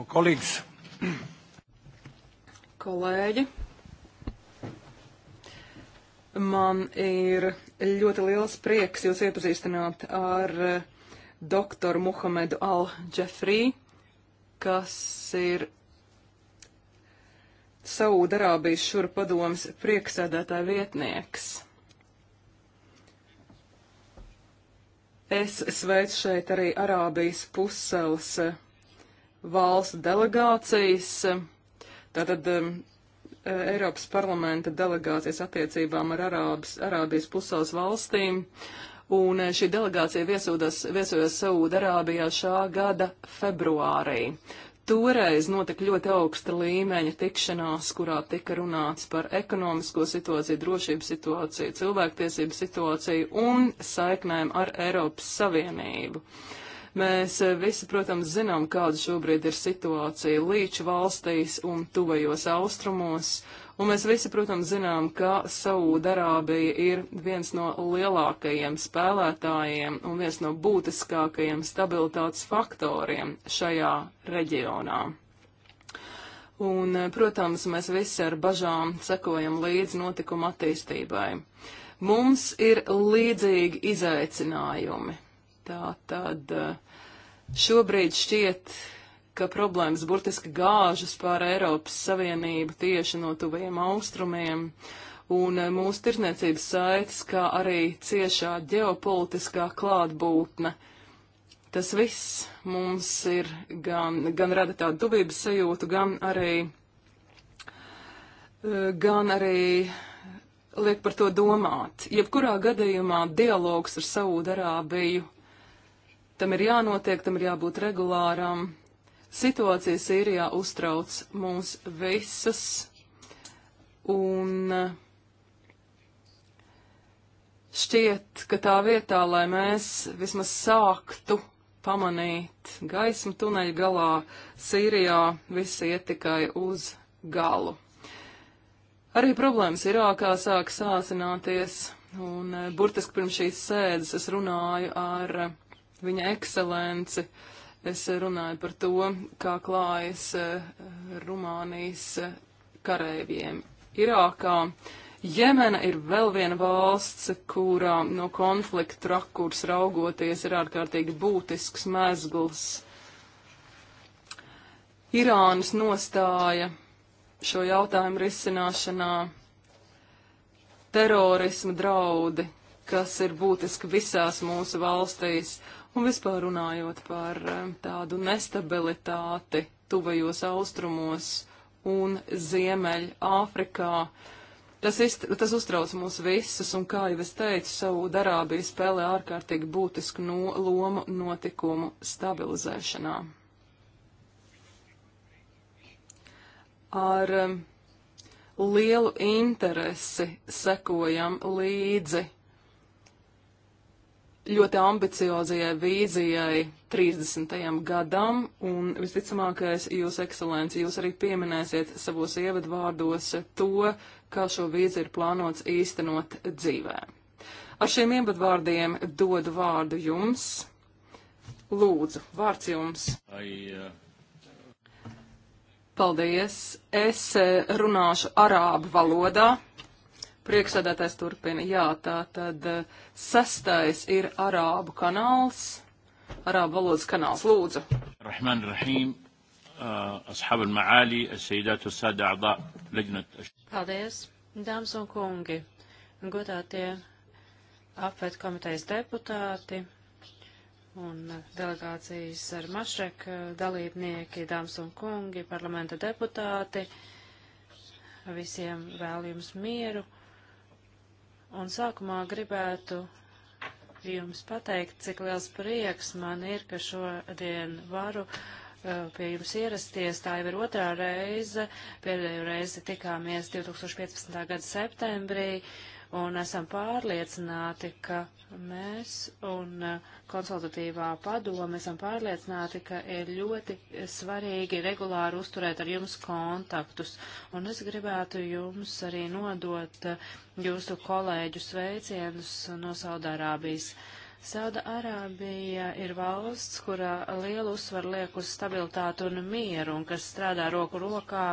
So, kolēģis. Kolēģi. Man ir ļoti liels prieks jūs iepazīstināt ar eh, doktoru Muhamedu Al-Džefrī, kas ir Saudarābijas šura padomas prieksēdētāja vietnieks. Es sveicu šeit arī Arābijas pusselas eh, valstu delegācijas, tātad um, e, Eiropas parlamenta delegācijas attiecībām ar Arābas, Arābijas pusās valstīm. Un e, šī delegācija viesodas, viesojas Saūda-Arābijā šā gada februārī. Toreiz notika ļoti augsta līmeņa tikšanās, kurā tika runāts par ekonomisko situāciju, drošības situāciju, cilvēktiesību situāciju un saiknēm ar Eiropas Savienību. Uh, Mēs eh, visi, protams, zinām, kāda šobrīd ir situācija līča valstīs un tuvajos austrumos, un mēs visi, protams, zinām, ka Saudarābija ir viens no lielākajiem spēlētājiem un viens no būtiskākajiem stabilitātes faktoriem šajā reģionā. Un, eh, protams, mēs visi ar bažām sekojam līdz notikuma attīstībai. Mums ir līdzīgi izaicinājumi. Tā tad eh, šobrīd šķiet, ka problēmas burtiski gāžas pār Eiropas Savienību tieši no tuviem austrumiem, un eh, mūsu tirzniecības saites, kā arī ciešā ģeopolitiskā klātbūtne. Tas viss mums ir gan, gan rada tādu tuvības sajūtu, gan arī, eh, gan arī liek par to domāt. Jebkurā gadījumā dialogs ar Saūdarābiju Tam ir jānotiek, tam ir jābūt regulāram. Situācija Sīrijā uztrauc mūs visas. Un eh, šķiet, ka tā vietā, lai mēs vismaz sāktu pamanīt gaismu tuneļa galā, Sīrijā viss iet tikai uz galu. Arī problēmas Irākā sāk sāsināties, un eh, burtiski pirms šīs sēdes es runāju ar viņa ekscelenci. Es runāju par to, kā klājas eh, Rumānijas eh, kareiviem Irākā. Jemena ir vēl viena valsts, kurā no konflikta rakurs raugoties ir ārkārtīgi būtisks mezgls. Irānas nostāja šo jautājumu risināšanā terorismu draudi, kas ir būtiski visās mūsu valstīs, Un vispār runājot par eh, tādu nestabilitāti tuvajos austrumos un ziemeļ Āfrikā, tas, izt, tas uztrauc mūs visus, un kā jau es teicu, savu darābiju spēlē ārkārtīgi būtisku no, lomu notikumu stabilizēšanā. Ar eh, lielu interesi sekojam līdzi ļoti ambiciozajai vīzijai 30. gadam, un visticamākais, jūs, ekscelenci, jūs arī pieminēsiet savos ievadvārdos to, kā šo vīzi ir plānots īstenot dzīvē. Ar šiem ievadvārdiem dodu vārdu jums. Lūdzu, vārds jums. I, uh... Eh, Paldies. Es eh, runāšu arābu valodā. Priekšsēdētājs turpina. Jā, tā tad eh, sastais ir Arābu kanāls. Arābu valodas kanāls. Lūdzu. Rahman Rahim. أصحاب المعالي السيدات والسادة أعضاء لجنة Paldies, dāmas un kungi, godātie apvērt komitejas deputāti un eh, delegācijas ar mašrek eh, dalībnieki, dāmas un kungi, parlamenta deputāti. Visiem vēl jums mieru. Un sākumā gribētu jums pateikt, cik liels prieks man ir, ka šodien varu uh, pie jums ierasties. Tā jau ir otrā reize. Pēdējo reizi tikāmies 2015. gada septembrī. Uh, un esam pārliecināti, ka mēs un uh, konsultatīvā padoma esam pārliecināti, ka ir ļoti svarīgi regulāri uzturēt ar jums kontaktus. Un es gribētu jums arī nodot uh, jūsu kolēģu sveicienus no Saudārābijas. Saudārābija ir valsts, kurā lielu uzsvaru liek uz stabilitātu un mieru, un kas strādā roku rokā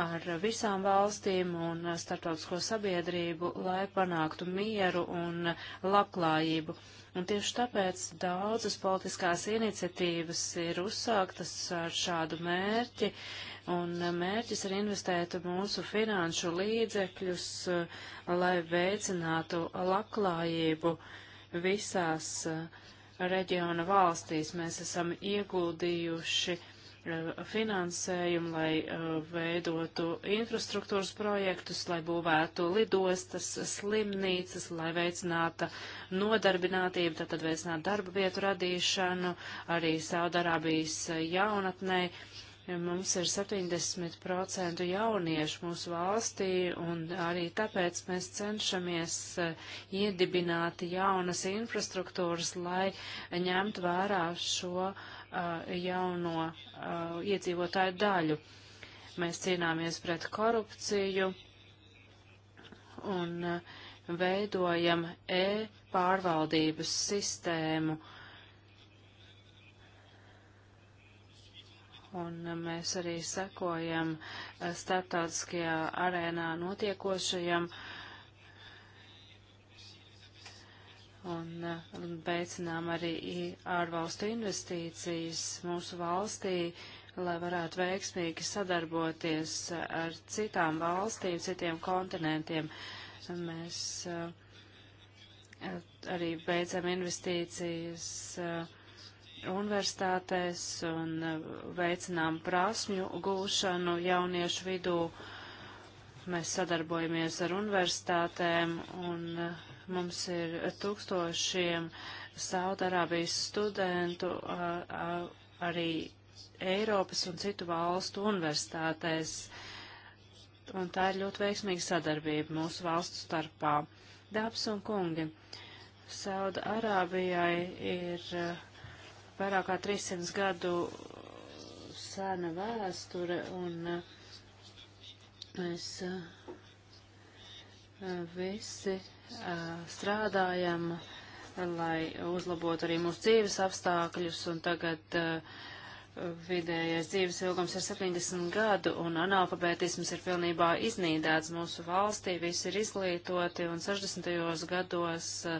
ar visām valstīm un starptautisko sabiedrību, lai panāktu mieru un labklājību. Un tieši tāpēc daudzas politiskās iniciatīvas ir uzsāktas ar šādu mērķi, un mērķis ir investēt mūsu finanšu līdzekļus, lai veicinātu labklājību visās eh, reģiona valstīs. Mēs esam ieguldījuši Eh, finansējumu, lai eh, veidotu infrastruktūras projektus, lai būvētu lidostas, slimnīcas, lai veicinātu nodarbinātību, tātad veicinātu darba vietu radīšanu, arī Saudarābijas jaunatnei. Mums ir 70% jauniešu mūsu valstī, un arī tāpēc mēs cenšamies eh, iedibināt jaunas infrastruktūras, lai ņemtu vērā šo uh, Uh, jauno uh, iedzīvotāju daļu. Mēs cīnāmies pret korupciju un uh, veidojam e-pārvaldības sistēmu. Un mēs arī sekojam starptautiskajā arēnā notiekošajam uh, un uh, veicinām arī ārvalstu investīcijas mūsu valstī, lai varētu veiksmīgi sadarboties uh, ar citām valstīm, citiem kontinentiem. Mēs uh, arī veicam investīcijas universitātēs un veicinām prasmju gūšanu jauniešu vidū. Uh, Mēs sadarbojamies ar universitātēm un eh, mums ir tūkstošiem Saudarābijas studentu arī Eiropas un citu valstu universitātēs. Un tā ir ļoti veiksmīga sadarbība mūsu valstu starpā. Dāps un kungi, Saudarābijai ir vairāk kā 300 gadu sena vēsture un uh, Mēs visi strādājam, lai uzlabotu arī mūsu dzīves apstākļus, un tagad uh, vidējais dzīves ilgums ir 70 gadu, un analfabētisms ir pilnībā iznīdēts mūsu valstī, visi ir izglītoti, un 60. gados uh,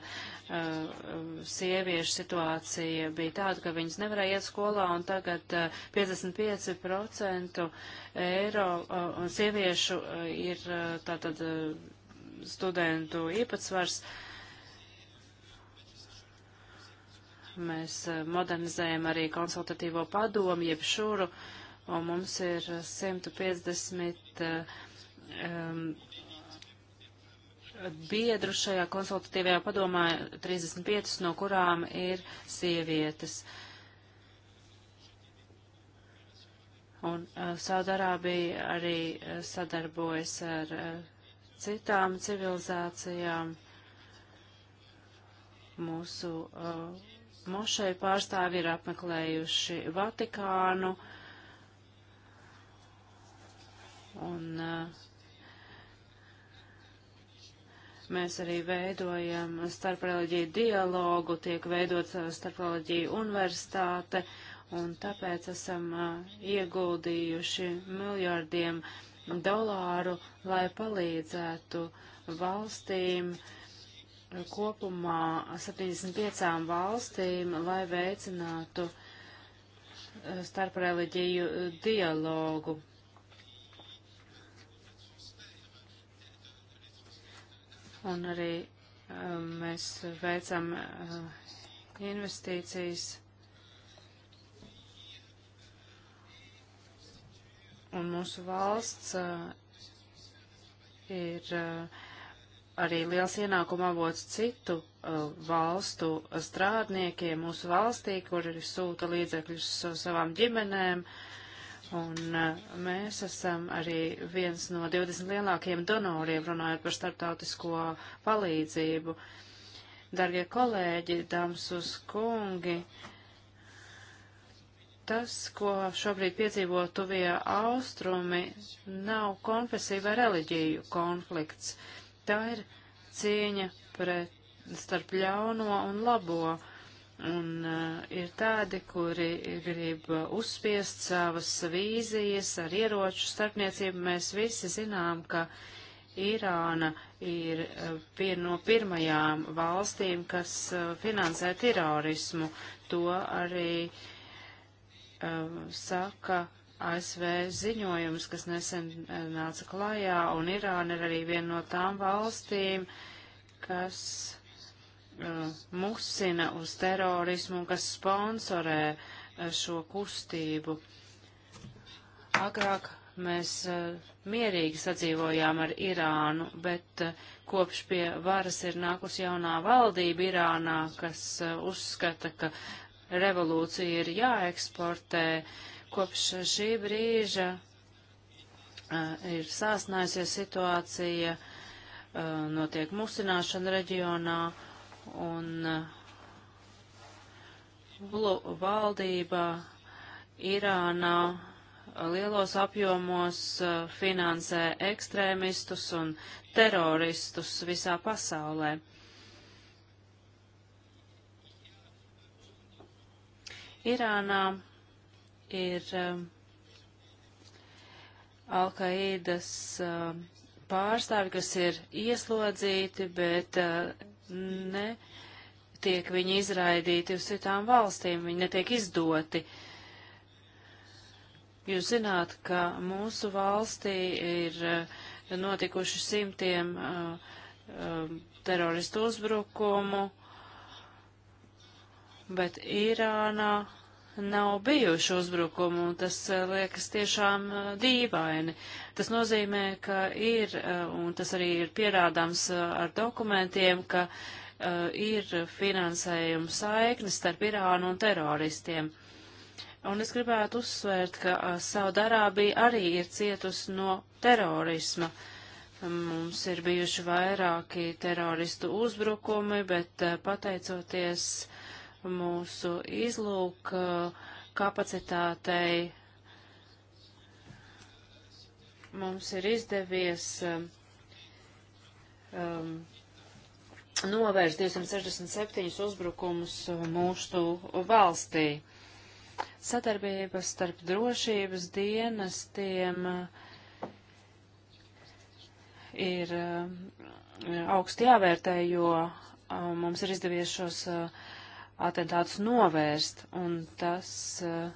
uh, sieviešu situācija bija tāda, ka viņas nevarēja iet skolā, un tagad uh, 55% eiro uh, sieviešu uh, ir uh, tātad studentu īpatsvars. Uh, Mēs eh, modernizējam arī konsultatīvo padomu, jeb šuru, un mums ir 150 um, eh, biedru šajā konsultatīvajā padomā, 35 no kurām ir sievietes. Un uh, Saudarābija arī uh, sadarbojas ar uh, citām civilizācijām mūsu uh, Mošai pārstāvi ir apmeklējuši Vatikānu un uh, mēs arī veidojam starpreliģiju dialogu, tiek veidot starpreliģiju universitāte, un tāpēc esam uh, ieguldījuši miljardiem dolāru, lai palīdzētu valstīm uh, kopumā 75 valstīm, lai veicinātu eh, starpreliģiju eh, dialogu. Un arī eh, mēs veicam investīcijas. Un mūsu valsts ir uh, arī liels ienākuma avots citu uh, valstu strādniekiem mūsu valstī, kuri sūta līdzekļus savām ģimenēm. Un uh, mēs esam arī viens no 20 lielākajiem donoriem, runājot par starptautisko palīdzību. Dargie kolēģi, dāmas uz kungi, tas, ko šobrīd piedzīvo tuvie austrumi, nav konfesija vai reliģiju konflikts. Uh, Tā ir cīņa pret, starp ļauno un labo. Un uh, ir tādi, kuri grib uzspiest savas vīzijas ar ieroču starpniecību. Mēs visi zinām, ka Irāna ir eh, pie, no pirmajām valstīm, kas uh, finansē terorismu. To arī uh, saka ASV ziņojums, kas nesen eh, nāca klajā, un Irāna ir arī viena no tām valstīm, kas uh, musina uz terorismu un kas sponsorē uh, šo kustību. Agrāk mēs uh, mierīgi sadzīvojām ar Irānu, bet kopš pie varas ir nākus jaunā valdība Irānā, kas uzskata, ka revolūcija ir jāeksportē, uh, Kopš šī brīža uh, ir sāsnājusies situācija, uh, notiek musināšana reģionā un uh, valdība Irānā lielos apjomos finansē ekstrēmistus un teroristus visā pasaulē. Irānā ir um, Alkaidas um, pārstāvi, kas ir ieslodzīti, bet uh, ne tiek viņi izraidīti uz citām valstīm, viņi netiek izdoti. Jūs zināt, ka mūsu valstī ir uh, notikuši simtiem uh, uh, teroristu uzbrukumu, bet Irānā nav bijuši uzbrukumi, un tas eh, liekas tiešām eh, dīvaini. Tas nozīmē, ka ir, eh, un tas arī ir pierādāms ar dokumentiem, ka ir finansējuma saiknes starp Irānu un teroristiem. Un es gribētu uzsvērt, ka Saudarābija arī ir cietusi no terorisma. Mums ir bijuši vairāki teroristu uzbrukumi, bet pateicoties mūsu izlūk eh, kapacitātei. Mums ir izdevies eh, um, novērst 267 uzbrukumus eh, mūsu valstī. Sadarbības starp drošības dienestiem ir augsti jāvērtē, jo mums ir izdevies šos uh, atentātus novērst, un tas eh,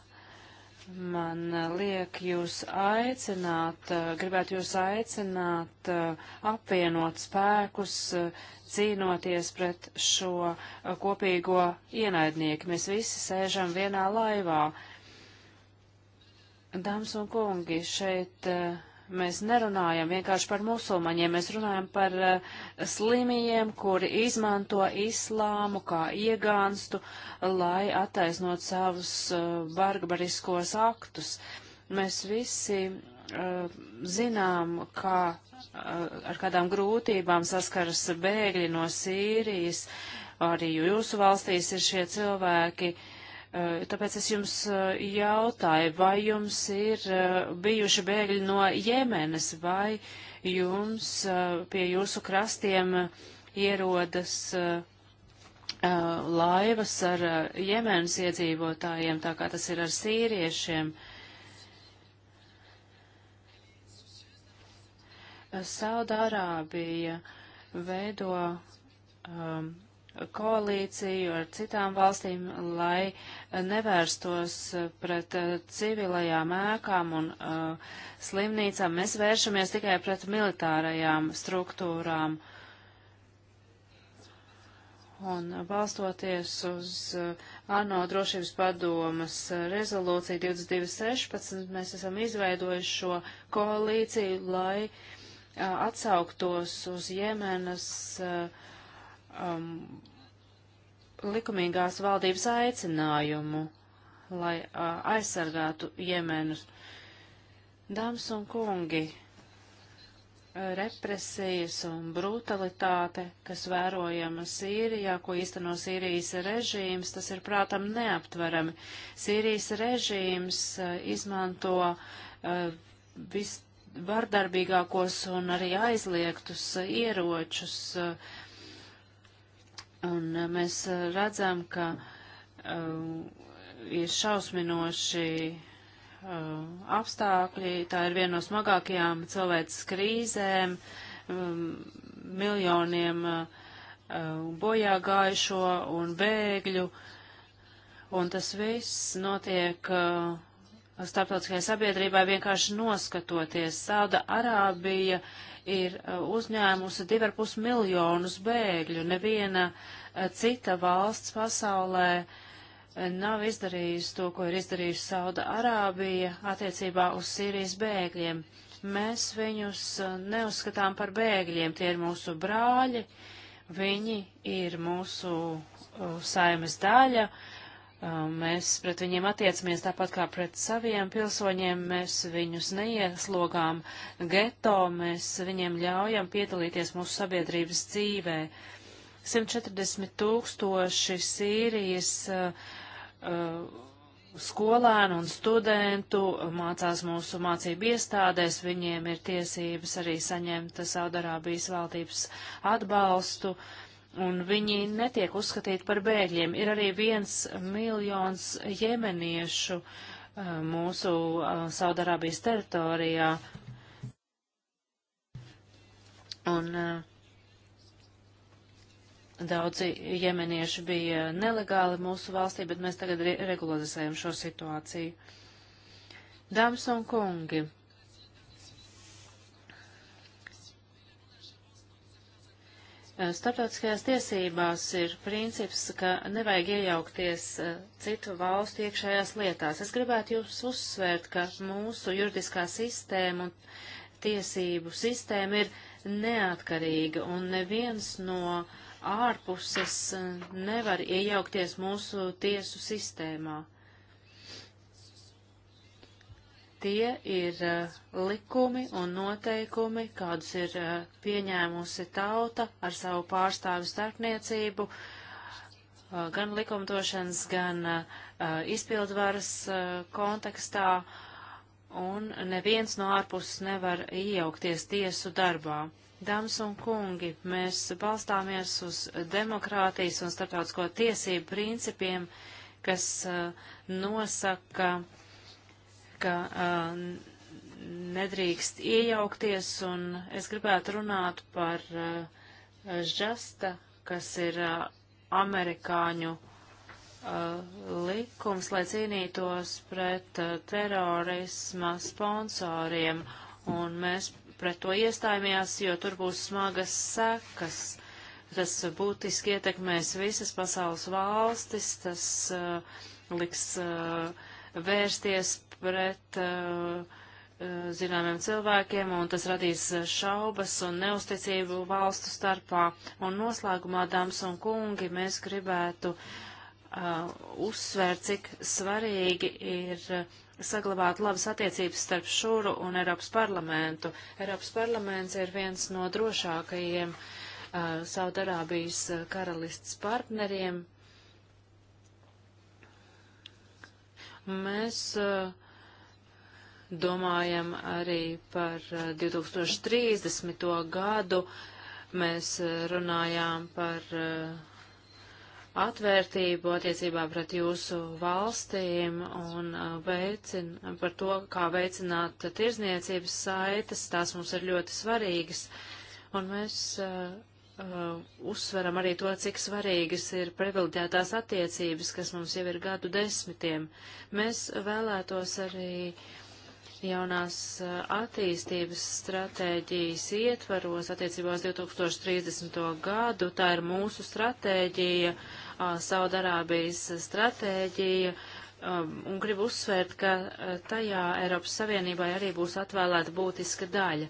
man eh, liek jūs aicināt, eh, gribētu jūs aicināt apvienot spēkus, cīnoties pret šo kopīgo ienaidnieku. Mēs visi sēžam vienā laivā. Dāmas un kungi, šeit uh, Mēs nerunājam vienkārši par musulmaņiem, mēs runājam par uh, slimajiem, kuri izmanto islāmu kā iegānstu, lai attaisnot savus uh, eh, barbariskos aktus. Mēs visi uh, zinām, kā, ar kādām grūtībām saskaras bēgļi no Sīrijas, arī jūsu valstīs ir šie cilvēki. Uh, Eh, tāpēc es jums eh, jautāju, vai jums ir eh, bijuši bēgļi no Jemenas, vai jums pie jūsu krastiem ierodas laivas ar Jemenas iedzīvotājiem, tā kā tas ir ar sīriešiem. Saudārābija veido um, koalīciju ar citām valstīm, lai eh, nevērstos eh, pret eh, civilajām ēkām un uh, slimnīcām. Mēs vēršamies tikai pret militārajām struktūrām. Un balstoties uz ANO drošības padomas rezolūciju 2216, mēs esam izveidojuši šo koalīciju, lai uh, atsauktos uz Jemenas uh, um, likumīgās valdības aicinājumu, lai uh, aizsargātu Jemenus. Dāmas un kungi, represijas un brutalitāte, kas vērojama Sīrijā, ko īsteno Sīrijas režīms, tas ir prātam neaptverami. Sīrijas režīms uh, izmanto uh, visvardarbīgākos un arī aizliegtus uh, ieročus. Uh, Un uh, mēs uh, redzam, ka uh, ir šausminoši uh, apstākļi, tā ir viena no smagākajām cilvēces krīzēm, um, miljoniem uh, uh bojā gājušo un bēgļu, un tas viss notiek uh, starptautiskajai sabiedrībai vienkārši noskatoties. Sauda Arābija uh, ir uh, uzņēmusi 2,5 miljonus bēgļu. Neviena uh, cita valsts pasaulē uh, nav izdarījusi to, ko ir izdarījusi Sauda Arābija attiecībā uz Sīrijas bēgļiem. Mēs viņus neuzskatām par bēgļiem, tie ir mūsu brāļi, viņi ir mūsu saimes daļa, uh, Um, mēs pret viņiem attiecamies tāpat kā pret saviem pilsoņiem, mēs viņus neieslogām geto, mēs viņiem ļaujam piedalīties mūsu sabiedrības dzīvē. 140 tūkstoši Sīrijas uh, uh, skolēnu un studentu mācās mūsu mācību iestādēs, viņiem ir tiesības arī saņemt Saudarābijas valdības atbalstu. Uh, un viņi netiek uzskatīti par bēgļiem. Ir arī viens miljons jemeniešu uh, mūsu uh, Saudarābijas teritorijā. Un uh, daudzi jemenieši bija nelegāli mūsu valstī, bet mēs tagad regularizējam šo situāciju. Dāmas un kungi, Eh, starptautiskajās tiesībās ir princips, ka nevajag iejaukties eh, citu valstu iekšējās lietās. Es gribētu jums uzsvērt, ka mūsu juridiskā sistēma un tiesību sistēma ir neatkarīga, un neviens no ārpuses eh, nevar iejaukties mūsu tiesu sistēmā. Tie ir eh, likumi un noteikumi, kādus ir eh, pieņēmusi tauta ar savu pārstāvu starpniecību, eh, gan likumdošanas, gan izpildvaras kontekstā, un neviens no ārpuses nevar iejaukties tiesu darbā. Dāmas un kungi, mēs balstāmies uz demokrātijas un starptautisko tiesību principiem, kas nosaka ka uh, nedrīkst iejaukties, un es gribētu runāt par uh, žasta, kas ir uh, amerikāņu uh, likums, lai cīnītos pret uh, terorisma sponsoriem, un mēs pret to iestājāmies, jo tur būs smagas sekas. Tas būtiski ietekmēs visas pasaules valstis, tas uh, liks uh, vērsties pret uh, zināmiem cilvēkiem, un tas radīs eh, šaubas un neusticību valstu starpā. Un noslēgumā, dāmas un kungi, mēs gribētu uh, uzsvērt, cik svarīgi ir saglabāt labas attiecības starp šuru un Eiropas parlamentu. Eiropas parlaments ir viens no drošākajiem uh, Saudarābijas karalists partneriem. Mēs uh, domājam arī par 2030. Eh, gadu. Mēs eh, runājām par eh, atvērtību attiecībā pret jūsu valstīm un veicin, par to, kā veicināt tirzniecības saites. Tās mums ir ļoti svarīgas. Un mēs Uh, uzsveram arī to, cik svarīgas ir privileģētās attiecības, kas mums jau ir gadu desmitiem. Mēs vēlētos arī jaunās eh, attīstības stratēģijas ietvaros attiecībā uz 2030. gadu. Tā ir mūsu stratēģija, Saudarābijas stratēģija. Um, un gribu uzsvērt, ka eh, tajā Eiropas Savienībai arī būs atvēlēta būtiska daļa.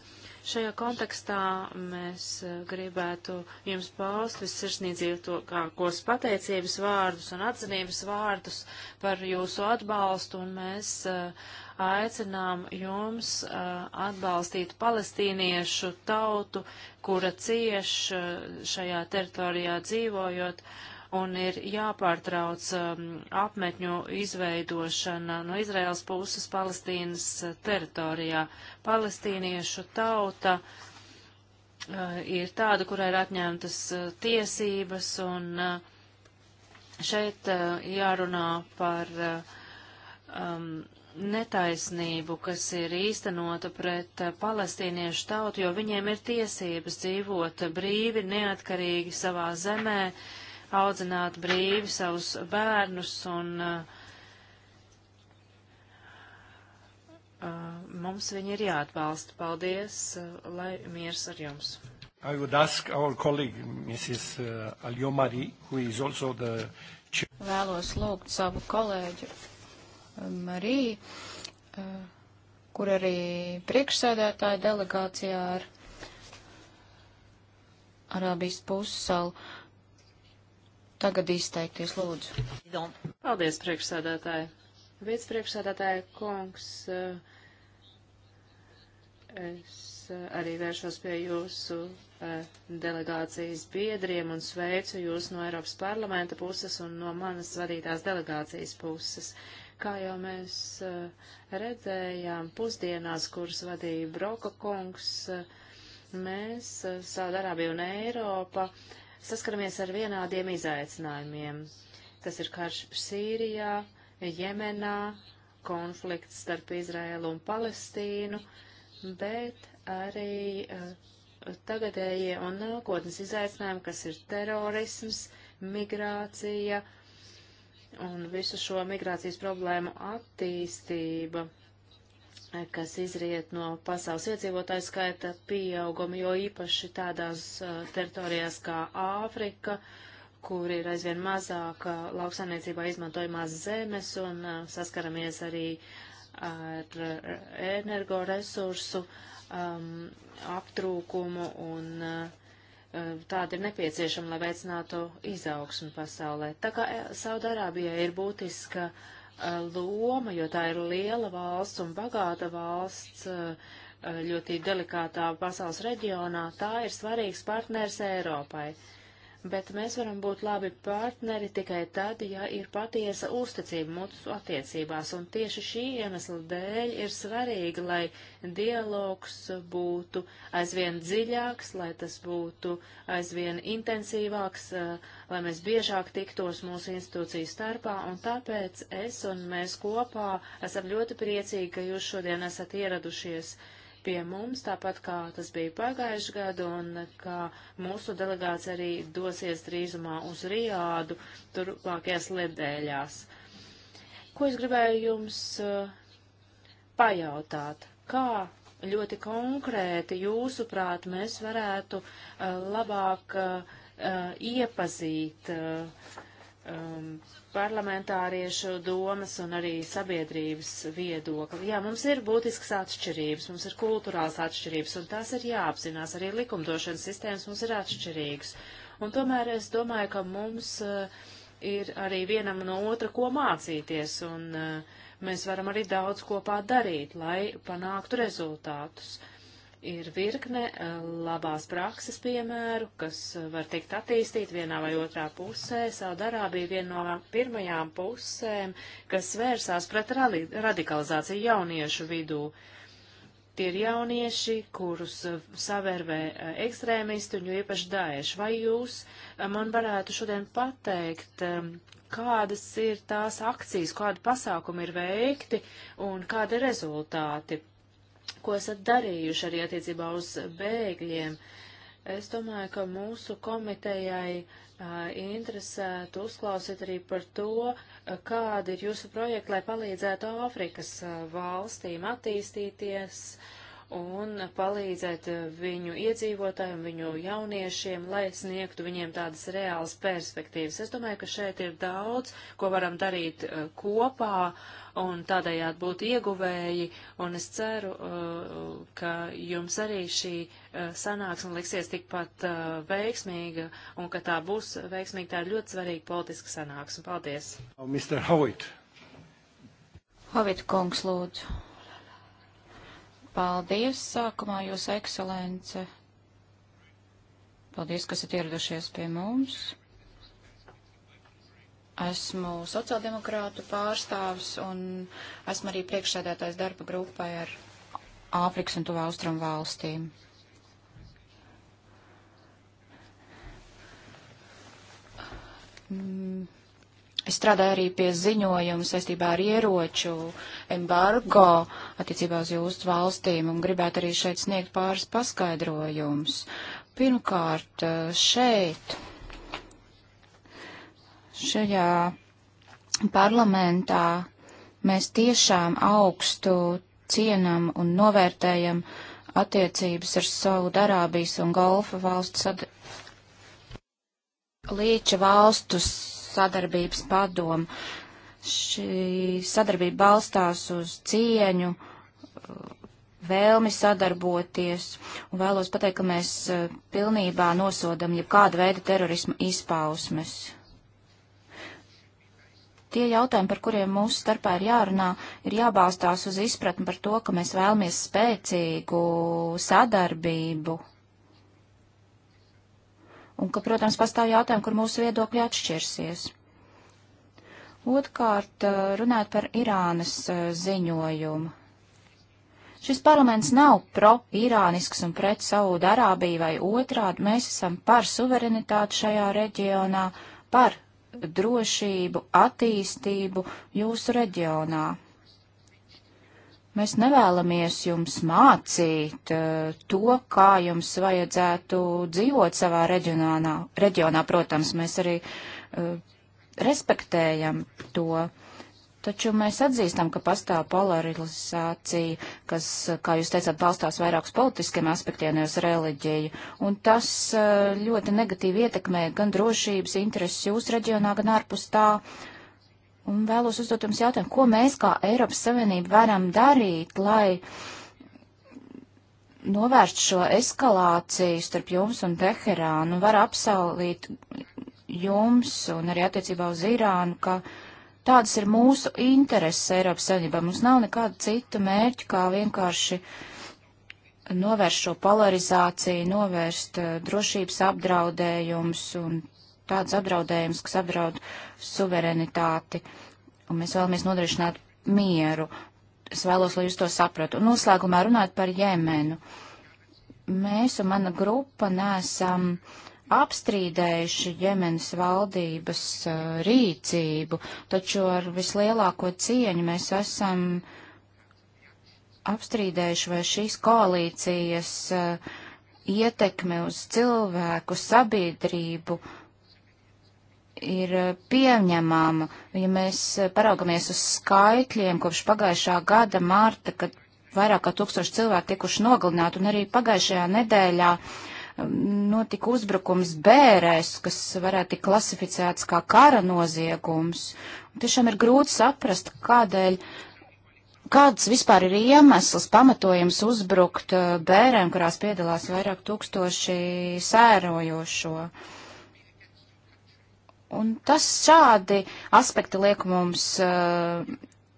Šajā kontekstā mēs eh, gribētu jums paust vissirsnīdzīgākos pateicības vārdus un atzinības vārdus par jūsu atbalstu, un mēs uh, aicinām jums atbalstīt palestīniešu tautu, kura cieš šajā teritorijā dzīvojot, un ir jāpārtrauc apmetņu izveidošana no Izraels puses Palestīnas teritorijā. Palestīniešu tauta ir tāda, kurai ir atņemtas tiesības, un šeit jārunā par um, netaisnību, kas ir īstenota pret uh, palestīniešu tautu, jo viņiem ir tiesības dzīvot brīvi, neatkarīgi savā zemē, audzināt brīvi savus bērnus un uh, uh mums viņi ir jāatbalsta. Paldies, uh, lai miers ar jums. I would ask our colleague, Mrs. Uh, Alio Marie, who is also the... Vēlos lūgt savu kolēģi Marī, eh, kur arī priekšsēdētāja delegācijā ar Arābijas pussalu. Tagad izteikties, lūdzu. Paldies, priekšsēdētāji. Vicepriekšsēdētāja kungs, eh, es arī vēršos pie jūsu eh, delegācijas biedriem un sveicu jūs no Eiropas parlamenta puses un no manas vadītās delegācijas puses. Uh, Kā jau mēs eh, redzējām pusdienās, kuras vadīja Broka kungs, eh, mēs, eh, Saudārābija un Eiropa, saskaramies ar vienādiem izaicinājumiem. Tas ir karš Sīrijā, Jemenā, konflikts starp Izraēlu un Palestīnu, bet arī tagadējie un nākotnes izaicinājumi, kas ir terorisms, migrācija, uh, un visu šo migrācijas problēmu attīstība, kas izriet no pasaules iedzīvotāju skaita pieauguma, jo īpaši tādās teritorijās kā Āfrika, kur ir aizvien mazāk lauksaimniecībā izmantojamās zemes un saskaramies arī ar energoresursu um, aptrūkumu un uh, Eh, tāda ir nepieciešama, lai veicinātu izaugsmu pasaulē. Tā kā eh, Saudārābijā ir būtiska eh, loma, jo tā ir liela valsts un bagāta valsts ļoti delikātā pasaules reģionā, tā ir svarīgs partners Eiropai bet mēs varam būt labi partneri tikai tad, ja ir patiesa uzticība mūsu attiecībās, un tieši šī iemesla dēļ ir svarīgi, lai dialogs būtu aizvien dziļāks, lai tas būtu aizvien intensīvāks, eh, lai mēs biežāk tiktos mūsu institūciju starpā, un tāpēc es un mēs kopā esam ļoti priecīgi, ka jūs šodien esat ieradušies. Uh, pie mums, tāpat kā tas bija pagājuši gadu, un kā mūsu delegācija arī dosies drīzumā uz Riādu turpmākajās nedēļās. Ko es gribēju jums uh, pajautāt? Kā ļoti konkrēti jūsuprāt mēs varētu uh, labāk uh, iepazīt uh, um, parlamentāriešu domas un arī sabiedrības viedokli. Jā, mums ir būtiskas atšķirības, mums ir kultūrāls atšķirības, un tās ir jāapzinās. Arī likumdošanas sistēmas mums ir atšķirīgas. Un tomēr es domāju, ka mums uh, ir arī vienam no otra ko mācīties, un uh, mēs varam arī daudz kopā darīt, lai panāktu rezultātus. Uh, ir virkne eh, labās prakses piemēru, kas eh, var tikt attīstīt vienā vai otrā pusē. Saudarābija viena no pirmajām pusēm, kas vērsās pret radikalizāciju jauniešu vidū. Tie ir jaunieši, kurus eh, savērvē ekstrēmisti un jo īpaši daeši. Vai jūs man varētu šodien pateikt, kādas ir tās akcijas, kādi pasākumi ir veikti un kādi rezultāti ko esat darījuši arī attiecībā uz bēgļiem. Es domāju, ka mūsu komitejai a, interesētu uzklausīt arī par to, a, kāda ir jūsu projekta, lai palīdzētu Āfrikas valstīm attīstīties un palīdzēt viņu iedzīvotājiem, viņu jauniešiem, lai sniegtu viņiem tādas reālas perspektīvas. Es domāju, ka šeit ir daudz, ko varam darīt a, kopā un tādējādi būtu ieguvēji, un es ceru, uh, ka jums arī šī uh, sanāksme liksies tikpat uh, veiksmīga, un ka tā būs veiksmīga, tā ir ļoti svarīga politiska sanāksme. Paldies! Mr. Howitt. Howitt kungs, lūdzu. Paldies sākumā, jūs ekscelence. Paldies, kas esat ieradušies pie mums. Esmu sociāldemokrātu pārstāvis un esmu arī priekšsēdētājs darba grupai ar Āfrikas un Tuvā Austrum valstīm. Mm. Es strādāju arī pie ziņojuma saistībā ar ieroču embargo attiecībā uz jūsu valstīm un gribētu arī šeit sniegt pāris paskaidrojumus. Pirmkārt, šeit šajā parlamentā mēs tiešām augstu cienam un novērtējam attiecības ar Saudarābijas un Golfa valstu sad... līča valstu sadarbības padomu. Šī sadarbība balstās uz cieņu, vēlmi sadarboties, un vēlos pateikt, ka mēs eh, pilnībā nosodam jebkāda veida terorisma izpausmes. Tie jautājumi, par kuriem mūsu starpā ir jārunā, ir jābalstās uz izpratni par to, ka mēs vēlamies spēcīgu sadarbību. Un ka, protams, pastāv jautājumi, kur mūsu viedokļi atšķirsies. Otkārt, runāt par Irānas eh, ziņojumu. Šis parlaments nav pro-irānisks un pret Saudu Arābiju vai otrādi. Mēs esam par suverenitāti šajā reģionā, par drošību, attīstību jūsu reģionā. Mēs nevēlamies jums mācīt eh, to, kā jums vajadzētu dzīvot savā reģionā. reģionā protams, mēs arī eh, respektējam to. Taču mēs atzīstam, ka pastāv polarizācija, kas, kā jūs teicāt, balstās vairākus politiskiem aspektiem uz reliģiju, un tas eh, ļoti negatīvi ietekmē gan drošības intereses jūsu reģionā, gan ārpus tā. Un vēlos uzdot jums jautājumu, ko mēs kā Eiropas Savienība varam darīt, lai novērst šo eskalāciju starp jums un Teherānu, var apsaulīt jums un arī attiecībā uz Irānu, ka. Uh, Tādas ir mūsu intereses Eiropas Savienībā. Mums nav nekāda cita mērķa, kā vienkārši novērst šo polarizāciju, novērst uh, drošības apdraudējumus un tāds apdraudējums, kas apdraud suverenitāti, un mēs vēlamies nodrošināt mieru. Es vēlos, lai jūs to sapratu. Un noslēgumā runāt par Jemenu. Mēs un mana grupa nesam uh, apstrīdējuši Jemenas valdības uh, rīcību, taču ar vislielāko cieņu mēs esam apstrīdējuši, vai šīs koalīcijas uh, ietekme uz cilvēku sabiedrību ir uh, pieņemama. Ja mēs paraugamies uz skaitļiem kopš pagājušā gada mārta, kad vairāk kā tūkstoši cilvēku tikuši nogalināti, un arī pagājušajā nedēļā uh, notika uzbrukums bērēs, kas varētu tikt klasificēts kā kara noziegums. Un tiešām ir grūti saprast, kādēļ, kāds vispār ir iemesls, pamatojums uzbrukt eh, bērēm, kurās piedalās vairāk tūkstoši sērojošo. Un tas šādi aspekti liek mums uh,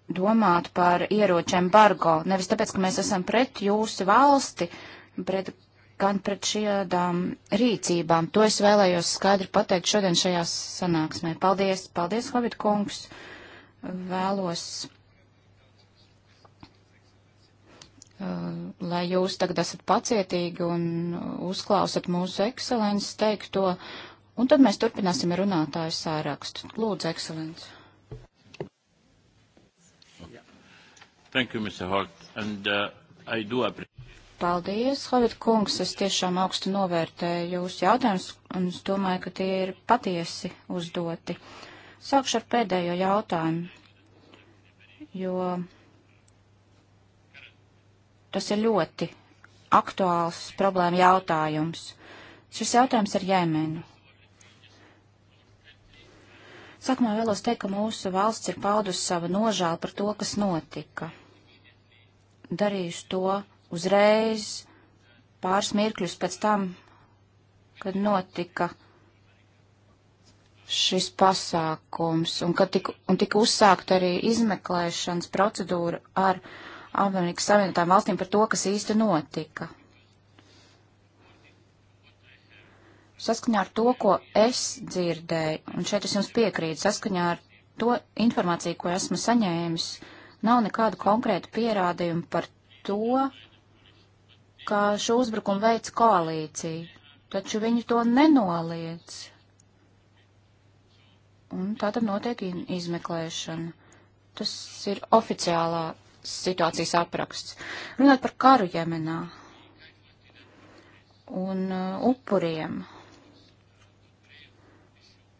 domāt par ieroču embargo. Nevis tāpēc, ka mēs esam pret jūsu valsti, pret gan pret šādām rīcībām. To es vēlējos skaidri pateikt šodien šajā sanāksmē. Paldies, paldies, Hovid kungs. Vēlos, eh, lai jūs tagad esat pacietīgi un uzklausat mūsu ekscelences teikto, un tad mēs turpināsim runātāju sārakstu. Lūdzu, ekscelences. Thank you, Mr. Hart, and uh, I do appreciate. Paldies, Hovid kungs, es tiešām augstu novērtēju jūsu jautājumus un es domāju, ka tie ir patiesi uzdoti. Sākšu ar pēdējo jautājumu, jo tas ir ļoti aktuāls problēma jautājums. Šis jautājums ir Jēmenu. Sākumā vēlos teikt, ka mūsu valsts ir paudusi savu nožēlu par to, kas notika. Darījusi to uzreiz pāris mirkļus pēc tam, kad notika šis pasākums un kad tika, un tika uzsākt arī izmeklēšanas procedūra ar Amerikas Savienotām valstīm par to, kas īsti notika. Saskaņā ar to, ko es dzirdēju, un šeit es jums piekrītu, saskaņā ar to informāciju, ko esmu saņēmis, nav nekādu konkrētu pierādījumu par to, ka šo uzbrukumu veids koalīcija, taču viņi to nenoliedz. Un tā tad notiek izmeklēšana. Tas ir oficiālā situācijas apraksts. Runāt par karu Jemenā un uh, upuriem.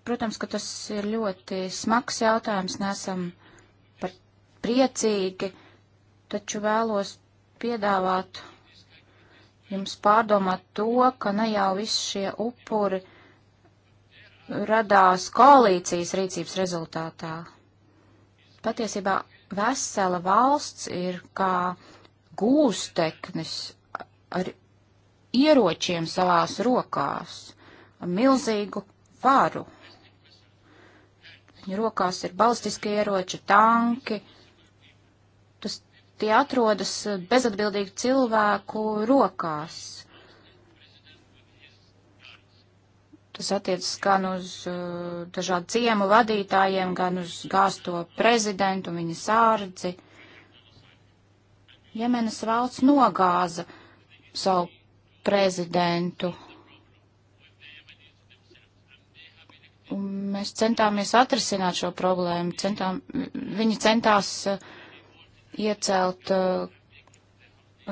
Protams, ka tas ir ļoti smags jautājums, nesam par priecīgi, taču vēlos piedāvāt jums pārdomāt to, ka ne jau visi šie upuri radās koalīcijas rīcības rezultātā. Patiesībā vesela valsts ir kā gūsteknis ar ieročiem savās rokās, ar milzīgu varu. Viņa rokās ir balstiskie ieroči, tanki, uh, tie atrodas bezatbildīgu cilvēku rokās. Tas attiecas gan uz uh, dažādu ciemu vadītājiem, gan uz gāsto prezidentu un viņa sārdzi. Jemenas valsts nogāza savu prezidentu. Un mēs centāmies atrisināt šo problēmu. Centām, viņi centās uh, iecelt uh,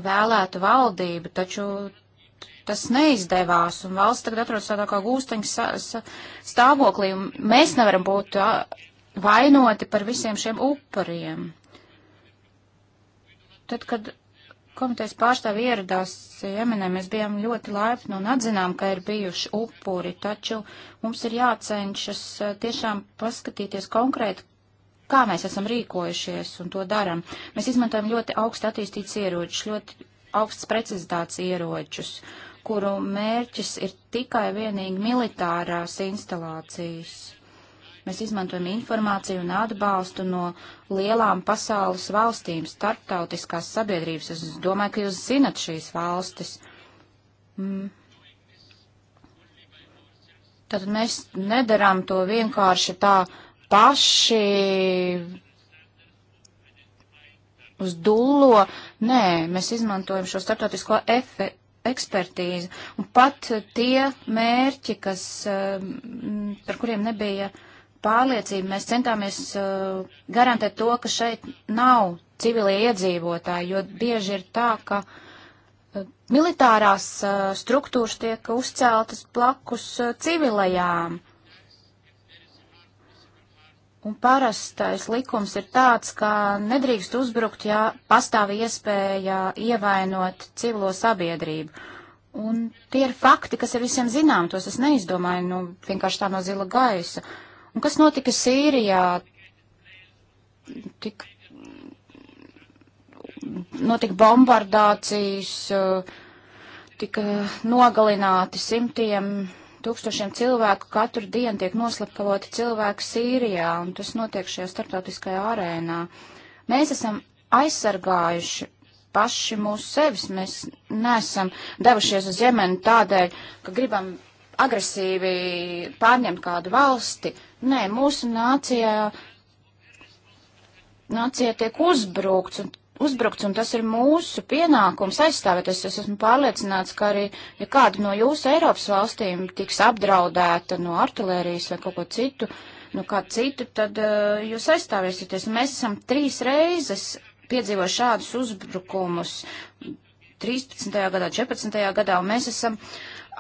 vēlētu valdību, taču tas neizdevās, un valsts tagad atrodas tādā kā gūsteņa stāvoklī, un mēs nevaram būt uh, vainoti par visiem šiem upuriem. Tad, kad komitejas pārstāvi ieradās Jemenē, mēs bijām ļoti laipni un atzinām, ka ir bijuši upuri, taču mums ir jācenšas uh, tiešām paskatīties konkrēti, kā mēs esam rīkojušies un to daram. Mēs izmantojam ļoti augstu attīstīts ieročus, ļoti augsts precizitātes ieročus, kuru mērķis ir tikai vienīgi militārās instalācijas. Mēs izmantojam informāciju un atbalstu no lielām pasaules valstīm, starptautiskās sabiedrības. Es domāju, ka jūs zinat šīs valstis. Mm. Tad mēs nedarām to vienkārši tā paši uz dullo. Nē, mēs izmantojam šo starptautisko efe, ekspertīzi. Un pat tie mērķi, kas, eh, par kuriem nebija pārliecība, mēs centāmies eh, garantēt to, ka šeit nav civilie iedzīvotāji, jo bieži ir tā, ka eh, militārās struktūras tiek uzceltas plakus civilajām. Un parastais likums ir tāds, ka nedrīkst uzbrukt, ja pastāv iespēja ievainot civilo sabiedrību. Un tie ir fakti, kas ir visiem zinām, tos es neizdomāju, nu, vienkārši tā no zila gaisa. Un kas notika Sīrijā? Tik, notika bombardācijas, tika nogalināti simtiem tūkstošiem cilvēku katru dienu tiek noslapkavoti cilvēki Sīrijā, un tas notiek šajā starptautiskajā arēnā. Mēs esam aizsargājuši paši mūsu sevis, mēs nesam devušies uz Jemenu tādēļ, ka gribam agresīvi pārņemt kādu valsti. Nē, mūsu nācijā, nācijā tiek uzbrukts, un uzbrukts, un tas ir mūsu pienākums aizstāvēt. Es, es esmu pārliecināts, ka arī, ja kāda no jūsu Eiropas valstīm tiks apdraudēta no artilērijas vai kaut ko citu, no kā citu, tad uh, jūs aizstāvēsieties. Mēs esam trīs reizes piedzīvojuši šādus uzbrukumus 13. gadā, 14. gadā, un mēs esam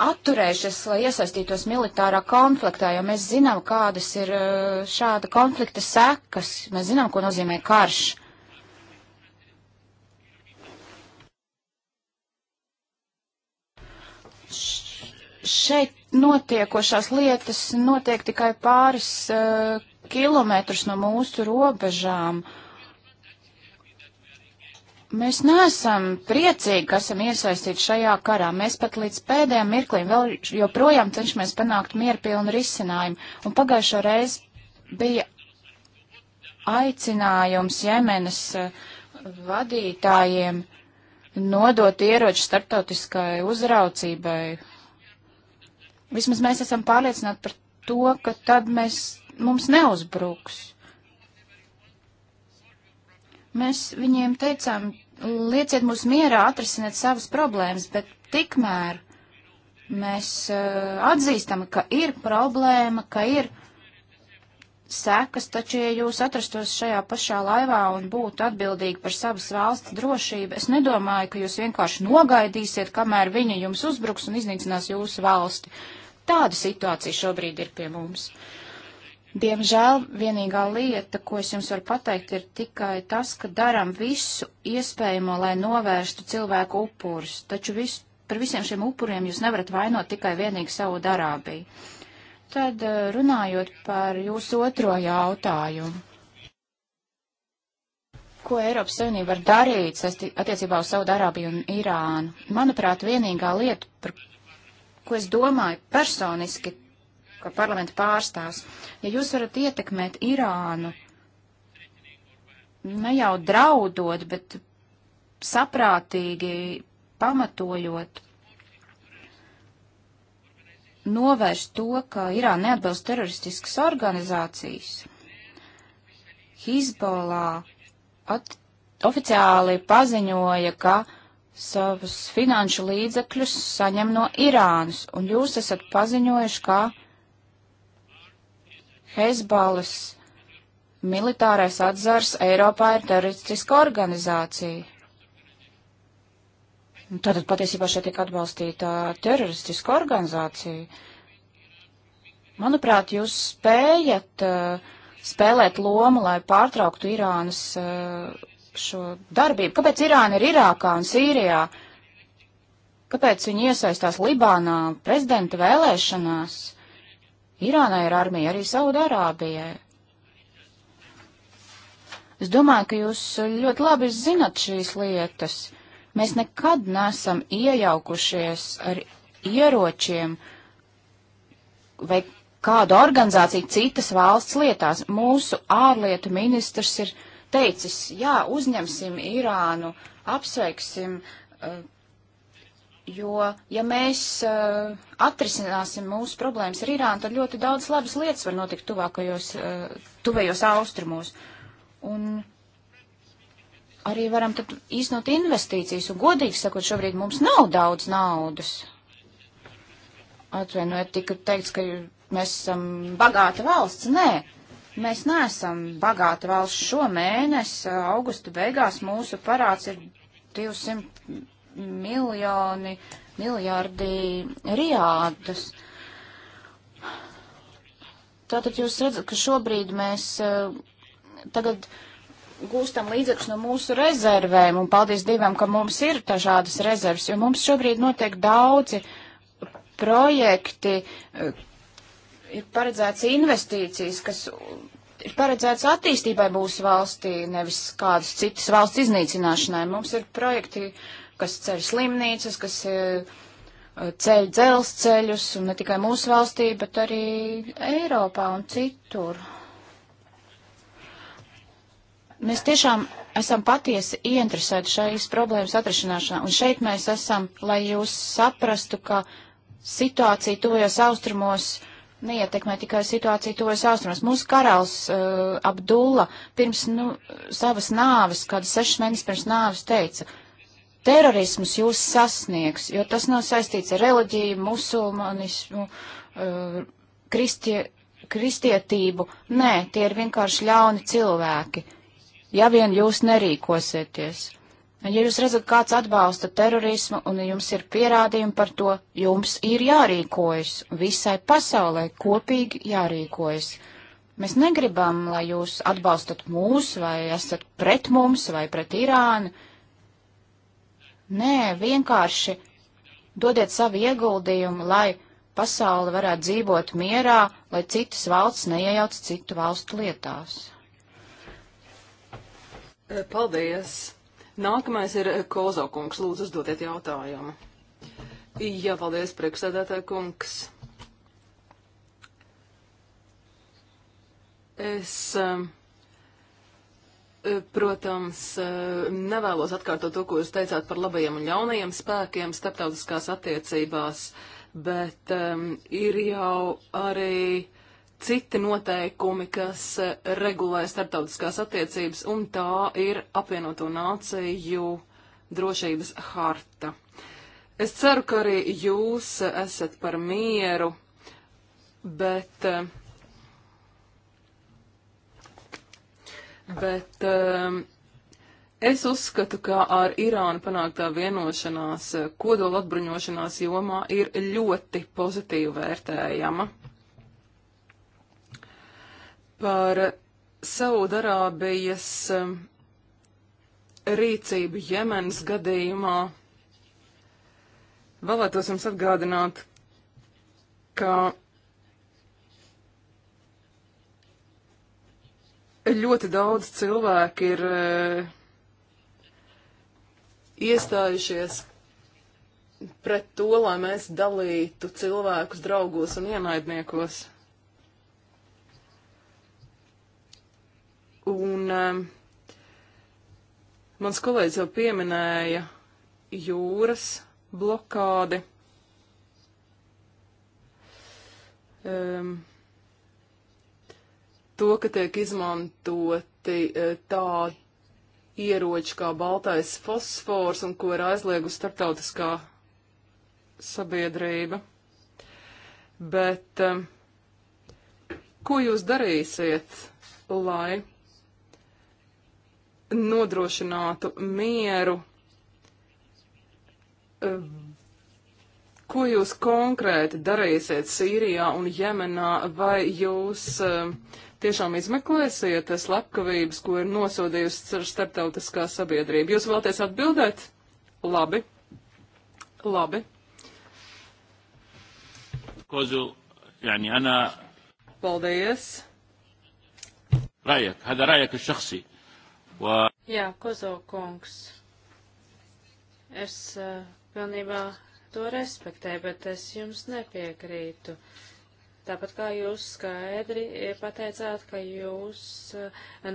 atturējušies, lai iesaistītos militārā konfliktā, jo mēs zinām, kādas ir eh, šāda konflikta sekas, mēs zinām, ko nozīmē karš. Uh, šeit notiekošās lietas notiek tikai pāris uh, kilometrus no mūsu robežām. Mēs neesam priecīgi, ka esam iesaistīti šajā karā. Mēs pat līdz pēdējiem mirklim vēl joprojām cenšamies panākt mierpilnu risinājumu. Un pagājušo reizi bija aicinājums Jemenas eh, vadītājiem nodot ieroči starptautiskai uzraucībai Vismaz mēs esam pārliecināti par to, ka tad mēs, mums neuzbruks. Mēs viņiem teicām, lieciet mūs mierā, atrisiniet savas problēmas, bet tikmēr mēs uh, atzīstam, ka ir problēma, ka ir sekas, taču, ja jūs atrastos šajā pašā laivā un būtu atbildīgi par savas valsts drošību, es nedomāju, ka jūs vienkārši nogaidīsiet, kamēr viņi jums uzbruks un iznīcinās jūsu valsti. Uh, Tāda situācija šobrīd ir pie mums. Diemžēl vienīgā lieta, ko es jums varu pateikt, ir tikai tas, ka daram visu iespējamo, lai novērstu cilvēku upurus, taču vis, par visiem šiem upuriem jūs nevarat vainot tikai vienīgi savu darābī. Tad eh, runājot par jūsu otro jautājumu. Ko Eiropas Savienība var darīt attiecībā uz savu darābiju un Irānu? Manuprāt, vienīgā lieta, par ko es domāju personiski, kā parlamenta pārstāvs. Ja jūs varat ietekmēt Irānu, ne jau draudot, bet saprātīgi pamatojot, novērst to, ka Irāna neatbilst teroristiskas organizācijas. Hizbollah oficiāli paziņoja, ka savus finanšu līdzekļus saņem no Irānas, un jūs esat paziņojuši, ka Hezbalas militārais atzars Eiropā ir teroristiska organizācija. Tātad patiesībā šeit tiek atbalstīta teroristiska organizācija. Manuprāt, jūs spējat uh, spēlēt lomu, lai pārtrauktu Irānas uh, šo darbību? Kāpēc Irāna ir Irākā un Sīrijā? Kāpēc viņi iesaistās Libānā prezidenta vēlēšanās? Irānai ir armija arī Saudārābijai. Es domāju, ka jūs ļoti labi zinat šīs lietas. Mēs nekad nesam iejaukušies ar ieročiem vai kādu organizāciju citas valsts lietās. Mūsu ārlietu ministrs ir teicis, jā, uzņemsim Irānu, apsveiksim, eh, jo, ja mēs eh, atrisināsim mūsu problēmas ar Irānu, tad ļoti daudz labas lietas var notikt tuvākajos, eh, tuvējos austrumos. Un arī varam tad īstenot investīcijas, un godīgi sakot, šobrīd mums nav daudz naudas. Atvainojiet, tika teikts, ka mēs esam bagāta valsts. Nē, Mēs neesam bagāta valsts. Šo mēnesi, eh, augusta beigās, mūsu parāds ir 200 miljoni, miljardi riādas. Tātad jūs redzat, ka šobrīd mēs eh, tagad gūstam līdzekļus no mūsu rezervēm, un paldies Dievam, ka mums ir dažādas rezerves, jo mums šobrīd notiek daudzi projekti, eh, ir paredzēts investīcijas, kas ir paredzēts attīstībai mūsu valstī, nevis kādas citas valsts iznīcināšanai. Mums ir projekti, kas ceļ slimnīcas, kas eh, ceļ dzelzceļus, un ne tikai mūsu valstī, bet arī Eiropā un citur. Mēs tiešām esam patiesi ieinteresēti šīs problēmas atrašanāšanā, un šeit mēs esam, lai jūs saprastu, ka situācija tuvojas austrumos neietekmē tikai situāciju tuvojas austrumos. Mūsu karalis uh, Abdulla pirms nu, savas nāves, kādu sešas mēnešus pirms nāves, teica, terorisms jūs sasniegs, jo tas nav saistīts ar reliģiju, musulmanismu, uh, kristie, kristietību. Nē, tie ir vienkārši ļauni cilvēki, ja vien jūs nerīkosieties. Ja jūs redzat, kāds atbalsta terorismu un jums ir pierādījumi par to, jums ir jārīkojas, visai pasaulē kopīgi jārīkojas. Mēs negribam, lai jūs atbalstat mūs vai esat pret mums vai pret Irānu. Nē, vienkārši dodiet savu ieguldījumu, lai pasauli varētu dzīvot mierā, lai citas valsts neiejauc citu valstu lietās. Paldies! Nākamais ir Kozokungs. Lūdzu, uzdodiet jautājumu. Jā, paldies, priekšsēdētāja kungs. Es, um, eh, protams, eh, nevēlos atkārtot to, ko jūs teicāt par labajiem un ļaunajiem spēkiem starptautiskās attiecībās, bet um, ir jau arī citi noteikumi, kas eh, regulē starptautiskās attiecības, un tā ir apvienoto nāciju drošības harta. Es ceru, ka arī jūs eh, esat par mieru, bet, eh, bet es uzskatu, ka ar Irānu panāktā vienošanās kodola atbruņošanās jomā ir ļoti pozitīvi vērtējama par Saudarābijas um, rīcību Jemenas gadījumā. Vēlētos jums atgādināt, ka ļoti daudz cilvēku ir uh, iestājušies pret to, lai mēs dalītu cilvēkus draugos un ienaidniekos. Un um, mans kolēģis jau pieminēja jūras blokādi. Um, to, ka tiek izmantoti uh, eh, tādi ieroči kā baltais fosfors un ko ir aizliegusi starptautiskā sabiedrība. Bet um, ko jūs darīsiet, lai nodrošinātu mieru. Ehm, ko jūs konkrēti darīsiet Sīrijā un Jemenā, vai jūs ehm, tiešām izmeklēsiet slepkavības, ko ir nosodījusi starptautiskā sabiedrība? Jūs vēlaties atbildēt? Labi. Labi. Kozu, يعني أنا... Paldies. رأيك هذا رأيك الشخصي Wow. Jā, Kozokungs. Es uh, pilnībā to respektēju, bet es jums nepiekrītu. Tāpat kā jūs skaidri eh, pateicāt, ka jūs uh,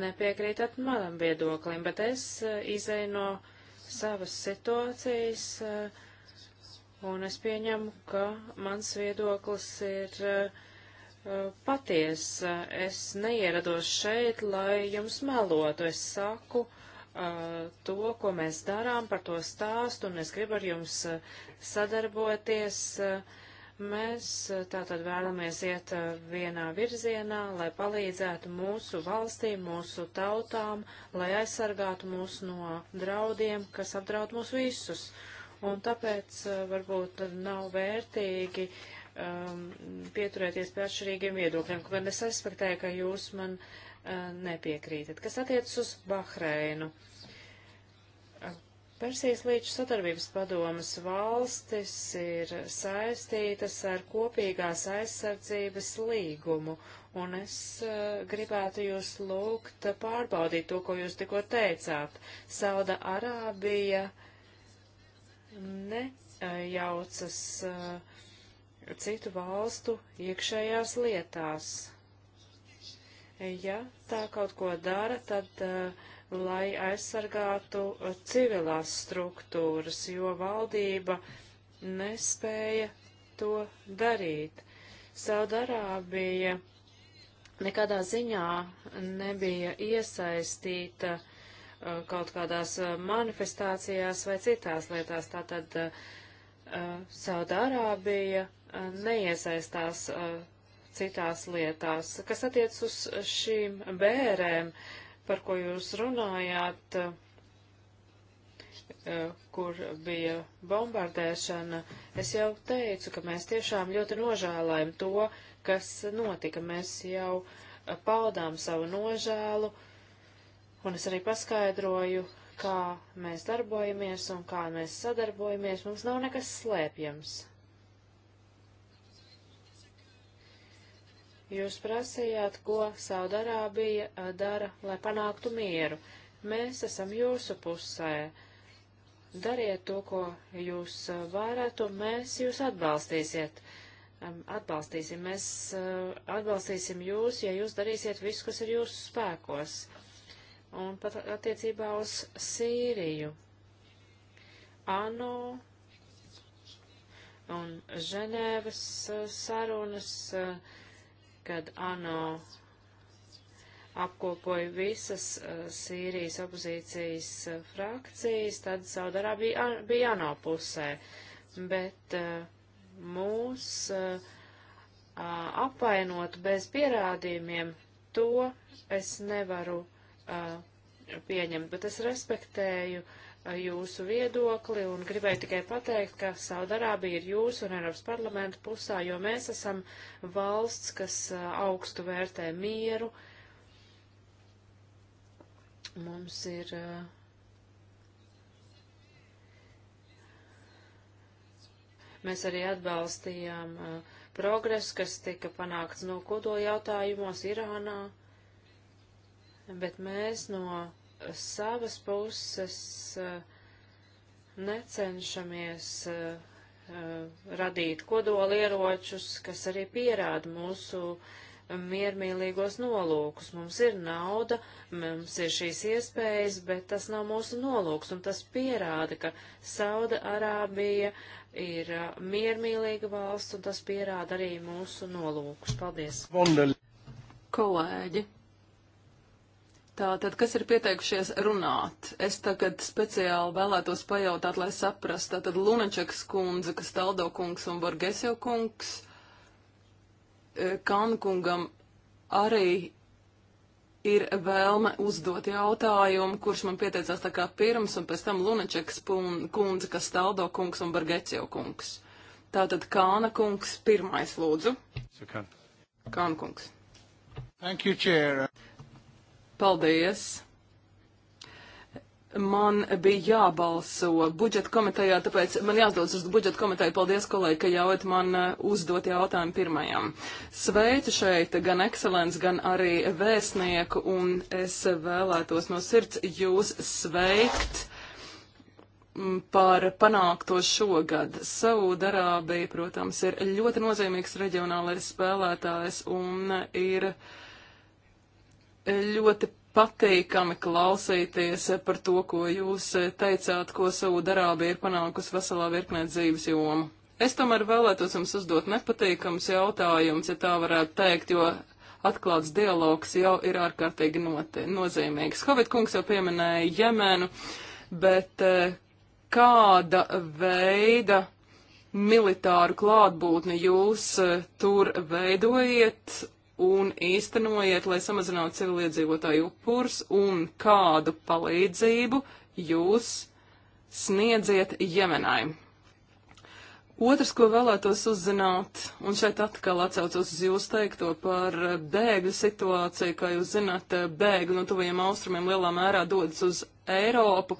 nepiekrītat manam viedoklim, bet es uh, izēju no savas situācijas un es pieņemu, ka mans viedoklis ir uh, patiesa. Es neierados šeit, lai jums melotu. Es saku uh, to, ko mēs darām, par to stāstu, un es gribu ar jums uh, sadarboties. Uh, mēs uh, tātad vēlamies iet vienā virzienā, lai palīdzētu mūsu valstīm, mūsu tautām, lai aizsargātu mūs no draudiem, kas apdraud mūs visus. Un tāpēc varbūt nav vērtīgi uh, um, pieturēties pie atšķirīgiem viedokļiem, kaut gan es respektēju, ka jūs man uh, nepiekrītat. Kas attiecas uz Bahreinu? Uh, Persijas līča sadarbības padomas valstis ir saistītas ar kopīgās aizsardzības līgumu, un es uh, gribētu jūs lūgt pārbaudīt to, ko jūs tikko teicāt. Sauda Arābija nejaucas uh, uh citu valstu iekšējās lietās. Ja tā kaut ko dara, tad uh, lai aizsargātu uh, civilās struktūras, jo valdība nespēja to darīt. Saudarābija nekādā ziņā nebija iesaistīta uh, kaut kādās uh, manifestācijās vai citās lietās. Tātad uh, Saudārābija neiesaistās citās lietās. Kas attiec uz šīm bērēm, par ko jūs runājāt, kur bija bombardēšana, es jau teicu, ka mēs tiešām ļoti nožēlājam to, kas notika. Mēs jau paudām savu nožēlu, un es arī paskaidroju, kā mēs darbojamies un kā mēs sadarbojamies. Mums nav nekas slēpjams. Jūs prasījāt, ko Saudarābija uh, dara, lai panāktu mieru. Mēs esam jūsu pusē. Dariet to, ko jūs uh, varat, un mēs jūs atbalstīsiet. Um, atbalstīsim, mēs uh, atbalstīsim jūs, ja jūs darīsiet visu, kas ir jūsu spēkos un pat attiecībā uz Sīriju. ANO un Ženēvas uh, sarunas, uh, kad ANO apkopoja visas uh, Sīrijas opozīcijas frakcijas, tad Saudarā bija, bija ANO pusē. Bet mūs apvainot bez pierādījumiem, to es nevaru Uh, pieņemt, bet es respektēju uh, jūsu viedokli un gribēju tikai pateikt, ka Saudarābija ir jūsu un Eiropas parlamenta pusā, jo mēs esam valsts, kas uh, augstu vērtē mieru. Mums ir Mēs arī atbalstījām progresu, kas tika panākts no kodola jautājumos Irānā bet mēs no savas puses eh, necenšamies eh, eh, radīt kodolieročus, kas arī pierāda mūsu miermīlīgos nolūkus. Mums ir nauda, mums ir šīs iespējas, bet tas nav mūsu nolūks, un tas pierāda, ka Sauda Arābija ir miermīlīga valsts, un tas pierāda arī mūsu nolūkus. Paldies! Vondeli. Kolēģi, Tātad, kas ir pieteikušies runāt? Es tagad speciāli vēlētos pajautāt, lai saprastu. Tātad Lunačeks kundze, kas taldo kungs un Vargesio kungs, e, Kankungam arī ir vēlme uzdot jautājumu, kurš man pieteicās tā kā pirms, un pēc tam Lunačeks kundze, kas taldo kungs un Vargesio kungs. Tātad Kāna kungs pirmais lūdzu. Kāna kungs. Thank you, chair. Paldies! man bija jābalso budžeta komitejā, tāpēc man jāsdodas uz budžeta komiteju. Paldies, kolēģi, ka ļaujat man uh, uzdot jautājumu pirmajam. Sveicu šeit gan ekscelents, gan arī vēstnieku, un es vēlētos no sirds jūs sveikt mm, par panākto šogad. Saudarābija, protams, ir ļoti nozīmīgs reģionālais spēlētājs un ir. Uh, ļoti patīkami klausīties par to, ko jūs teicāt, ko Saudarābija ir panākusi veselā virknē dzīves jomu. Es tomēr vēlētos jums uzdot nepatīkams jautājums, ja tā varētu teikt, jo atklāts dialogs jau ir ārkārtīgi noti, nozīmīgs. Hovid kungs jau pieminēja Jemenu, bet eh, kāda veida militāru klātbūtni jūs eh, tur veidojiet un īstenojiet, lai samazinātu civiliedzīvotāju upurs un kādu palīdzību jūs sniedziet Jemenai. Otrs, ko vēlētos uzzināt, un šeit atkal atcaucos uz jūsu teikto par bēgļu situāciju, kā jūs zināt, bēgļi no tuviem austrumiem lielā mērā dodas uz Eiropu.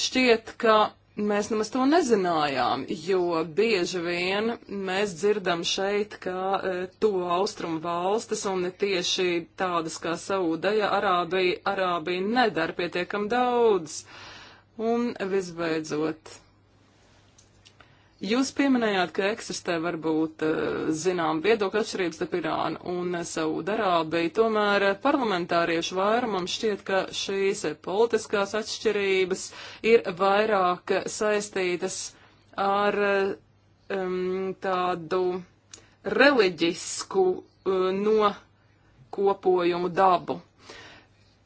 Šķiet, ka mēs nemaz to nezinājām, jo bieži vien mēs dzirdam šeit, ka e, to austrumu valstis un tieši tādas kā Saudaja Arābija, Arābija nedara pietiekam daudz. Un visbeidzot, Jūs pieminējāt, ka eksistē varbūt eh, zinām viedokļu atšķirības te Irāna un Saudarābija, tomēr parlamentāriešu vairumam šķiet, ka šīs politiskās atšķirības ir vairāk saistītas ar um, tādu reliģisku uh, nokopojumu dabu.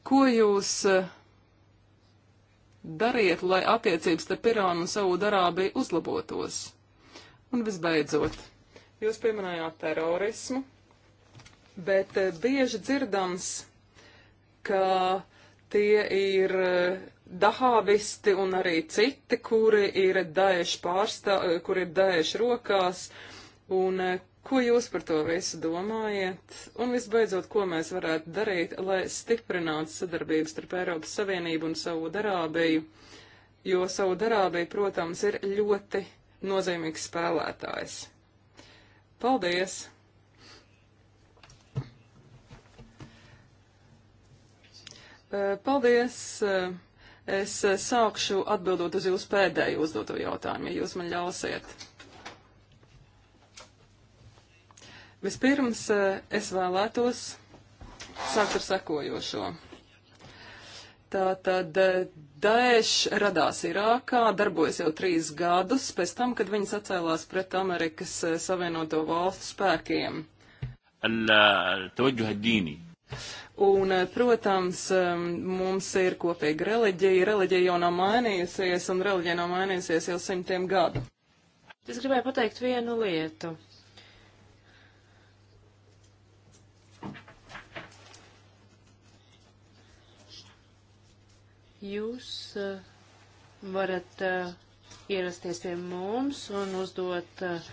Ko jūs uh, Dariet, lai attiecības starp Irānu un Saudarābiju uzlabotos. Un visbeidzot, jūs pieminējāt terorismu, bet eh, bieži dzirdams, ka tie ir eh, dahāvisti un arī citi, kuri ir daeši pārstāv, kuri ir daeši rokās, un eh, Ko jūs par to visu domājat? Un visbeidzot, ko mēs varētu darīt, lai stiprinātu sadarbību starp Eiropas Savienību un Saudarābiju? Jo Saudarābija, protams, ir ļoti nozīmīgs spēlētājs. Paldies! Eh, paldies! Eh, es eh, sākšu atbildot uz jūsu pēdējo uzdoto jautājumu, ja jūs man ļausiet. Vispirms eh, es vēlētos sākt ar sekojošo. Tātad eh, Daesh radās Irākā, darbojas jau trīs gadus pēc tam, kad viņi sacēlās pret Amerikas eh, Savienoto Valstu spēkiem. Un, protams, mums ir kopīga reliģija. Reliģija jau nav mainījusies, un reliģija nav mainījusies jau simtiem gadu. Es gribēju pateikt vienu lietu. Jūs eh, varat eh, ierasties pie mums un uzdot eh,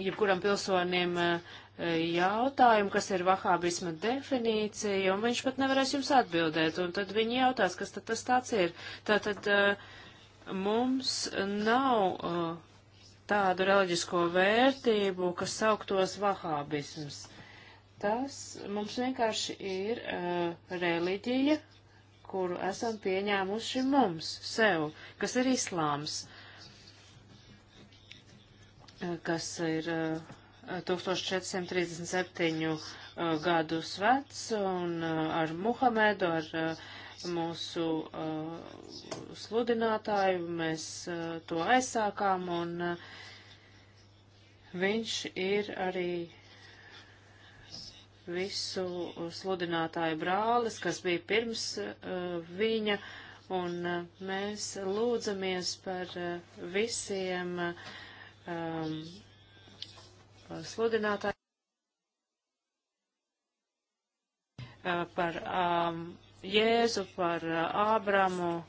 jebkuram pilsonim jautājumu, kas ir vahābisma definīcija, un viņš pat nevarēs jums atbildēt, un tad viņi jautās, kas tad tas tāds ir. Tātad mums nav tādu reliģisko vērtību, kas sauktos vahābisms. Tas mums vienkārši ir reliģija, kuru esam pieņēmuši mums, sev, kas ir islāms, eh, kas ir 1437 eh, eh, gadu vecs un ar Muhamedu, ar mūsu sludinātāju mēs to aizsākām un viņš ir arī visu sludinātāju brālis, kas bija pirms uh, viņa, un uh, mēs lūdzamies par uh, visiem um, ehm, sludinātājiem, par um, Jēzu, par Ābramu.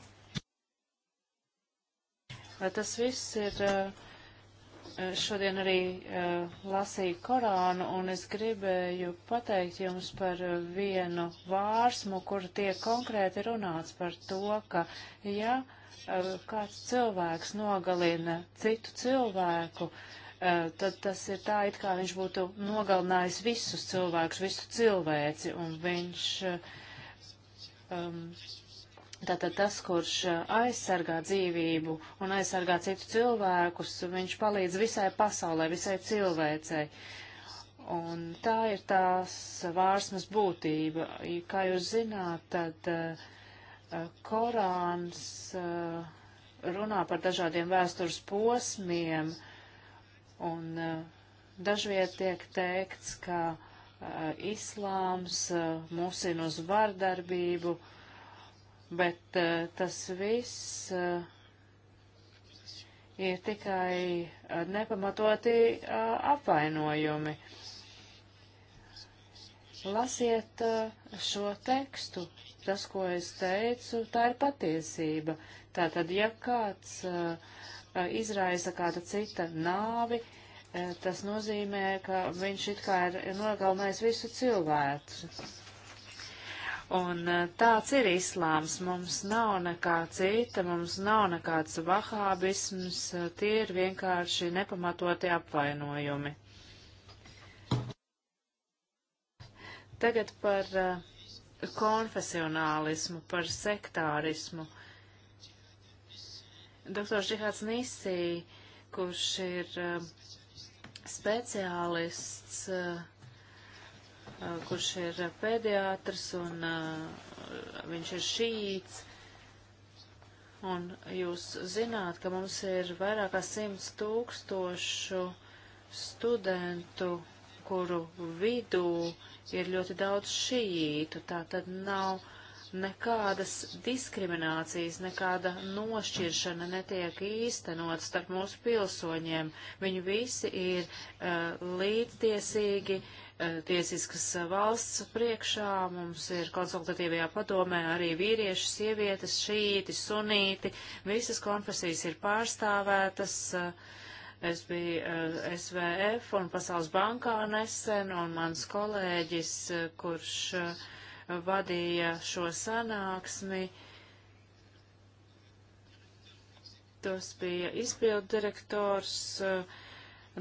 Tas viss ir uh, Eh, šodien arī eh, lasīju Korānu, un es gribēju pateikt jums par eh, vienu vārsmu, kur tiek konkrēti runāts par to, ka, ja kāds cilvēks nogalina citu cilvēku, tad tas ir tā, it kā viņš būtu nogalinājis visus cilvēkus, visu cilvēci, un viņš um, Tātad tas, kurš aizsargā dzīvību un aizsargā citu cilvēkus, viņš palīdz visai pasaulē, visai cilvēcei. Un tā ir tās vārsmas būtība. Kā jūs zināt, tad uh, Korāns uh, runā par dažādiem vēstures posmiem, un uh, dažviet tiek teikts, ka islāms mūsina uz vardarbību, uh, bet uh, tas viss uh, ir tikai uh, nepamatoti uh, apvainojumi. Lasiet uh, šo tekstu. Tas, ko es teicu, tā ir patiesība. Tātad, ja kāds uh, izraisa kāda cita nāvi, uh, tas nozīmē, ka viņš it kā ir nogalinājis visu cilvēku. Un eh, tāds ir islāms. Mums nav nekā cita, mums nav nekāds vahābisms, eh, tie ir vienkārši nepamatoti apvainojumi. Tagad par eh, konfesionālismu, par sektārismu. Dr. Žihāds Nisī, kurš ir speciālists, uh, kurš ir pēdējātrs un viņš ir šīts. Un jūs zināt, ka mums ir vairāk kā simts tūkstošu studentu, kuru vidū ir ļoti daudz šītu. Tā tad nav nekādas diskriminācijas, nekāda nošķiršana netiek īstenot starp mūsu pilsoņiem. Viņi visi ir uh, līdztiesīgi uh, E, tiesiskas valsts priekšā. Mums ir konsultatīvajā padomē arī vīrieši, sievietes, šīti, sunīti. Visas konfesijas ir pārstāvētas. E, es biju e, SVF un Pasaules bankā nesen, un mans kolēģis, kurš vadīja šo sanāksmi, tas bija izpildu direktors uh,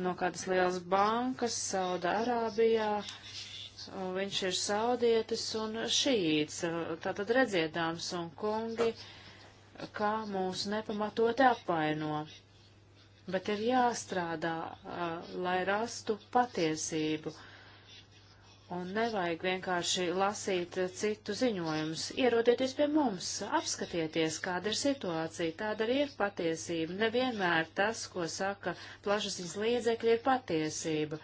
no kādas lielas bankas Sauda Arābijā. Viņš ir saudietis un šīts. Tātad redziet, dāmas un kungi, kā mūs nepamatoti apvaino. Bet ir jāstrādā, lai rastu patiesību. Uh, Un nevajag vienkārši lasīt citu ziņojumus. Ierodieties pie mums, apskatieties, kāda ir situācija, tāda arī ir patiesība. Nevienmēr tas, ko saka plašasiņas liedzekļi, ir patiesība.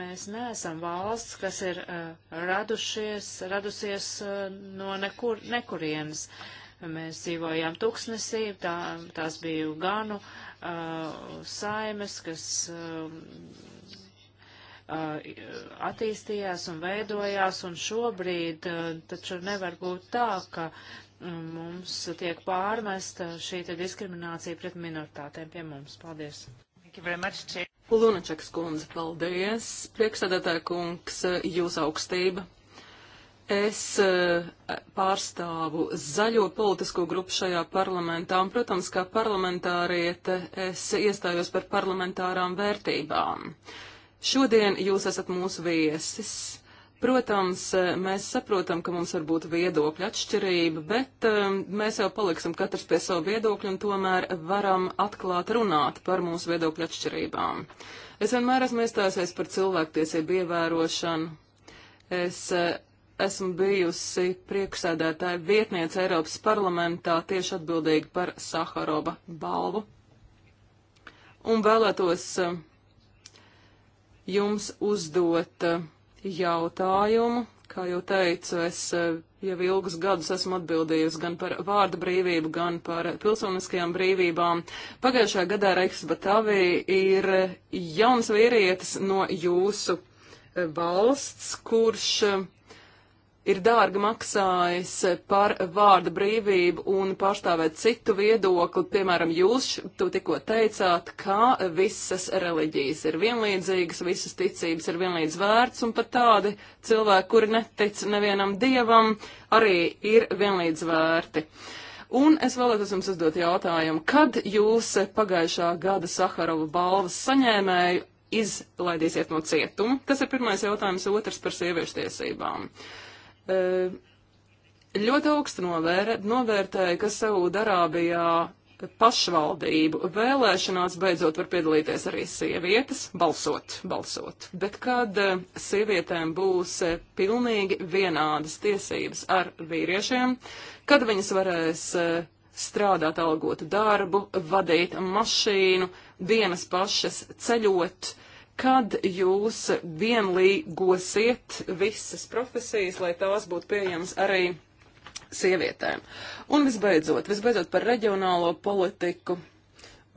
Mēs neesam valsts, kas ir uh, radušies, radusies uh, no nekur, nekurienes. Mēs dzīvojām tuksnesī, tā, tās bija ganu uh, saimes, kas. Uh, Uh, attīstījās un veidojās, un šobrīd uh, taču nevar būt tā, ka um, mums tiek pārmesta šī diskriminācija pret minoritātēm pie mums. Paldies! Lunačeks kundze, paldies! Priekšsēdētāja kungs, uh, jūs augstība! Es pārstāvu zaļo politisko grupu šajā parlamentā, un, protams, kā parlamentāriete, es iestājos par parlamentārām vērtībām. Uh, Šodien jūs esat mūsu viesis. Protams, eh, mēs saprotam, ka mums var būt viedokļa atšķirība, bet um, mēs jau paliksim katrs pie savu viedokļu un tomēr varam atklāt runāt par mūsu viedokļu atšķirībām. Es vienmēr esmu iestājusies par cilvēktiesību ievērošanu. Es uh, esmu bijusi priekšsēdētāja vietniece Eiropas parlamentā tieši atbildīga par Saharoba balvu. Un vēlētos uh, jums uzdot eh, jautājumu. Kā jau teicu, es eh, jau ilgus gadus esmu atbildījusi gan par vārda brīvību, gan par pilsoniskajām brīvībām. Pagājušajā gadā Reiks Batavī ir jauns vīrietis no jūsu eh, valsts, kurš ir dārgi maksājis par vārda brīvību un pārstāvēt citu viedokli. Piemēram, jūs to tikko teicāt, ka visas reliģijas ir vienlīdzīgas, visas ticības ir vienlīdz vērts, un pat tādi cilvēki, kuri netic nevienam dievam, arī ir vienlīdz vērti. Un es vēlētos jums uzdot jautājumu, kad jūs pagājušā gada Saharova balvas saņēmēju izlaidīsiet no cietuma? Tas ir pirmais jautājums, otrs par sieviešu tiesībām. Uh, E, ļoti augstu novērē, novērtēja, ka Saūdarābijā pašvaldību vēlēšanās beidzot var piedalīties arī sievietes, balsot, balsot. Bet kad e, sievietēm būs e, pilnīgi vienādas tiesības ar vīriešiem, kad viņas varēs strādāt algotu darbu, vadīt mašīnu, dienas pašas ceļot, Kad jūs vienlīgosiet visas profesijas, lai tās būtu pieejamas arī sievietēm? Un visbeidzot, visbeidzot par reģionālo politiku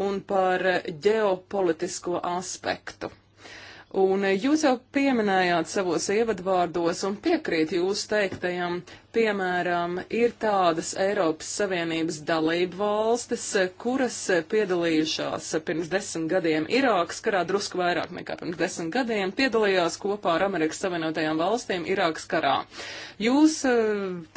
un par ģeopolitisko aspektu. Un jūs jau pieminējāt savos ievadvārdos un piekrīt jūsu teiktajam, Piemēram, ir tādas Eiropas Savienības dalību valstis, kuras piedalījušās pirms desmit gadiem Irākas karā, drusku vairāk nekā pirms desmit gadiem, piedalījās kopā ar Amerikas Savienotajām valstīm Irākas karā. Jūs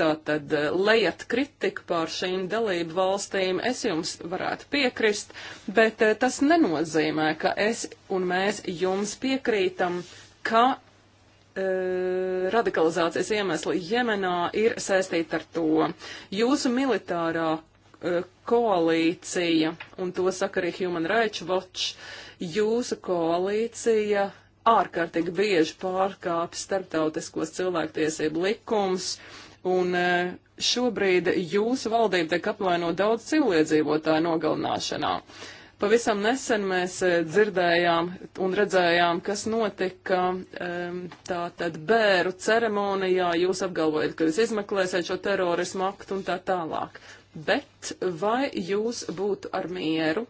tātad lejat kritiku pār šīm dalību valstīm, es jums varētu piekrist, bet tas nenozīmē, ka es un mēs jums piekrītam, ka E, radikalizācijas iemesli Jemenā ir saistīti ar to. Jūsu militārā uh, koalīcija, un to saka arī Human Rights Watch, jūsu koalīcija ārkārtīgi bieži pārkāp starptautiskos cilvēktiesību likums, un uh, šobrīd jūsu valdība tiek apvainot daudz cilvēdzīvotāju nogalināšanā. Uh, Pavisam nesen mēs e, dzirdējām un redzējām, kas notika e, tātad bēru ceremonijā. Jūs apgalvojat, ka jūs izmeklēsiet šo terorismu aktu un tā tālāk. Bet vai jūs būtu ar mieru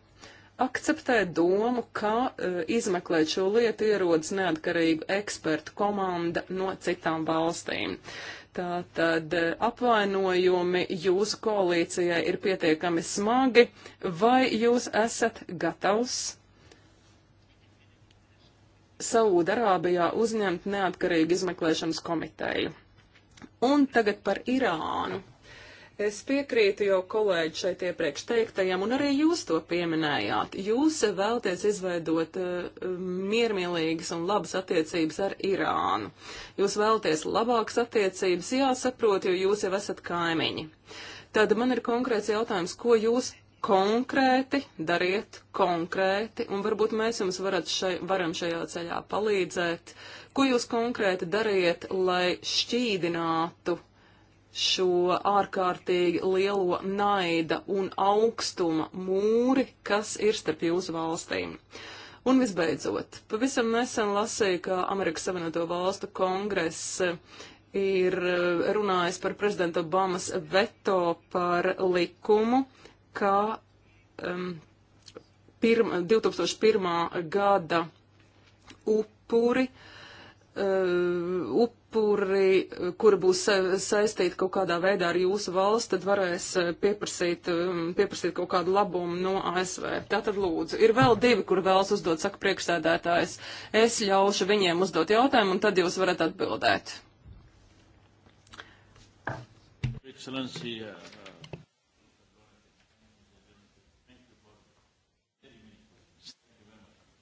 akceptēt domu, ka e, izmeklēt šo lietu ierodas neatkarīgu ekspertu komanda no citām valstīm? Uh, Tātad eh, apvainojumi jūsu koalīcijai ir pietiekami smagi, vai jūs esat gatavs Saūdarābijā uzņemt neatkarīgu izmeklēšanas komiteju? Un tagad par Irānu. Es piekrītu jau kolēģi šeit iepriekš teiktajam, un arī jūs to pieminējāt. Jūs vēlaties izveidot uh, miermīlīgas un labas attiecības ar Irānu. Jūs vēlaties labākas attiecības, jāsaprot, jo jūs jau esat kaimiņi. Tad man ir konkrēts jautājums, ko jūs konkrēti dariet konkrēti, un varbūt mēs jums šai, varam šajā ceļā palīdzēt. Ko jūs konkrēti dariet, lai šķīdinātu šo ārkārtīgi lielo naida un augstuma mūri, kas ir starp jūsu valstīm. Un visbeidzot, pavisam nesen lasīju, ka Amerikas Savienoto Valstu kongress ir eh, runājis par prezidenta Obamas veto par likumu, ka um, pirma, 2001. gada upuri, uh, up, kuri, kuri būs saistīti kaut kādā veidā ar jūsu valsts, tad varēs eh, pieprasīt, um, pieprasīt kaut kādu labumu no ASV. Tātad lūdzu, ir vēl divi, kur vēlas uzdot, saka priekšsēdētājs. Es ļaušu viņiem uzdot jautājumu, un tad jūs varat atbildēt. Excelencija. Uh, uh,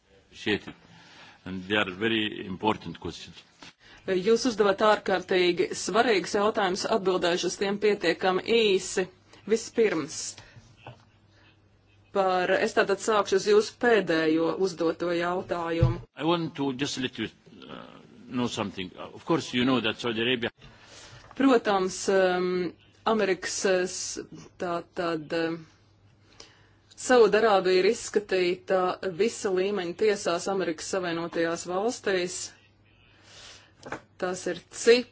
appreciate it. And they are very important questions. Jūs uzdevāt ārkārtīgi svarīgus jautājumus, atbildēšu uz tiem pietiekami īsi. Vispirms, par, es tātad sākšu uz jūsu pēdējo uzdoto jautājumu. You, uh, uh course, you know Arabia... Protams, um, Amerikas tātad. Um, Saudarābija ir izskatīta visa līmeņa tiesās Amerikas Savienotajās valstīs, Tas ir CIP,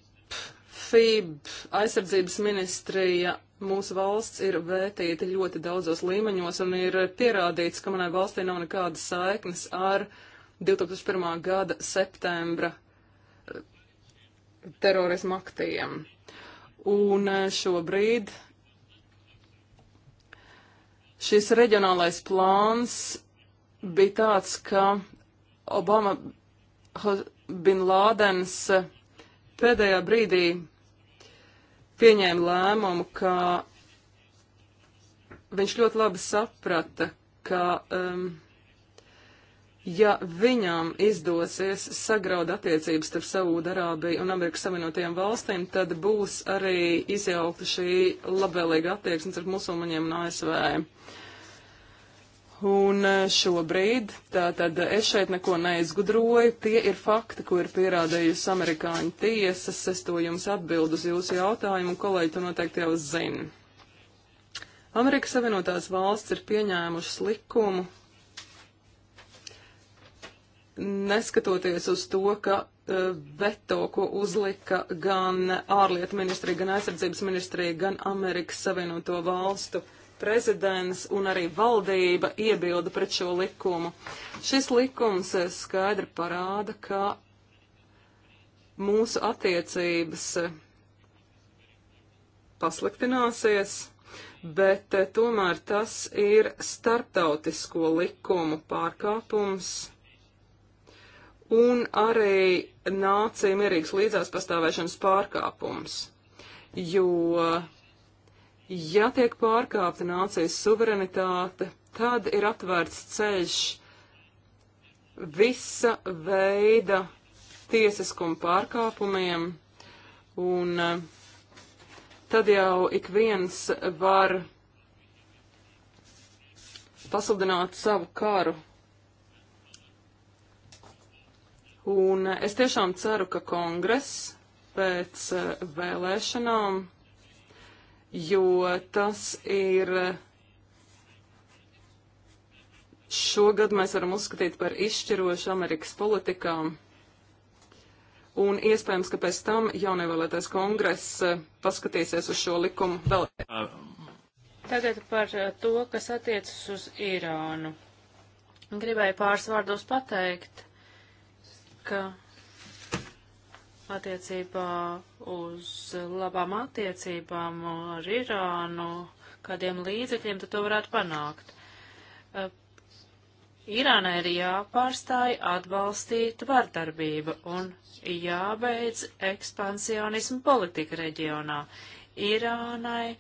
FIB, aizsardzības ministrija. Mūsu valsts ir vētīta ļoti daudzos līmeņos un ir pierādīts, ka manai valstī nav nekādas saiknes ar 2001. gada septembra eh, terorismu aktiem. Un eh, šobrīd šis reģionālais plāns bija tāds, ka Obama Bin Lādens eh, pēdējā brīdī pieņēma lēmumu, ka viņš ļoti labi saprata, ka, um, ja viņām izdosies sagraud attiecības starp Saūdarābiju un Amerikas Savienotajām valstīm, tad būs arī izjaukta šī labvēlīga attieksme starp musulmaņiem un ASV. Un eh, šobrīd, tātad eh, es šeit neko neizgudroju, tie ir fakti, ko ir pierādījusi amerikāņu tiesas, es to jums atbildu uz jūsu jautājumu, un kolēģi to noteikti jau zina. Amerikas Savienotās valsts ir pieņēmušas likumu, neskatoties uz to, ka eh, veto, ko uzlika gan ārlietu ministrija, gan aizsardzības ministrija, gan Amerikas Savienoto valstu uh, prezidents un arī valdība iebilda pret šo likumu. Šis likums eh, skaidri parāda, ka mūsu attiecības eh, pasliktināsies, bet eh, tomēr tas ir starptautisko likumu pārkāpums un arī nācija mierīgas līdzās pastāvēšanas pārkāpums, jo Ja tiek pārkāpta nācijas suverenitāte, tad ir atvērts ceļš visa veida tiesiskuma pārkāpumiem, un eh, tad jau ik viens var pasludināt savu karu. Un eh, es tiešām ceru, ka kongress pēc eh, vēlēšanām jo tas ir. Šogad mēs varam uzskatīt par izšķirošu Amerikas politikām. Un iespējams, ka pēc tam jaunievēlētais kongress eh, paskatīsies uz šo likumu vēl. Tagad par eh, to, kas attiecas uz Irānu. Gribēju pāris vārdos pateikt, ka attiecībā uz labām attiecībām ar Irānu, kādiem līdzekļiem tad to varētu panākt. Uh, Irānai ir jāpārstāj atbalstīt vardarbību un jābeidz ekspansionismu politika reģionā. Irānai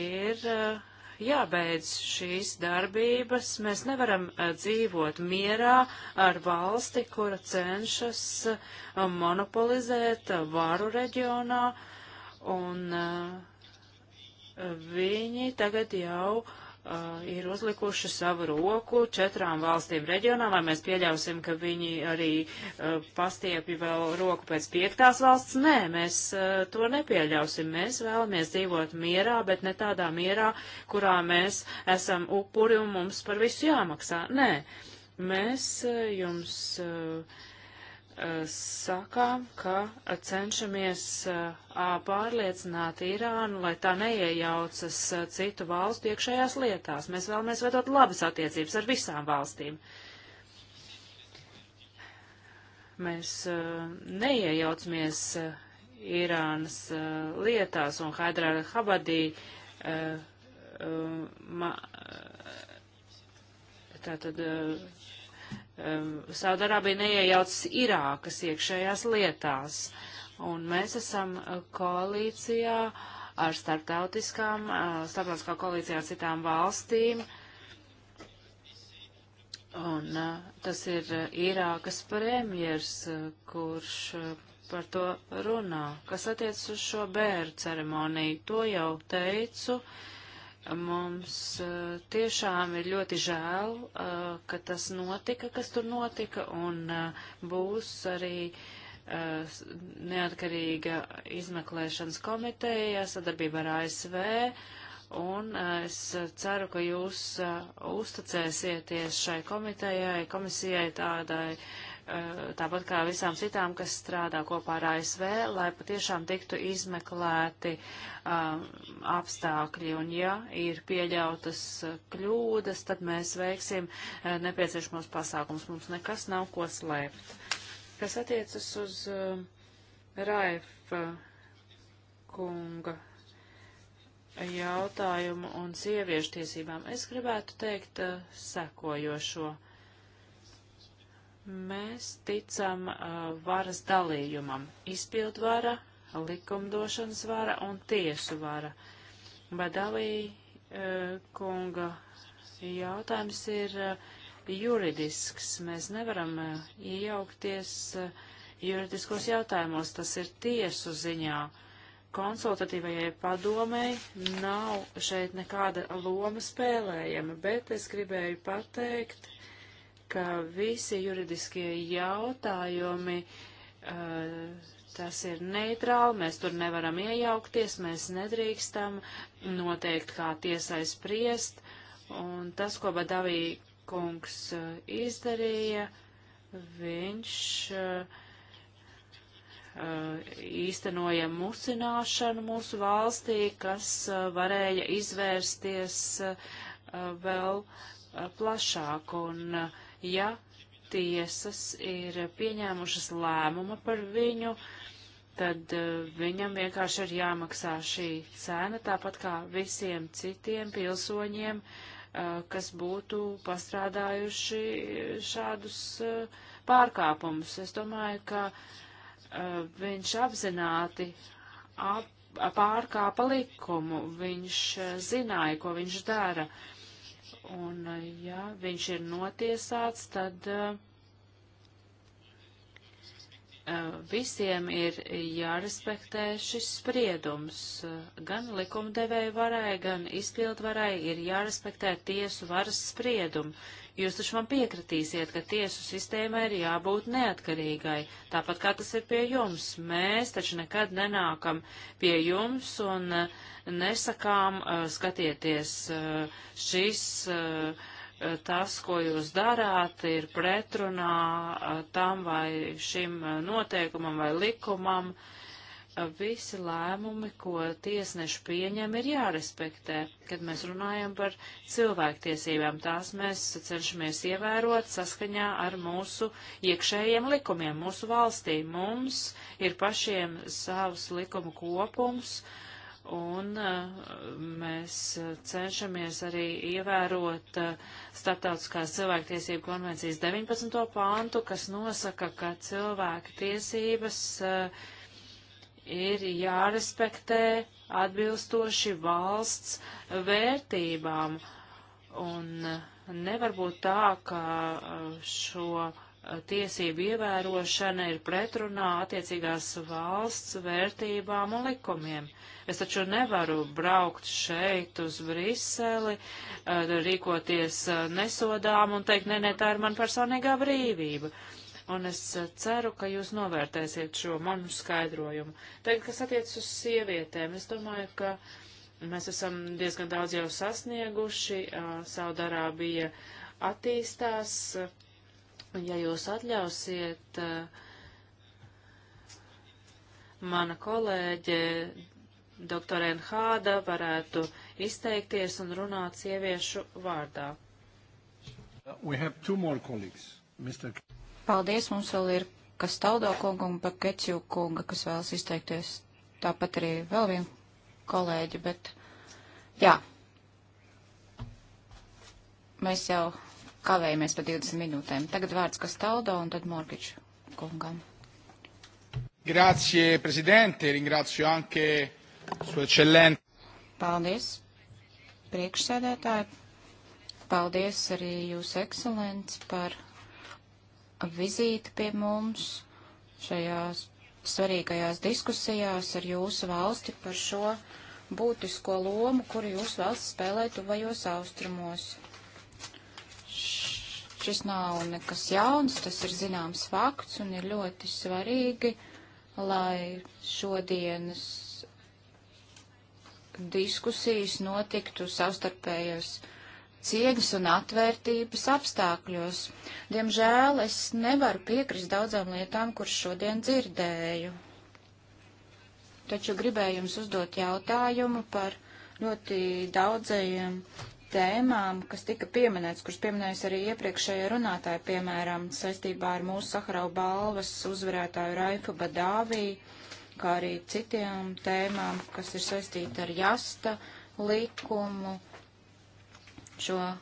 ir uh, jābeidz šīs darbības. Mēs nevaram eh, dzīvot mierā ar valsti, kura cenšas eh, monopolizēt eh, varu reģionā, un viņi tagad jau uh, uh, ir uzlikuši savu roku četrām valstīm reģionā, vai mēs pieļausim, ka viņi arī uh, pastiepi vēl roku pēc piektās valsts? Nē, mēs uh, to nepieļausim. Mēs vēlamies dzīvot mierā, bet ne tādā mierā, kurā mēs esam upuri un mums par visu jāmaksā. Nē, mēs uh, jums. Uh, Eh, sakām, ka cenšamies eh, pārliecināt Irānu, lai tā neiejaucas eh, citu valstu iekšējās lietās. Mēs vēlamies vedot labas attiecības ar visām valstīm. Mēs neiejaucamies Irānas lietās un Haidrāra Habadī. Tātad Um, Saudarābija neiejaucas Irākas iekšējās lietās, un mēs esam uh, koalīcijā ar starptautiskām, uh, starptautiskā koalīcijā ar citām valstīm, un uh, tas ir Irākas premjers, kurš par to runā. Kas attiec uz šo bērnu ceremoniju, to jau teicu. Uh, Mums uh, tiešām ir ļoti žēl, uh, ka tas notika, kas tur notika, un uh, būs arī neatkarīga izmeklēšanas komiteja sadarbībā ar ASV, un es ceru, ka jūs uzticēsieties šai komitejai, komisijai tādai uh, Eh, tāpat kā visām citām, kas strādā kopā ar ASV, lai patiešām tiktu izmeklēti um, apstākļi. Un ja ir pieļautas eh, kļūdas, tad mēs veiksim uh, nepieciešamos pasākums. Mums nekas nav ko slēpt. Kas attiecas uz uh, Raifa kunga jautājumu un sieviešu tiesībām, es gribētu teikt uh, sekojošo Mēs ticam uh, varas dalījumam - izpildvara, likumdošanas vara un tiesu vara. Badalī uh, kunga jautājums ir uh, juridisks. Mēs nevaram uh, iejaukties uh, juridiskos jautājumos. Tas ir tiesu ziņā. Konsultatīvajai padomei nav šeit nekāda loma spēlējama, bet es gribēju pateikt, ka visi juridiskie jautājumi, uh, tas ir neitrāli, mēs tur nevaram iejaukties, mēs nedrīkstam noteikt, kā tiesai spriest, un tas, ko Badavī kungs uh, izdarīja, viņš uh, īstenoja musināšanu mūsu valstī, kas varēja izvērsties vēl plašāk. Un ja tiesas ir pieņēmušas lēmumu par viņu, tad eh, viņam vienkārši ir jāmaksā šī cena, tāpat kā visiem citiem pilsoņiem, eh, kas būtu pastrādājuši šādus eh, pārkāpumus. Es domāju, ka viņš apzināti ap, pārkāpa likumu, viņš zināja, ko viņš dara. Uh, Un, eh, ja viņš ir notiesāts, tad eh, eh, visiem ir jārespektē šis spriedums. Gan likumdevēja varai, gan izpildvarai ir jārespektē tiesu varas spriedumu. Jūs taču man piekritīsiet, ka tiesu sistēmai ir jābūt neatkarīgai, tāpat kā tas ir pie jums. Mēs taču nekad nenākam pie jums un uh, nesakām, uh, skatieties, uh, šis, tas, ko jūs darāt, ir pretrunā tam vai šim noteikumam vai likumam. Uh, visi lēmumi, ko tiesneši pieņem, ir jārespektē. Kad mēs runājam par cilvēktiesībām, tās mēs cenšamies ievērot saskaņā ar mūsu iekšējiem likumiem, mūsu valstī. Mums ir pašiem savs likumu kopums, un uh, mēs cenšamies arī ievērot uh, Startautiskās cilvēktiesību konvencijas 19. pāntu, kas nosaka, ka cilvēka tiesības uh, ir jārespektē atbilstoši valsts vērtībām. Un nevar būt tā, ka uh, šo uh, tiesību ievērošana ir pretrunā attiecīgās valsts vērtībām un likumiem. Es taču nevaru braukt šeit uz Briseli, uh, rīkoties nesodām un teikt, nē, nē, tā ir man personīgā brīvība. Uh, un es eh, ceru, ka jūs novērtēsiet šo manu skaidrojumu. Tagad, kas attiec uz sievietēm, es domāju, ka mēs esam diezgan daudz jau sasnieguši, eh, Saudarābija attīstās, un ja jūs atļausiet, eh, mana kolēģe doktora Enhāda varētu izteikties un runāt sieviešu vārdā. We have two more colleagues. Mr. Paldies, mums vēl ir kas taudo kunga un pakečiju kunga, kas vēlas izteikties. Tāpat arī vēl vien kolēģi, bet jā. Mēs jau kavējamies pa 20 minūtēm. Tagad vārds kas taudo un tad Morgiču kungam. Grazie, prezidente, ringrazio anche su eccellente. Paldies, priekšsēdētāji. Paldies arī jūs ekscelents par vizīti pie mums šajās svarīgajās diskusijās ar jūsu valsti par šo būtisko lomu, kuru jūsu valsts spēlē tuvajos austrumos. Šis nav nekas jauns, tas ir zināms fakts un ir ļoti svarīgi, lai šodienas diskusijas notiktu savstarpējos ciegas un atvērtības apstākļos. Diemžēl es nevaru piekrist daudzām lietām, kuras šodien dzirdēju. Taču gribēju jums uzdot jautājumu par ļoti daudzajiem tēmām, kas tika pieminēts, kuras pieminējas arī iepriekšējā runātāja, piemēram, saistībā ar mūsu Saharau balvas uzvarētāju Raifu Badāvī, kā arī citiem tēmām, kas ir saistīti ar jasta likumu, šo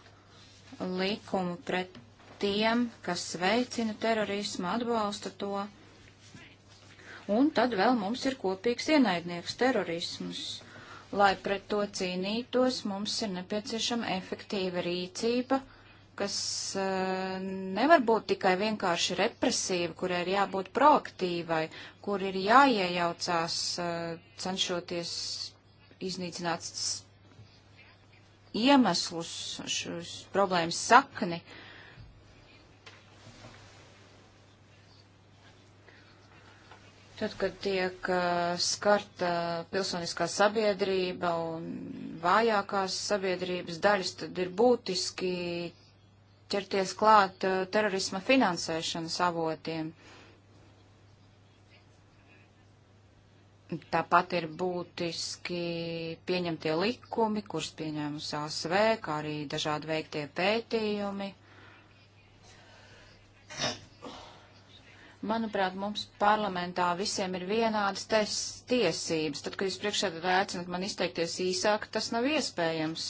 likumu pret tiem, kas veicina terorismu, atbalsta to. Un tad vēl mums ir kopīgs ienaidnieks terorismus. Lai pret to cīnītos, mums ir nepieciešama efektīva rīcība, kas uh, nevar būt tikai vienkārši represīva, kurai ir jābūt proaktīvai, kur ir jāiejaucās, uh, cenšoties iznīcināt iemeslus, šos problēmas sakni. Tad, kad tiek uh, skarta pilsoniskā sabiedrība un vājākās sabiedrības daļas, tad ir būtiski ķerties klāt uh, terorisma finansēšanas avotiem. Uh, Tāpat ir būtiski pieņemtie likumi, kurus pieņēmus ASV, kā arī dažādi veiktie pētījumi. Manuprāt, mums parlamentā visiem ir vienādas tes, tiesības. Tad, kad jūs priekšsēdētāji aicinat man izteikties īsāk, tas nav iespējams.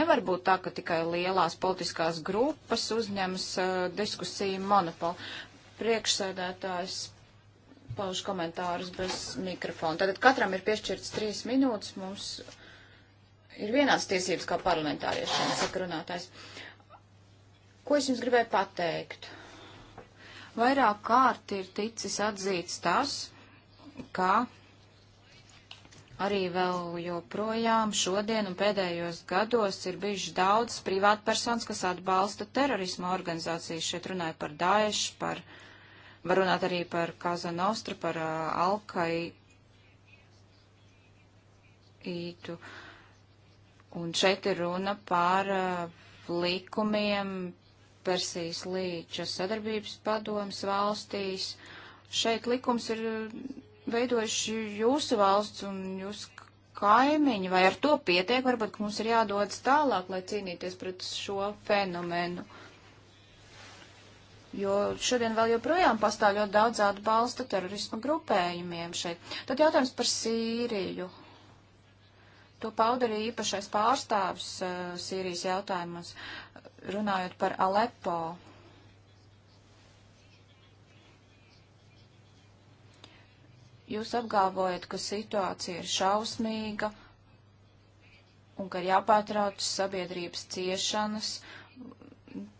Nevar būt tā, ka tikai lielās politiskās grupas uzņemas uh, diskusiju monopolu. Priekšsēdētājs pauž komentārus bez mikrofona. Tagad katram ir piešķirts trīs minūtes. Mums ir vienāds tiesības kā parlamentāriešiem, saka runātājs. Ko es jums gribēju pateikt? Vairāk kārt ir ticis atzīts tas, ka arī vēl joprojām šodien un pēdējos gados ir bijuši daudz privātpersonas, kas atbalsta terorismu organizācijas. Šeit runāja par Daesh, par uh, Var runāt arī par Kazanostra, par uh, Alkaitu. Un šeit ir runa par uh, likumiem Persijas līča sadarbības padomas valstīs. Šeit likums ir uh, veidojuši jūsu valsts un jūs kaimiņi, vai ar to pietiek, varbūt mums ir jādodas tālāk, lai cīnīties pret šo fenomenu. Uh, jo šodien vēl joprojām pastāv ļoti daudz atbalsta terorisma grupējumiem šeit. Tad jautājums par Sīriju. To pauda arī īpašais pārstāvis uh, eh, Sīrijas jautājumos, runājot par Alepo. Jūs apgalvojat, ka situācija ir šausmīga un ka ir jāpārtrauc sabiedrības ciešanas. Uh,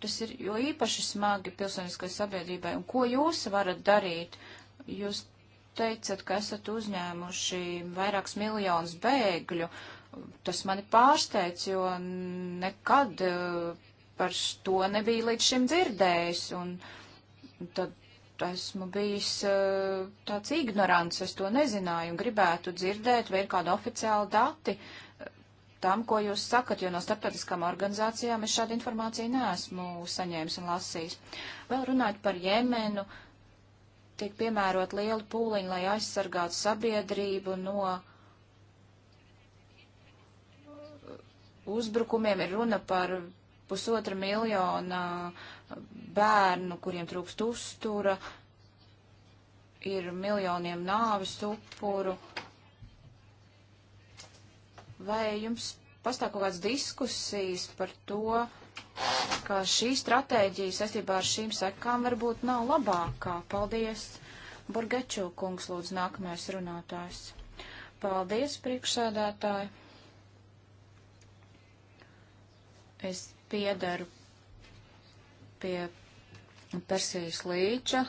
tas ir jo īpaši smagi pilsoniskai sabiedrībai. Un ko jūs varat darīt? Jūs teicat, ka esat uzņēmuši vairākus miljonus bēgļu. Tas mani pārsteidz, jo nekad eh, par to nebija līdz šim dzirdējis. Un tad esmu bijis eh, tāds ignorants, es to nezināju un gribētu dzirdēt, vai ir kāda oficiāla dati tam, ko jūs sakat, jo no starptautiskām organizācijām es šādu informāciju neesmu saņēmis un lasījis. Vēl runājot par Jemenu, tiek piemērot lielu pūliņu, lai aizsargātu sabiedrību no uzbrukumiem. Ir runa par pusotra miljona bērnu, kuriem trūkst uztura, ir miljoniem nāvis upuru. Vai jums pastāv kaut kādas diskusijas par to, ka šī stratēģija saistībā ar šīm sekām varbūt nav labākā? Paldies! Burgeču kungs lūdzu nākamais runātājs. Paldies, priekšsēdētāji! Es piedaru pie Persijas līča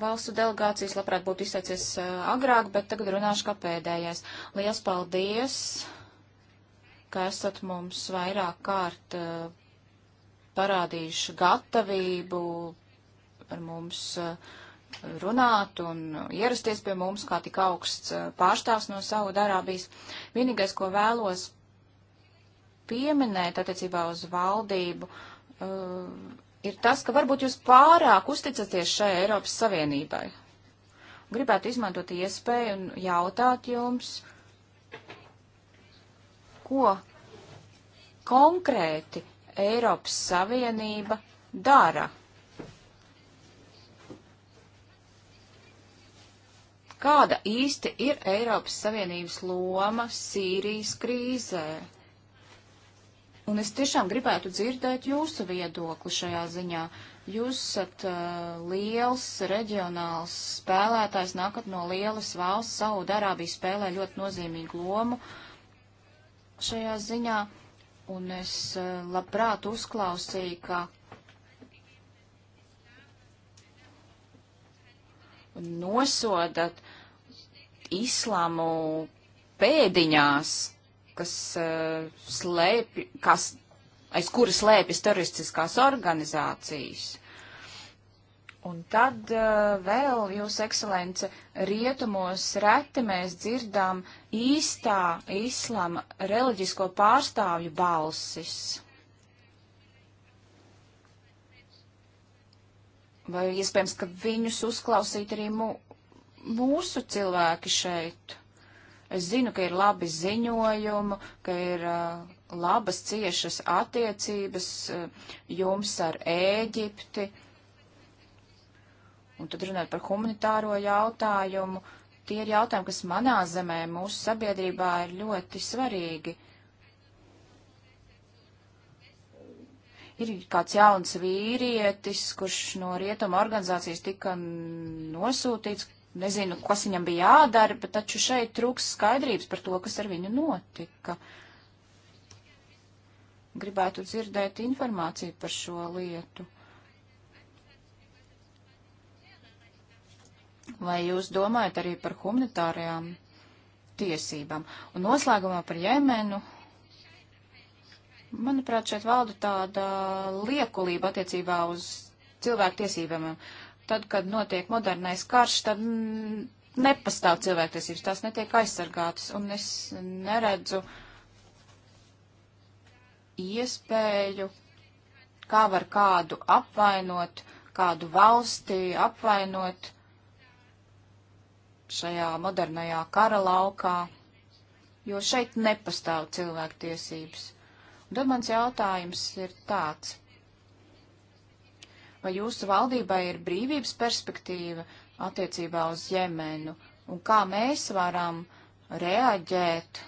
valstu delegācijas. Labprāt būtu izteicies eh, agrāk, bet tagad runāšu kā pēdējais. Lielas paldies, ka esat mums vairāk kārt eh, parādījuši gatavību par mums eh, runāt un ierasties pie mums kā tik augsts pārstāvs no Saudarābijas. Vienīgais, ko vēlos pieminēt attiecībā uz valdību, uh, ir tas, ka varbūt jūs pārāk uzticaties šai Eiropas Savienībai. Gribētu izmantot iespēju un jautāt jums, ko konkrēti Eiropas Savienība dara. Kāda īsti ir Eiropas Savienības loma Sīrijas krīzē? Un es tiešām gribētu dzirdēt jūsu viedokli šajā ziņā. Jūs esat uh, liels reģionāls spēlētājs, nākat no lielas valsts, Saudarābija spēlē ļoti nozīmīgu lomu šajā ziņā, un es uh, labprāt uzklausīju, ka nosodat islamu pēdiņās kas eh, slēpj, kas, aiz kura slēpjas teroristiskās organizācijas. Un tad uh, vēl, jūs ekscelence, rietumos reti mēs dzirdām īstā islama reliģisko pārstāvju balsis. Vai iespējams, ka viņus uzklausīt arī mū, mūsu cilvēki šeit? Es zinu, ka ir labi ziņojumi, ka ir uh, labas ciešas attiecības uh, jums ar Ēģipti. Un tad runāt par humanitāro jautājumu. Tie ir jautājumi, kas manā zemē, mūsu sabiedrībā ir ļoti svarīgi. Ir kāds jauns vīrietis, kurš no rietuma organizācijas tika nosūtīts nezinu, kas viņam bija jādara, bet taču šeit trūks skaidrības par to, kas ar viņu notika. Gribētu dzirdēt informāciju par šo lietu. Vai jūs domājat arī par humanitārajām tiesībām? Un noslēgumā par Jemenu. Manuprāt, šeit valda tāda liekulība attiecībā uz cilvēku tiesībām. Uh, tad, kad notiek modernais karš, tad mm, nepastāv cilvēktiesības, tās netiek aizsargātas, un es neredzu iespēju, kā var kādu apvainot, kādu valsti apvainot šajā modernajā kara laukā, jo šeit nepastāv cilvēktiesības. Un tad mans jautājums ir tāds vai jūsu valdībai ir brīvības perspektīva attiecībā uz Jemenu un kā mēs varam reaģēt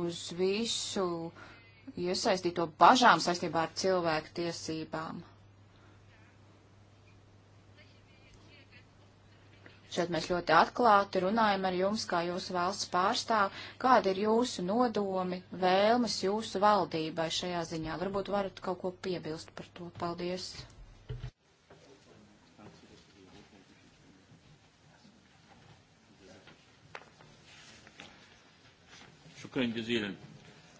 uz visu iesaistīto bažām saistībā ar cilvēku tiesībām. Šeit mēs ļoti atklāti runājam ar jums, kā jūsu valsts pārstāv, kāda ir jūsu nodomi, vēlmes jūsu valdībai šajā ziņā. Varbūt varat kaut ko piebilst par to. Paldies! شكرا جزيلا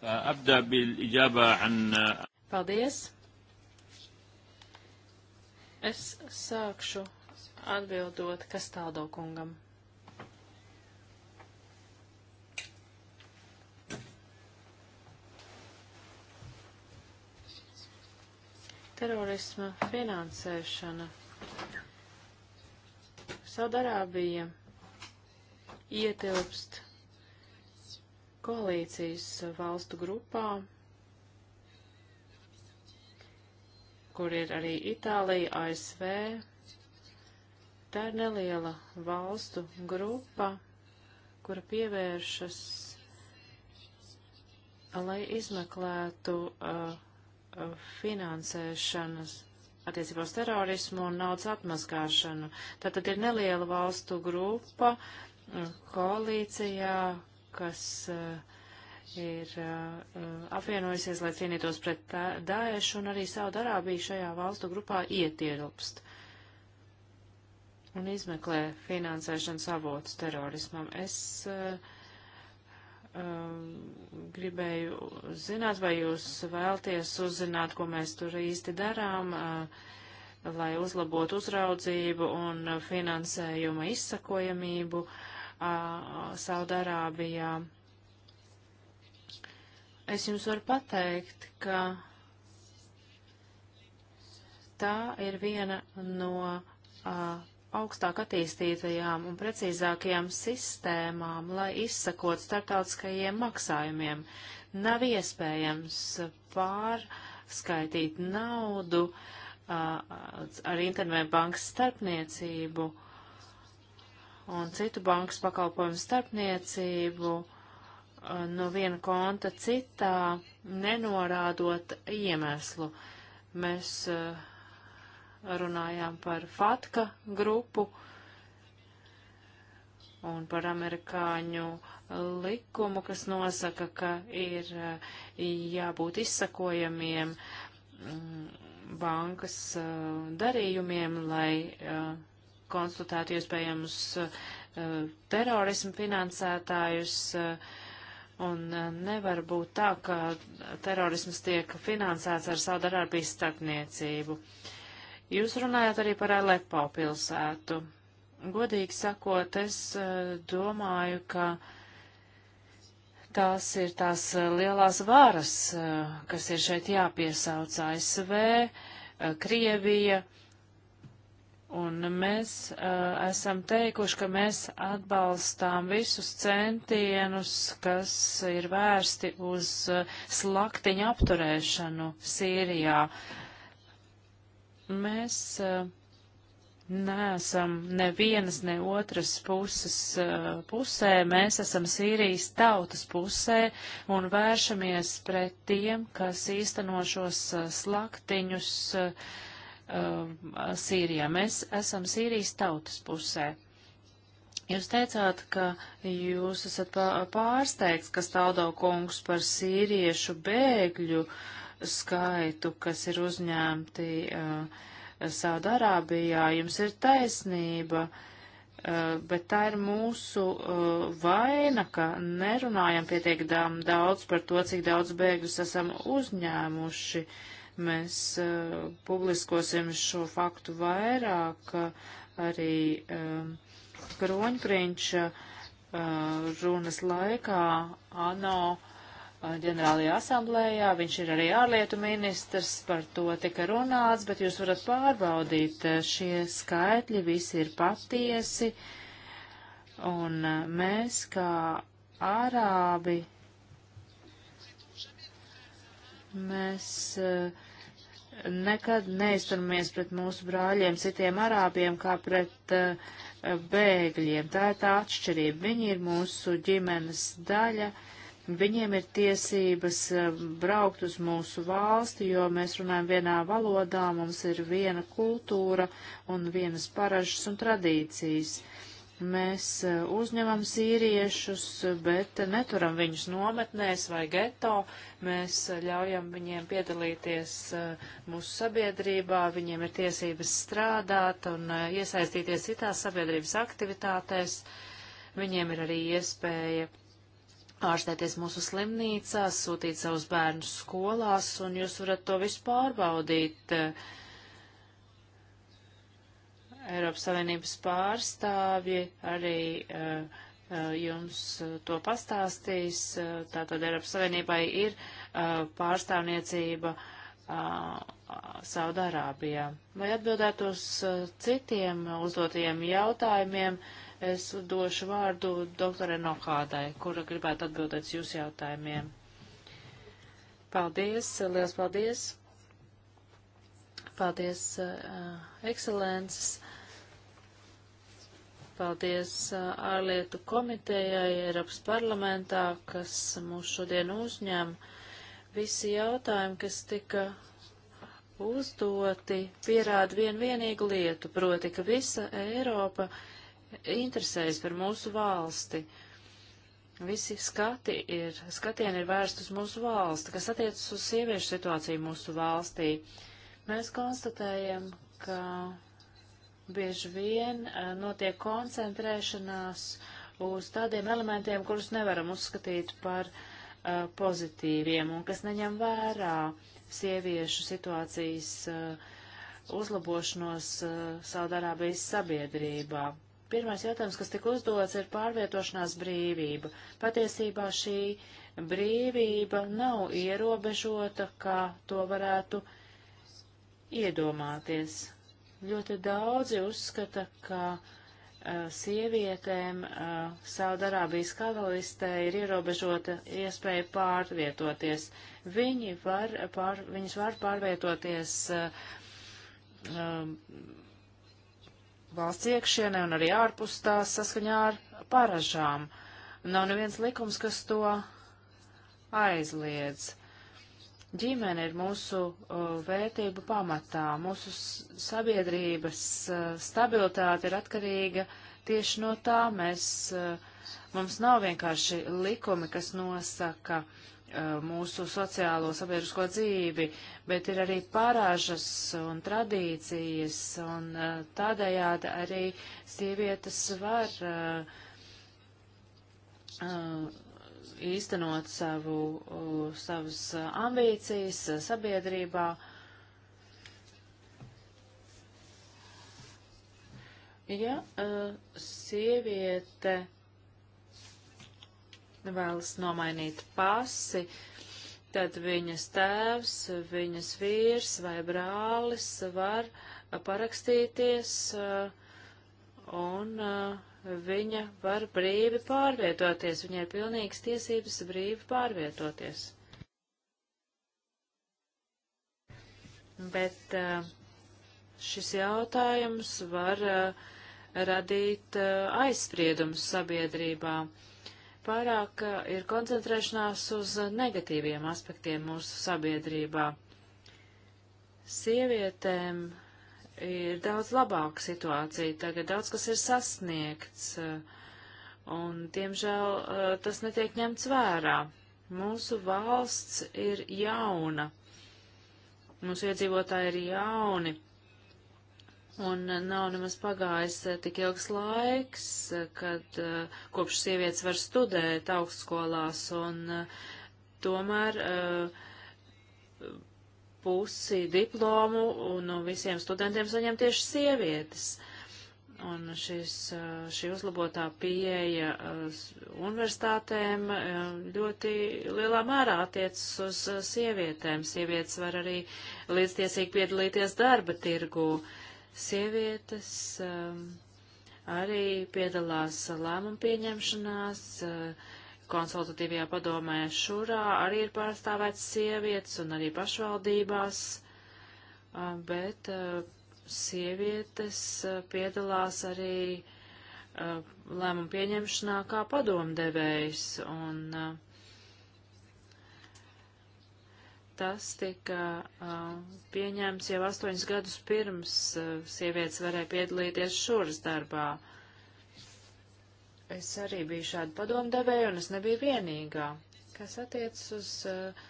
أبدأ بالإجابة عن Paldies. Es sākšu atbildot Kastādo kungam. Terorisma finansēšana. Saudarābija ietilpst koalīcijas valstu grupā, kur ir arī Itālija, ASV. Tā ir neliela valstu grupa, kura pievēršas, lai izmeklētu uh, uh, finansēšanas attiecībā uz terorismu un naudas atmazgāšanu. Tātad ir neliela valstu grupa uh, koalīcijā, kas eh, ir eh, apvienojusies, lai cīnītos pret Daešu, un arī Saudarābija šajā valstu grupā ietilpst un izmeklē finansēšanas avotus terorismam. Es uh, gribēju zināt, vai jūs vēlties uzzināt, ko mēs tur īsti darām, uh, lai uzlabotu uzraudzību un finansējuma izsakojamību. Uh, Saudarābijā. Es jums varu pateikt, ka tā ir viena no augstāk attīstītajām un precīzākajām sistēmām, lai izsakot starptautiskajiem maksājumiem. Nav iespējams pārskaitīt naudu a, ar internetbankas starpniecību. A, un citu bankas pakalpojumu starpniecību eh, no viena konta citā, nenorādot iemeslu. Mēs eh, runājām par FATKA grupu un par amerikāņu likumu, kas nosaka, ka ir eh, jābūt izsakojamiem mm, bankas darījumiem, lai konstatēt iespējamus eh, terorismu finansētājus. Eh, un eh, nevar būt tā, ka terorisms tiek finansēts ar Saudarābijas starpniecību. Jūs runājat arī par Alepo pilsētu. Godīgi sakot, es domāju, ka tās ir tās lielās varas, kas ir šeit jāpiesauc ASV, Krievija, Un mēs uh, esam teikuši, ka mēs atbalstām visus centienus, kas ir vērsti uz uh, slaktiņu apturēšanu Sīrijā. Mēs uh, neesam nevienas ne otras puses uh, pusē, mēs esam Sīrijas tautas pusē un vēršamies pret tiem, kas īsteno šos uh, slaktiņus. Uh, uh, Sīrijā. Mēs esam Sīrijas tautas pusē. Jūs teicāt, ka jūs esat pārsteigts, ka staudau kungs par sīriešu bēgļu skaitu, kas ir uzņemti uh, Saudārābijā. Jums ir taisnība. Uh, Uh, bet tā ir mūsu uh, vaina, ka nerunājam pietiekam daudz par to, cik daudz bēgļus esam uzņēmuši. Uh, Mēs uh, publiskosim šo faktu vairāk arī um, Kroņprinča uh, runas laikā ANO ģenerālajā asamblējā. Viņš ir arī ārlietu ministrs, par to tika runāts, bet jūs varat pārbaudīt, šie skaitļi visi ir patiesi. Un mēs, kā ārābi, mēs uh, nekad neizturmies pret mūsu brāļiem, citiem arābiem, kā pret uh, bēgļiem. Tā ir tā atšķirība. Viņi ir mūsu ģimenes daļa. Viņiem ir tiesības uh, braukt uz mūsu valsti, jo mēs runājam vienā valodā, mums ir viena kultūra un vienas paražas un tradīcijas. Uh, Mēs e, uzņemam sīriešus, bet neturam viņus nometnēs vai geto. Mēs e, ļaujam viņiem piedalīties e, mūsu sabiedrībā, viņiem ir tiesības strādāt un iesaistīties citās sabiedrības aktivitātēs. Viņiem ir arī iespēja ārstēties mūsu slimnīcās, sūtīt savus bērnus skolās, un jūs varat to visu pārbaudīt. Uh, Eiropas Savienības pārstāvji arī uh, jums eh, to pastāstīs. Tātad Eiropas Savienībai ir uh, pārstāvniecība uh, Saudārābijā. Lai atbildētu uz citiem uzdotajiem jautājumiem, es došu vārdu doktore Nokādai, kura gribētu atbildēt jūsu jautājumiem. Paldies, liels paldies! Paldies, uh, ekscelences! Paldies ārlietu komitejai Eiropas parlamentā, kas mūs šodien uzņem. Visi jautājumi, kas tika uzdoti, pierāda vienu vienīgu lietu, proti, ka visa Eiropa interesējas par mūsu valsti. Visi skati ir, skatieni ir vērst uz mūsu valsti, kas attiecas uz sieviešu situāciju mūsu valstī. Mēs konstatējam, ka bieži vien eh, notiek koncentrēšanās uz tādiem elementiem, kurus nevaram uzskatīt par uh, pozitīviem un kas neņem vērā sieviešu situācijas uh, uzlabošanos uh, Saudārābijas sabiedrībā. Pirmais jautājums, kas tika uzdots, ir pārvietošanās brīvība. Patiesībā šī brīvība nav ierobežota, kā to varētu iedomāties. Ļoti daudzi uzskata, ka sievietēm Saudarābijas karalistē ir ierobežota iespēja pārvietoties. Viņi var, pār, viņas var pārvietoties um, valsts iekšienē un arī ārpus tās saskaņā ar paražām. Nav neviens likums, kas to aizliedz. Uh, Ģimene ir mūsu uh, vērtību pamatā. Mūsu sabiedrības uh, stabilitāte ir atkarīga tieši no tā. Mēs, uh, mums nav vienkārši likumi, kas nosaka uh, mūsu sociālo sabiedrisko dzīvi, bet ir arī parāžas un tradīcijas, un uh, tādējādi arī sievietes var uh, uh, īstenot savu, uh, savas ambīcijas uh, sabiedrībā. Ja uh, sieviete vēlas nomainīt pasi, tad viņas tēvs, viņas vīrs vai brālis var parakstīties un viņa var brīvi pārvietoties, viņai ir pilnīgas tiesības brīvi pārvietoties. Bet eh, šis jautājums var eh, radīt eh, aizspriedumus sabiedrībā. Pārāk ir koncentrēšanās uz negatīviem aspektiem mūsu sabiedrībā. Sievietēm ir daudz labāka situācija. Tagad daudz kas ir sasniegts, eh, un, diemžēl, eh, tas netiek ņemts vērā. Mūsu valsts ir jauna, mūsu iedzīvotāji ir jauni, un eh, nav nemaz pagājis tik ilgs laiks, kad kopš sievietes var studēt augstskolās, un tomēr uh, pusi diplomu un no visiem studentiem saņem tieši sievietes. Un šis, uh, šī uzlabotā pieeja uh, universitātēm uh, ļoti lielā mērā attiecas uz sievietēm. Sievietes var arī līdztiesīgi piedalīties darba tirgū. Sievietes um, arī piedalās lēmumu pieņemšanās, uh, konsultatīvajā padomē šurā arī ir pārstāvēts sievietes un arī pašvaldībās, bet sievietes piedalās arī lēmumu pieņemšanā kā padomdevējs, un tas tika pieņemts jau astoņus gadus pirms sievietes varēja piedalīties šuras darbā. Es arī biju šāda padomdevēja, un es nebiju vienīgā. Kas attiecas uz uh,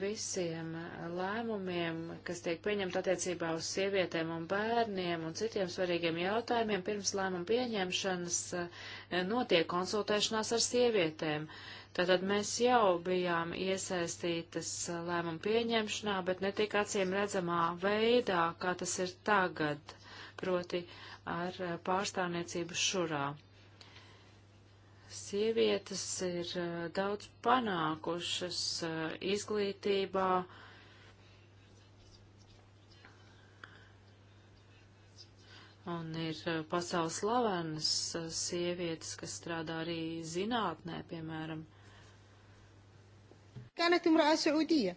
visiem uh, lēmumiem, kas tiek pieņemti attiecībā uz sievietēm un bērniem un citiem svarīgiem jautājumiem, pirms lēmumu pieņemšanas uh, notiek konsultēšanās ar sievietēm. Tātad mēs jau bijām iesaistītas uh, lēmumu pieņemšanā, bet netika acīm redzamā veidā, kā tas ir tagad, proti ar uh, pārstāvniecību šurā. Sievietes ir eh, daudz panākušas eh, izglītībā. Un ir eh, pasaules slavenas sievietes, kas strādā arī zinātnē, piemēram. كانت امرأة سعودية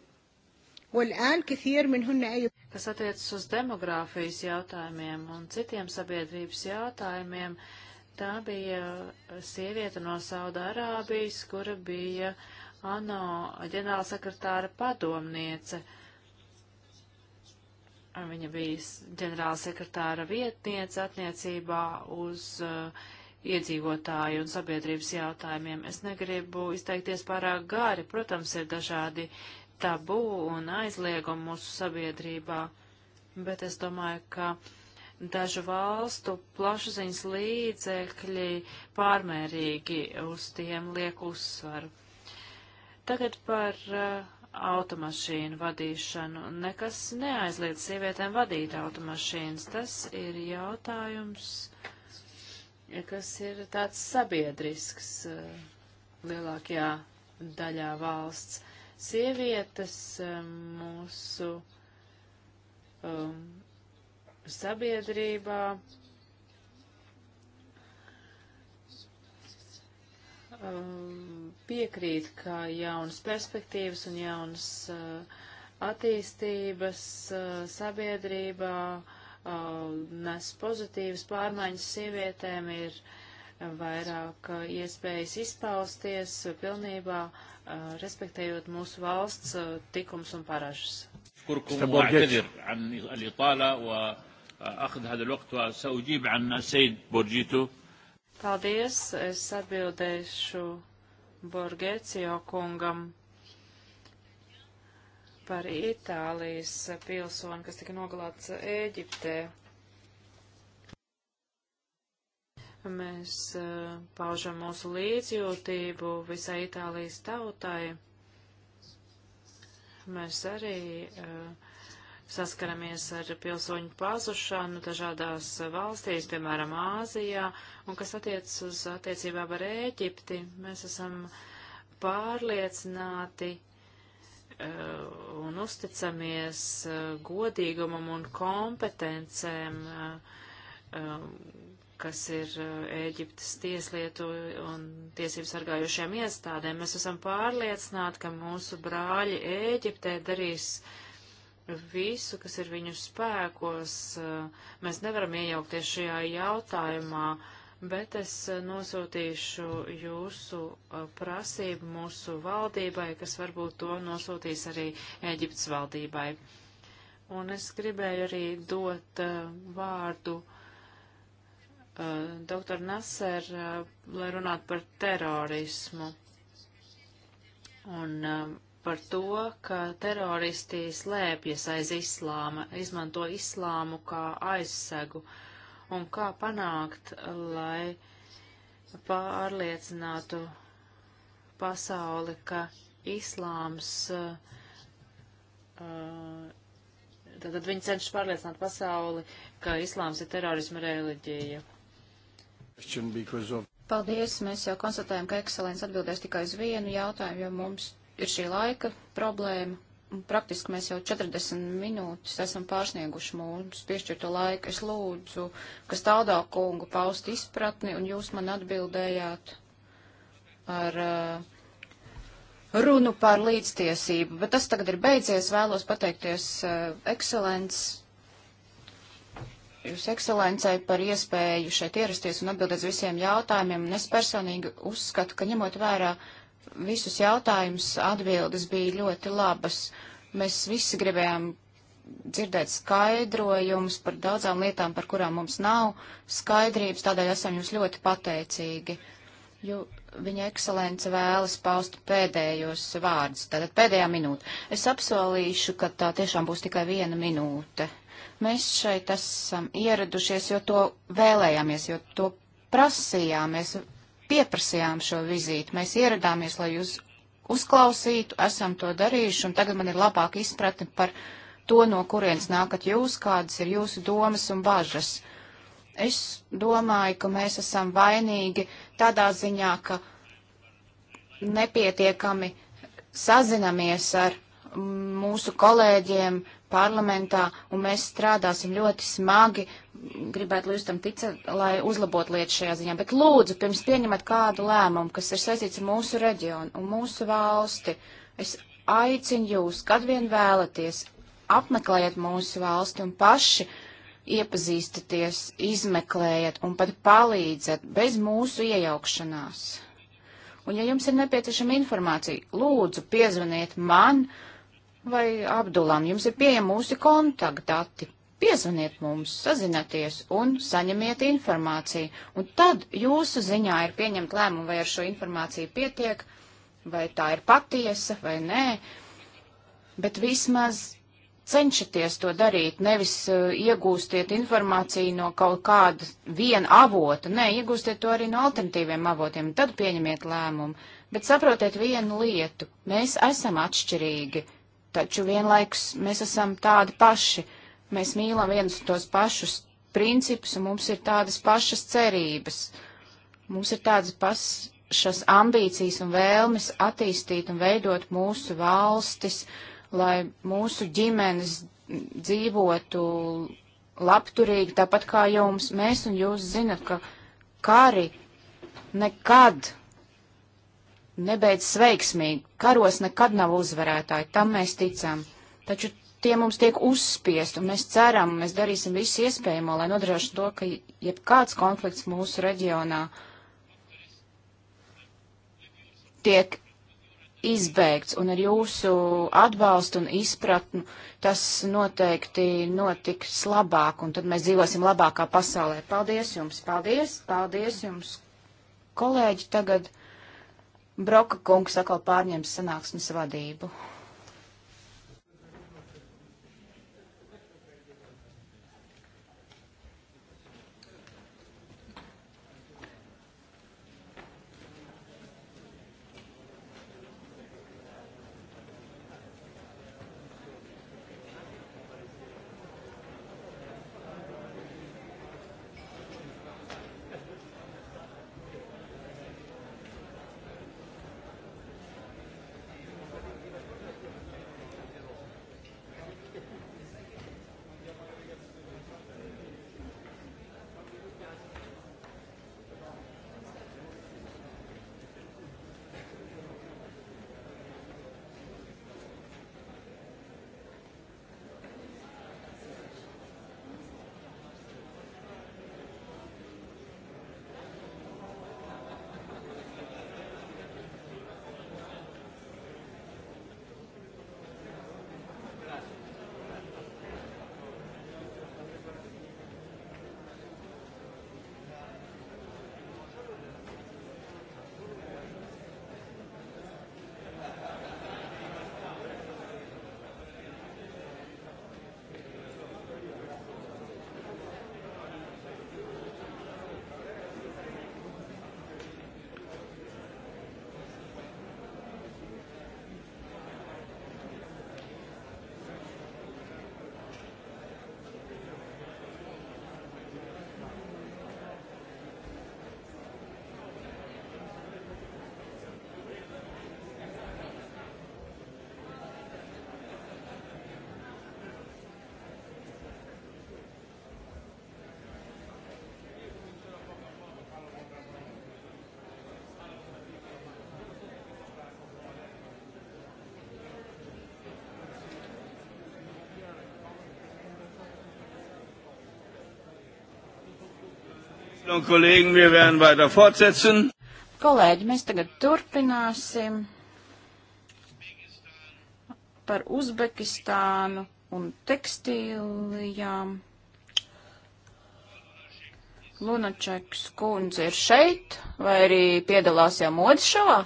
والآن كثير منهن أيضا kas attiecas uz demogrāfijas jautājumiem un citiem sabiedrības jautājumiem, uh, Tā bija sieviete no Saudārābijas, kura bija ANO ģenerālsekretāra padomniece. Viņa bija ģenerālsekretāra vietniece attiecībā uz uh, iedzīvotāju un sabiedrības jautājumiem. Es negribu izteikties pārāk gāri, protams, ir dažādi tabū un aizliegumi mūsu sabiedrībā, bet es domāju, ka dažu valstu plašsaziņas līdzekļi pārmērīgi uz tiem liek uzsvaru. Tagad par uh, automašīnu vadīšanu. Nekas neaizliedz sievietēm vadīt automašīnas. Tas ir jautājums, kas ir tāds sabiedrisks uh, lielākajā daļā valsts. Sievietes uh, mūsu um, sabiedrībā. Um, piekrīt, ka jaunas perspektīvas un jaunas uh, attīstības uh, sabiedrībā uh, nes pozitīvas pārmaiņas sievietēm ir vairāk iespējas izpausties pilnībā, respektējot mūsu valsts tikums un paražas. أشكركم وأعتذر عن الإطالة و أخذ هذا الوقت وسأجيب عن سيد بورجيتو Paldies, es atbildēšu Borgēcijo kungam par Itālijas pilsoni, kas tika nogalāts Ēģiptē. Mēs uh, paužam mūsu līdzjūtību visai Itālijas tautai. Mēs arī uh, saskaramies ar pilsoņu pazušanu dažādās valstīs, piemēram, Āzijā, un kas attiecas uz attiecībām ar Ēģipti, mēs esam pārliecināti uh, un uzticamies uh, godīgumam un kompetencēm, uh, kas ir Ēģiptes tieslietu un tiesību sargājušiem iestādēm. Mēs esam pārliecināti, ka mūsu brāļi Ēģiptē darīs uh, visu, kas ir viņu spēkos. Eh, mēs nevaram iejaukties šajā jautājumā, bet es eh, nosūtīšu jūsu eh, prasību mūsu valdībai, kas varbūt to nosūtīs arī Eģiptes valdībai. Un es gribēju arī dot vārdu doktor Naser, lai runātu par terorismu. Un uh, par to, ka teroristi slēpjas aiz islāma, izmanto islāmu kā aizsegu, un kā panākt, lai pārliecinātu pasauli, ka islāms, uh, tad viņi cenšas pārliecināt pasauli, ka islāms ir terorisma reliģija. Paldies, mēs jau konstatējam, ka ekscelents atbildēs tikai uz vienu jautājumu, jo mums ir šī laika problēma. Praktiski mēs jau 40 minūtes esam pārsnieguši mums piešķirto laiku. Es lūdzu, kas tādā kungu paust izpratni, un jūs man atbildējāt ar uh, runu par līdztiesību, bet tas tagad ir beidzies. Vēlos pateikties uh, ekscelences, jūs ekscelencei par iespēju šeit ierasties un atbildēt visiem jautājumiem. Un es personīgi uzskatu, ka ņemot vērā visus jautājumus atbildes bija ļoti labas. Mēs visi gribējām dzirdēt skaidrojumus par daudzām lietām, par kurām mums nav skaidrības, tādēļ esam jums ļoti pateicīgi. Jo viņa ekscelence vēlas paust pēdējos vārdus, tātad pēdējā minūte. Es apsolīšu, ka tā tiešām būs tikai viena minūte. Mēs šeit esam ieradušies, jo to vēlējāmies, jo to prasījāmies, pieprasījām šo vizīti. Mēs ieradāmies, lai jūs uzklausītu, esam to darījuši, un tagad man ir labāka izpratne par to, no kurienes nākat jūs, kādas ir jūsu domas un bažas. Es domāju, ka mēs esam vainīgi tādā ziņā, ka nepietiekami sazinamies ar mūsu kolēģiem parlamentā, un mēs strādāsim ļoti smagi, gribētu, lai jūs tam ticat, lai uzlabot lietas šajā ziņā. Bet lūdzu, pirms pieņemat kādu lēmumu, kas ir saistīts ar mūsu reģionu un mūsu valsti, es aicinu jūs, kad vien vēlaties, apmeklējiet mūsu valsti un paši iepazīstaties, izmeklējiet un pat palīdzat bez mūsu iejaukšanās. Un ja jums ir nepieciešama informācija, lūdzu piezvaniet man, uh, vai Abdulam, jums ir pieejami mūsu kontaktdati. Piezvaniet mums, sazinieties un saņemiet informāciju. Un tad jūsu ziņā ir pieņemt lēmumu, vai ar šo informāciju pietiek, vai tā ir patiesa vai nē. Bet vismaz cenšaties to darīt, nevis uh, iegūstiet informāciju no kaut kāda viena avota. Nē, iegūstiet to arī no alternatīviem avotiem, tad pieņemiet lēmumu. Bet saprotiet vienu lietu, mēs esam atšķirīgi taču vienlaikus mēs esam tādi paši. Mēs mīlam viens un tos pašus principus, un mums ir tādas pašas cerības. Mums ir tādas pašas ambīcijas un vēlmes attīstīt un veidot mūsu valstis, lai mūsu ģimenes dzīvotu labturīgi, tāpat kā jums. Mēs un jūs zinat, ka kari nekad nebeidzas veiksmīgi. Karos nekad nav uzvarētāji, tam mēs ticam. Taču tie mums tiek uzspiest, un mēs ceram, mēs darīsim visu iespējamo, lai nodrošinātu to, ka jebkāds konflikts mūsu reģionā tiek izbeigts, un ar jūsu atbalstu un izpratnu tas noteikti notiks labāk, un tad mēs dzīvosim labākā pasaulē. Paldies jums, paldies, paldies jums, kolēģi, tagad. Broka kungs atkal pārņems sanāksmes vadību. Kolēģi, mēs tagad turpināsim par Uzbekistānu un tekstīlijām. Lunačeks kundze ir šeit, vai arī piedalās jau modšovā?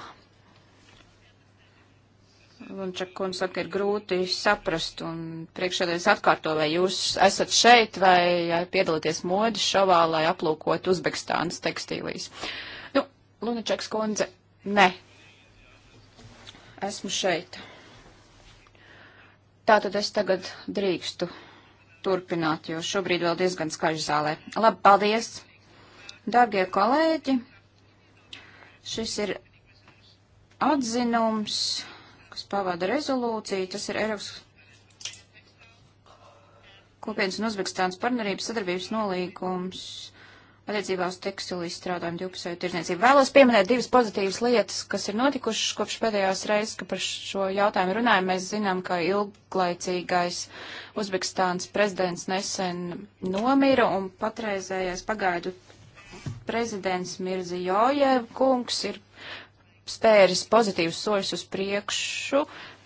Lunčak kundze saka, ir grūti saprast, un priekšēdējais atkārto, vai jūs esat šeit, vai piedalāties modas šovā, lai aplūkot Uzbekistānas tekstīlijas. Nu, Lunčaks kundze, ne. Esmu šeit. Tātad es tagad drīkstu turpināt, jo šobrīd vēl diezgan skaļi zālē. Labi, paldies! Dārgie kolēģi, šis ir atzinums kas pavada rezolūciju, tas ir Eiropas kopienas un Uzbekistānas partnerības sadarbības nolīgums attiecībā uz tekstilu izstrādājumu divpusēju tirdzniecību. Vēlos pieminēt divas pozitīvas lietas, kas ir notikušas kopš pēdējās reizes, ka par šo jautājumu runājam. Mēs zinām, ka ilglaicīgais Uzbekistāns prezidents nesen nomira un patreizējais pagaidu prezidents Mirzi Jojev kungs ir spēris pozitīvus soļus uz priekšu.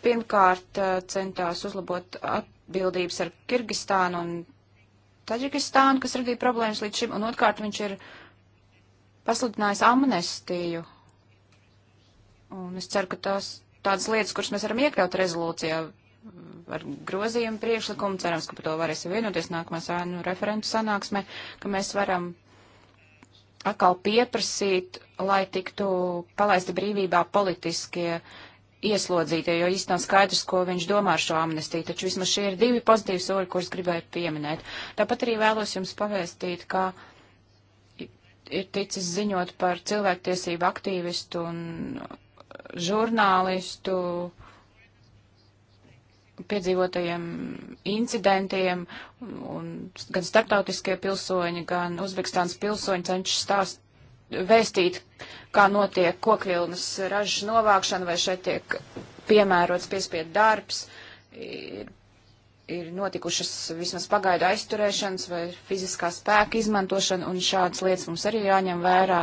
Pirmkārt, eh, centās uzlabot atbildības ar Kirgistānu un Taģikistānu, kas radīja problēmas līdz šim, un otrkārt viņš ir pasludinājis amnestiju. Un es ceru, ka tās tādas lietas, kuras mēs varam iekļaut rezolūcijā ar grozījumu priekšlikumu, cerams, ka par to varēsim vienoties nākamā sēnu referentu sanāksmē, ka mēs varam uh, atkal pieprasīt, lai tiktu palaisti brīvībā politiskie ieslodzītie, jo īsti nav skaidrs, ko viņš domā ar šo amnestiju, taču vismaz šie ir divi pozitīvi soļi, kurus gribēju pieminēt. Tāpat arī vēlos jums pavēstīt, ka ir ticis ziņot par cilvēktiesību aktīvistu un žurnālistu uh, piedzīvotajiem incidentiem, un gan starptautiskie pilsoņi, gan Uzbekistāns pilsoņi cenšas stāst vēstīt, kā notiek kokvilnas ražas novākšana, vai šeit tiek piemērots piespiedu darbs, ir, ir notikušas vismaz pagaidu aizturēšanas vai fiziskā spēka izmantošana, un šādas lietas mums arī jāņem vērā,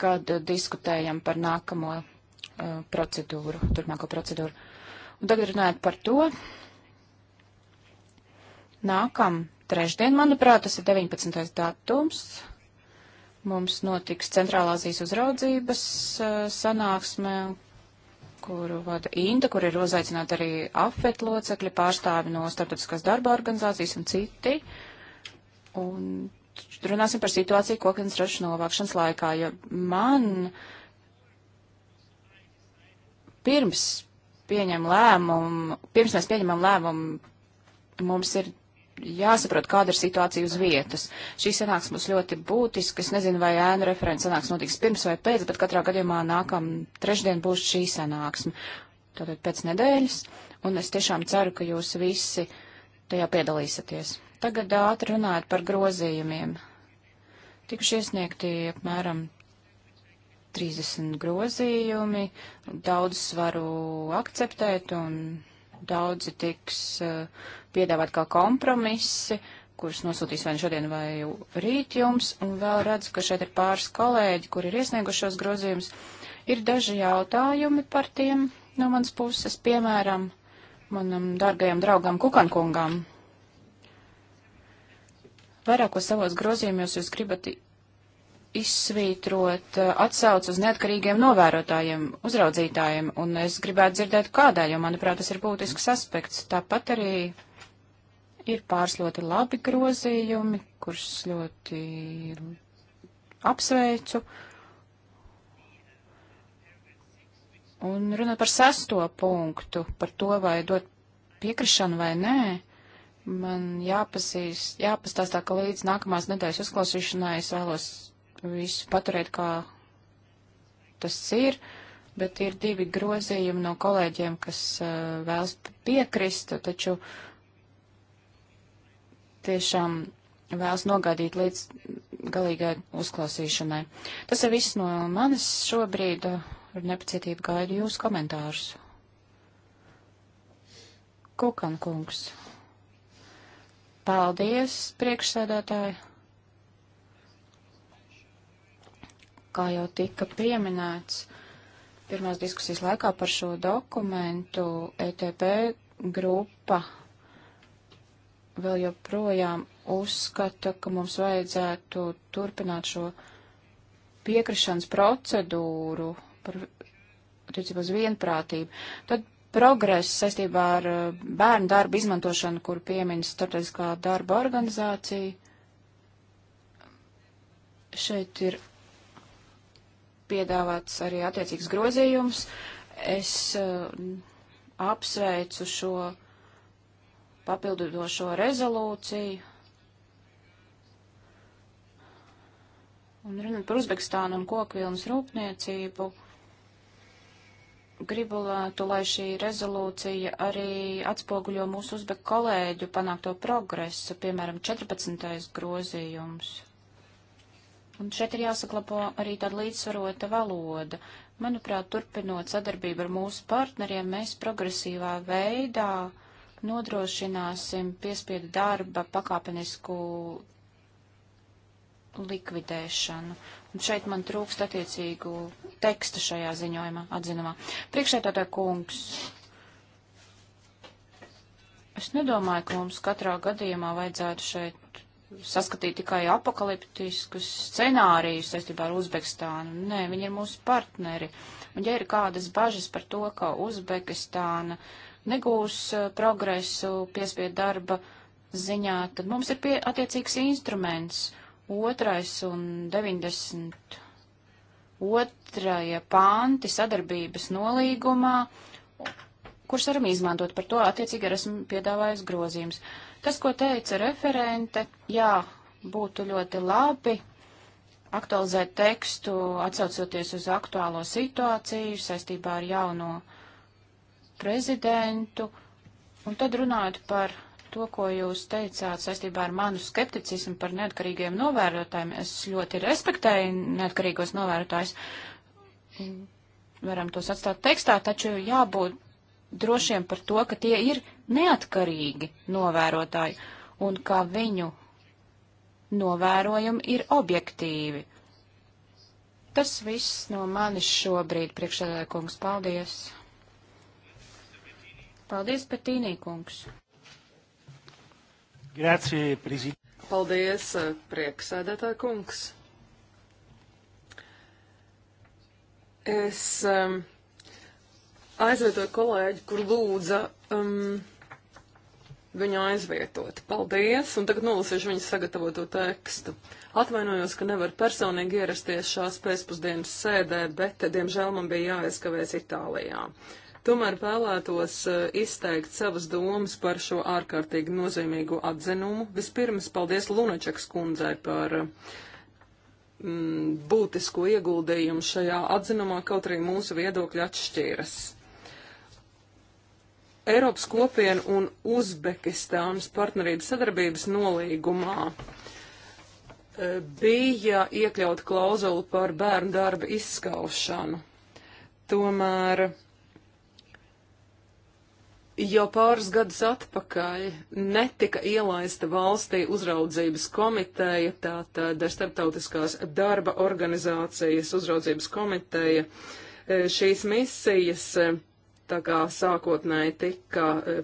kad diskutējam par nākamo uh, procedūru, turpmāko procedūru. Un tagad runājot par to, nākam trešdien, manuprāt, tas ir 19. datums, mums notiks Centrālāzijas uzraudzības uh, sanāksme, kuru vada Inta, kur ir uzaicināti arī AFET locekļi, pārstāvi no starptautiskās darba organizācijas un citi. Un runāsim par situāciju koknes ražu novākšanas laikā, jo man pirms pieņem lēmumu, pirms mēs pieņemam lēmumu, mums ir jāsaprot, kāda ir situācija uz vietas. Šī sanāks mums ļoti būtiska. Es nezinu, vai ēnu referents sanāks notiks pirms vai pēc, bet katrā gadījumā nākam trešdien būs šī sanāksme. Tātad pēc nedēļas. Un es tiešām ceru, ka jūs visi tajā piedalīsieties. Tagad ātri runājot par grozījumiem. Tikuši iesniegti apmēram 30 grozījumi, daudzus varu akceptēt un daudzi tiks eh, piedāvāt kā kompromisi, kurus nosūtīs vai nu šodien vai rīt jums, un vēl redzu, ka šeit ir pāris kolēģi, kur ir iesnieguši šos grozījumus. Ir daži jautājumi par tiem no manas puses, piemēram, manam dārgajam draugam Kukankungam. Vairākos savos grozījumos jūs gribat izsvītrot eh, atsauc uz neatkarīgiem novērotājiem, uzraudzītājiem, un es gribētu dzirdēt kādēļ, jo, manuprāt, tas ir būtisks aspekts. Tāpat arī ir pāris ļoti labi grozījumi, kurus ļoti apsveicu. Un runāt par sesto punktu, par to, vai dot piekrišanu vai nē, man jāpazīst, jāpastāstā, ka līdz nākamās nedēļas uzklausīšanai es vēlos visu paturēt, kā tas ir, bet ir divi grozījumi no kolēģiem, kas uh, vēlas piekrist, taču tiešām vēlas nogādīt līdz galīgai uzklausīšanai. Tas ir viss no manis šobrīd. Ar nepacietību gaidu jūsu komentārus. Kukan kungs. Paldies, priekšsēdētāji. kā jau tika pieminēts, pirmās diskusijas laikā par šo dokumentu ETP grupa vēl joprojām uzskata, ka mums vajadzētu turpināt šo piekrišanas procedūru par attiecībā uz vienprātību. Tad progress saistībā ar uh, bērnu darbu izmantošanu, kur piemin starptautiskā darba organizācija. Šeit ir piedāvāts arī attiecīgs grozījums. Es uh, apsveicu šo papildudošo rezolūciju. Un runāt par Uzbekistānu un kokvilnas rūpniecību, gribu, lai šī rezolūcija arī atspoguļo mūsu uzbeku kolēģu panākto progresu, piemēram, 14. grozījums. Un šeit ir jāsaklabo arī tāda līdzsvarota valoda. Manuprāt, turpinot sadarbību ar mūsu partneriem, mēs progresīvā veidā nodrošināsim piespiedu darba pakāpenisku likvidēšanu. Un šeit man trūkst attiecīgu tekstu šajā ziņojumā, atzinumā. Priekšētātā kungs. Es nedomāju, ka mums katrā gadījumā vajadzētu šeit saskatīt tikai apakaliptiskus scenārijus saistībā ar Uzbekistānu. Nē, viņi ir mūsu partneri. Un ja ir kādas bažas par to, ka Uzbekistāna negūs eh, progresu piespied darba ziņā, tad mums ir pie, attiecīgs instruments. Otrais un 92. pānti sadarbības nolīgumā, kurš varam izmantot. Par to attiecīgi arī esmu piedāvājis grozījums. Uh, Tas, ko teica referente, jā, būtu ļoti labi aktualizēt tekstu, atsaucoties uz aktuālo situāciju saistībā ar jauno prezidentu. Un tad runājot par to, ko jūs teicāt saistībā ar manu skepticismu par neatkarīgiem novērotājiem, es ļoti respektēju neatkarīgos novērotājus. Varam tos atstāt tekstā, taču jābūt drošiem par to, ka tie ir neatkarīgi novērotāji un ka viņu novērojumi ir objektīvi. Tas viss no manis šobrīd, priekšsēdētāj kungs, paldies. Paldies, Petīnī kungs. Grācie, prezident. Paldies, eh, priekšsēdētāj kungs. Es um, aizvietoju kolēģi, kur lūdza um, viņu aizvietot. Paldies, un tagad nolasīšu viņas sagatavoto tekstu. Atvainojos, ka nevaru personīgi ierasties šās pēcpusdienas sēdē, bet, diemžēl, man bija jāaizkavēs Itālijā. Tomēr vēlētos uh, izteikt savas domas par šo ārkārtīgi nozīmīgo atzinumu. Vispirms paldies Lunačakas kundzei par uh, būtisko ieguldījumu šajā atzinumā, kaut arī mūsu viedokļi atšķiras. Eiropas kopienu un Uzbekistānas partnerības sadarbības nolīgumā e, bija iekļauta klauzula par bērnu darba izskaušanu. Tomēr jau pāris gadus atpakaļ netika ielaista valstī uzraudzības komiteja, tātad starptautiskās darba organizācijas uzraudzības komiteja. E, šīs misijas e, tā kā sākotnēji tika eh,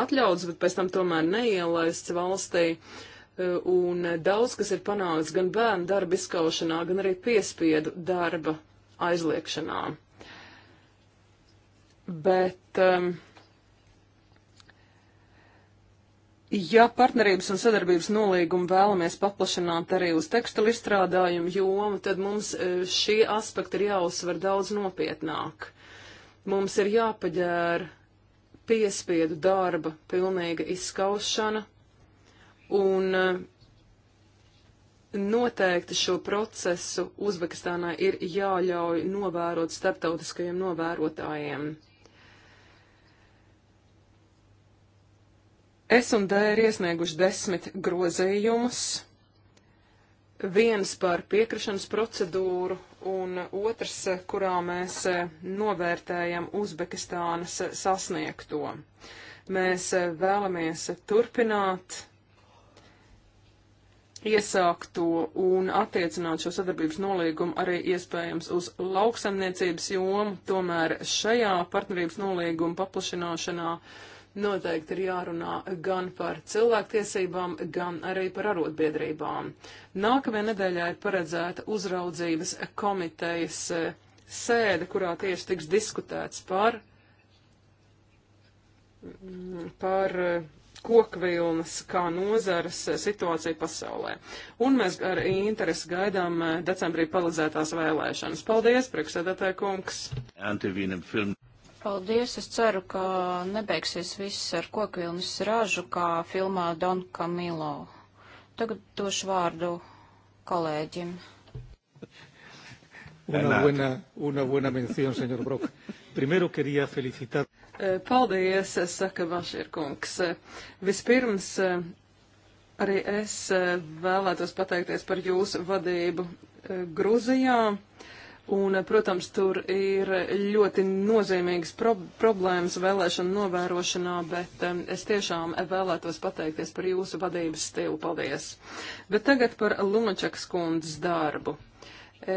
atļauts, bet pēc tam tomēr neielaists valstī. Eh, un daudz, kas ir panākts gan bērnu darba izskaušanā, gan arī piespiedu darba aizliekšanā. Bet, um, ja partnerības un sadarbības nolīgumu vēlamies paplašināt arī uz tekstilu izstrādājumu jomu, tad mums eh, šie aspekti ir jāuzsver daudz nopietnāk. Uh, Mums ir jāpaģēra piespiedu darba pilnīga izskaušana un eh, noteikti šo procesu Uzbekistānai ir jāļauj novērot starptautiskajiem novērotājiem. Es un D ir iesnieguši desmit grozījumus, viens par piekrišanas procedūru un otrs, kurā mēs novērtējam Uzbekistānas sasniegto. Mēs vēlamies turpināt iesākt to un attiecināt šo sadarbības nolīgumu arī iespējams uz lauksamniecības jomu, tomēr šajā partnerības nolīguma paplašināšanā uh, noteikti ir jārunā gan par cilvēktiesībām, gan arī par arotbiedrībām. Nākamajā nedēļā ir paredzēta uzraudzības komitejas eh, sēde, kurā tieši tiks diskutēts par, mm, par eh, kokvilnas kā nozares eh, situācija pasaulē. Un mēs ar interesi gaidām decembrī paralizētās vēlēšanas. Paldies, priekšsēdētāja kungs! Antivīnam film. Paldies! Es ceru, ka nebeigsies viss ar kokvilnis ražu, kā filmā Don Camilo. Tagad došu vārdu kolēģim. Una buena, una buena mención, señor Brock. Primero quería felicitar. Eh, paldies, eh, saka Maširkungs. Eh, vispirms arī es vēlētos pateikties par jūsu vadību Gruzijā. Uh, Un, protams, tur ir ļoti nozīmīgas pro problēmas vēlēšana novērošanā, bet um, es tiešām vēlētos pateikties par jūsu vadības stilu. Paldies! Bet tagad par Lunačakas kundzes darbu.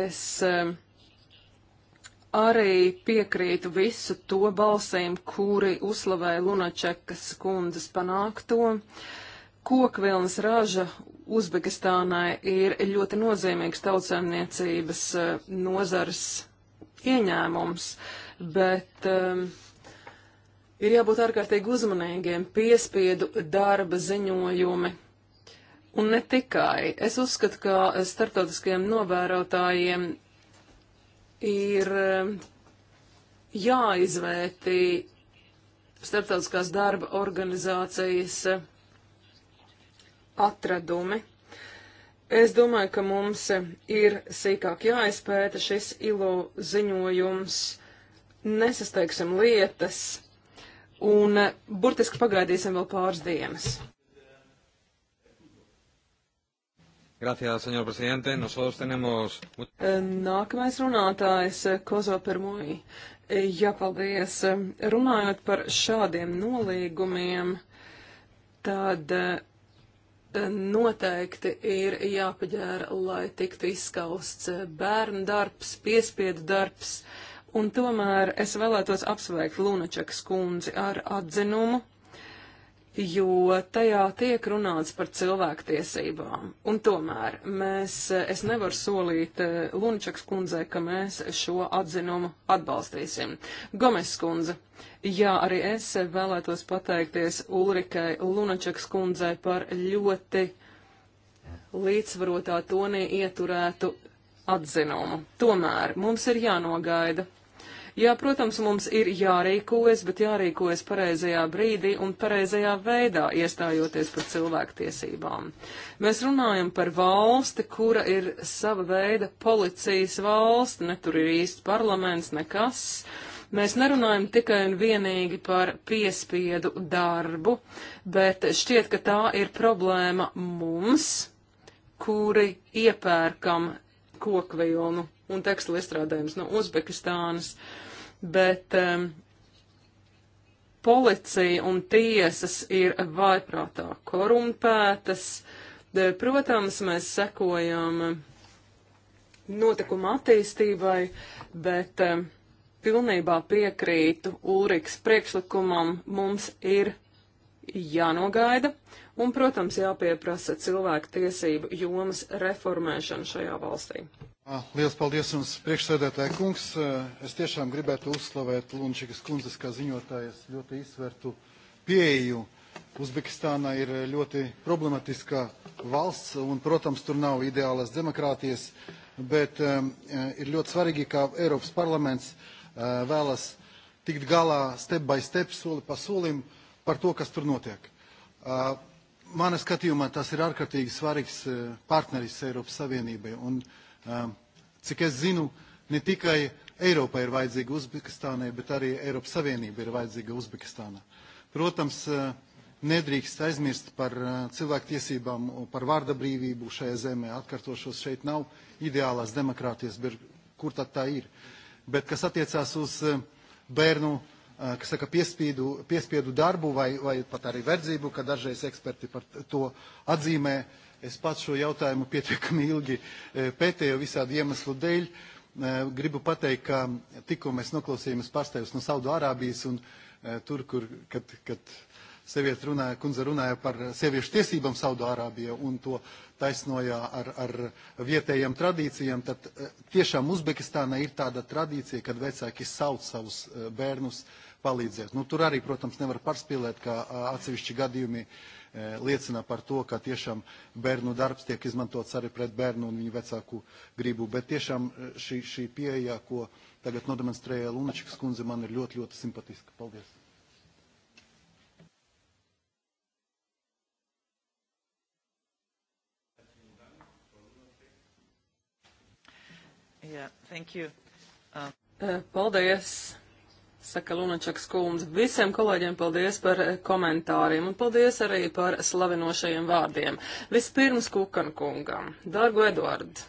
Es um, arī piekrītu visu to balsīm, kuri uzslavēja Lunačakas kundzes panākto. Kokvilnas raža Uzbekistānai ir ļoti nozīmīgs tautsēmniecības eh, nozars ieņēmums, bet um, ir jābūt ārkārtīgi uzmanīgiem piespiedu darba ziņojumi. Un ne tikai. Es uzskatu, ka starptautiskajiem novērotājiem ir ehm, jāizvērtī starptautiskās darba organizācijas atradumi. Es domāju, ka mums ir sīkāk jāizpēta šis ILO ziņojums, nesasteigsim lietas un burtiski pagaidīsim vēl pāris dienas. Gracias, señor presidente. Nosotros tenemos... Nākamais runātājs Kozo Permuji. Jā, paldies. Runājot par šādiem nolīgumiem, tad noteikti ir jāpaģēra, lai tiktu izskausts bērnu darbs, piespiedu darbs, un tomēr es vēlētos apsveikt Lunačekas kundzi ar atzinumu, jo tajā tiek runāts par cilvēktiesībām. Un tomēr mēs, es nevaru solīt eh, Lunačekas kundzei, ka mēs šo atzinumu atbalstīsim. Gomes kundze. Uh, Jā, arī es vēlētos pateikties Ulrikai Lunačakas kundzei par ļoti līdzsvarotā tonī ieturētu atzinumu. Tomēr mums ir jānogaida. Jā, protams, mums ir jārīkojas, bet jārīkojas pareizajā brīdī un pareizajā veidā, iestājoties par cilvēktiesībām. Mēs runājam par valsti, kura ir sava veida policijas valsts, ne tur ir īsts parlaments, nekas. kas Mēs nerunājam tikai un vienīgi par piespiedu darbu, bet šķiet, ka tā ir problēma mums, kuri iepērkam kokvilnu un tekstilu izstrādājumus no Uzbekistānas, bet um, policija un tiesas ir vaiprātā korumpētas. De, protams, mēs sekojam notikuma attīstībai, bet um, pilnībā piekrītu Ulriks priekšlikumam, mums ir jānogaida un, protams, jāpieprasa cilvēku tiesību jomas reformēšana šajā valstī. Lielas paldies jums, priekšsēdētāja kungs. Es tiešām gribētu uzslavēt Lunčikas kundzes kā ziņotājas ļoti izsvertu pieeju. Uzbekistāna ir ļoti problematiska valsts un, protams, tur nav ideālas demokrātijas, bet um, ir ļoti svarīgi, kā Eiropas parlaments uh, Eh, vēlas tikt galā step by step, soli pa solim par to, kas tur notiek. Eh, mana skatījumā tas ir ārkārtīgi svarīgs eh, partneris Eiropas Savienībai. Un, cik es zinu, ne tikai Eiropa ir vajadzīga Uzbekistānai, bet arī Eiropas Savienība ir vajadzīga Uzbekistānai. Protams, nedrīkst aizmirst par cilvēktiesībām, par vārda brīvību šajā zemē. Atkārtošos šeit nav ideālās demokrātijas, bet kur tad tā ir? Uh, bet kas attiecās uz eh, bērnu eh, kas saka, piespiedu, piespiedu darbu vai, vai pat arī verdzību, ka dažreiz eksperti par to atzīmē. Es pats šo jautājumu pietiekami ilgi eh, pētēju visādu iemeslu dēļ. Gribu pateikt, ka tikko mēs noklausījāmies pārstāvjus no Saudu Arābijas un tur, kur, kad, kad uh, sieviete runāja, kundze runāja par sieviešu tiesībām Saudārābijā un to taisnoja ar, ar vietējiem tradīcijiem, tad eh, tiešām Uzbekistānā ir tāda tradīcija, kad vecāki sauc savus eh, bērnus palīdzēt. Nu, tur arī, protams, nevar pārspīlēt, ka eh, atsevišķi gadījumi e, liecina par to, ka tiešām bērnu darbs tiek izmantots arī pret bērnu un viņu vecāku gribu. Bet tiešām šī, šī pieeja, ko tagad nodemonstrēja Lunačikas kundze, man ir ļoti, ļoti simpatiska. Paldies! Yeah, thank you. Um... Eh, paldies, saka Lunačakas kundze. Visiem kolēģiem paldies par eh, komentāriem un paldies arī par slavinošajiem vārdiem. Vispirms Kukan kungam. Dargu Eduardu.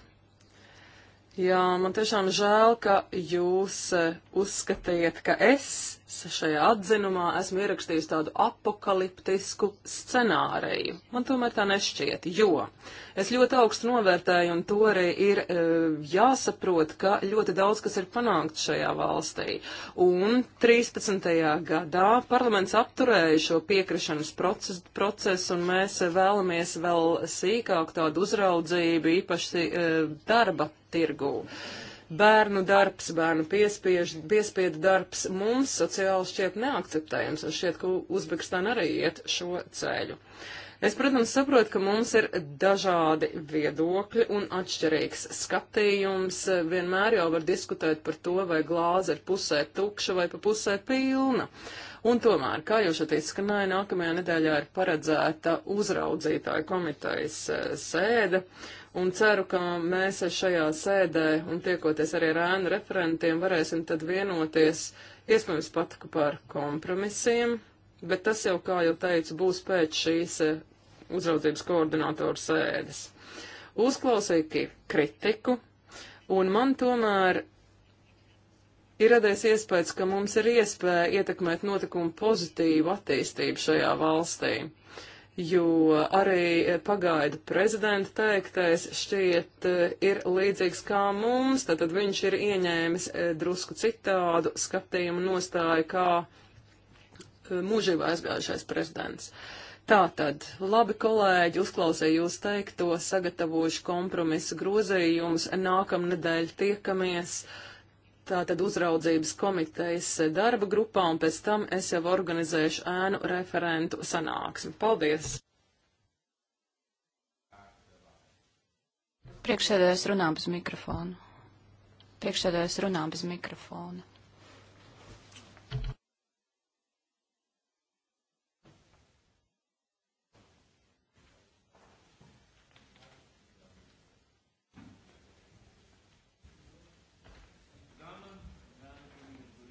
Jā, man tiešām žēl, ka jūs eh, uzskatiet, ka es šajā atzinumā esmu ierakstījis tādu apakaliptisku scenāriju. Man tomēr tā nešķiet, jo es ļoti augstu novērtēju, un to arī ir e, jāsaprot, ka ļoti daudz kas ir panākts šajā valstī. Un 13. gadā parlaments apturēja šo piekrišanas procesu, procesu un mēs vēlamies vēl sīkāk tādu uzraudzību, īpaši e, darba tirgū. Bērnu darbs, bērnu piespiedu darbs mums sociāli šķiet neakceptējams, un šķiet, ka Uzbekistāna arī iet šo ceļu. Es, protams, saprotu, ka mums ir dažādi viedokļi un atšķirīgs skatījums. Vienmēr jau var diskutēt par to, vai glāze ir pusē tukša vai pa pusē pilna. Un tomēr, kā jau šeit izskanēja, nākamajā nedēļā ir paredzēta uzraudzītāja komitejas eh, sēde, un ceru, ka mēs šajā sēdē un tiekoties arī ar ēnu referentiem varēsim tad vienoties, iespējams pat par kompromisiem, bet tas jau, kā jau teicu, būs pēc šīs eh, uzraudzības koordinātoru sēdes. Uzklausīju kritiku, un man tomēr ir radies iespējas, ka mums ir iespēja ietekmēt notikumu pozitīvu attīstību šajā valstī jo arī pagaida prezidenta teiktais šķiet eh, ir līdzīgs kā mums, tātad viņš ir ieņēmis eh, drusku citādu skatījumu nostāju kā eh, mūžībā aizgājušais prezidents. Tātad, labi kolēģi, uzklausīju jūs teikto, sagatavošu kompromisu grozījumus, nākamnedēļ tiekamies. Uh, tātad uzraudzības komitejas darba grupā, un pēc tam es jau organizēšu ēnu referentu sanāksmi. Paldies! Priekšsēdājs runā bez mikrofona. Priekšsēdājs runā bez mikrofona.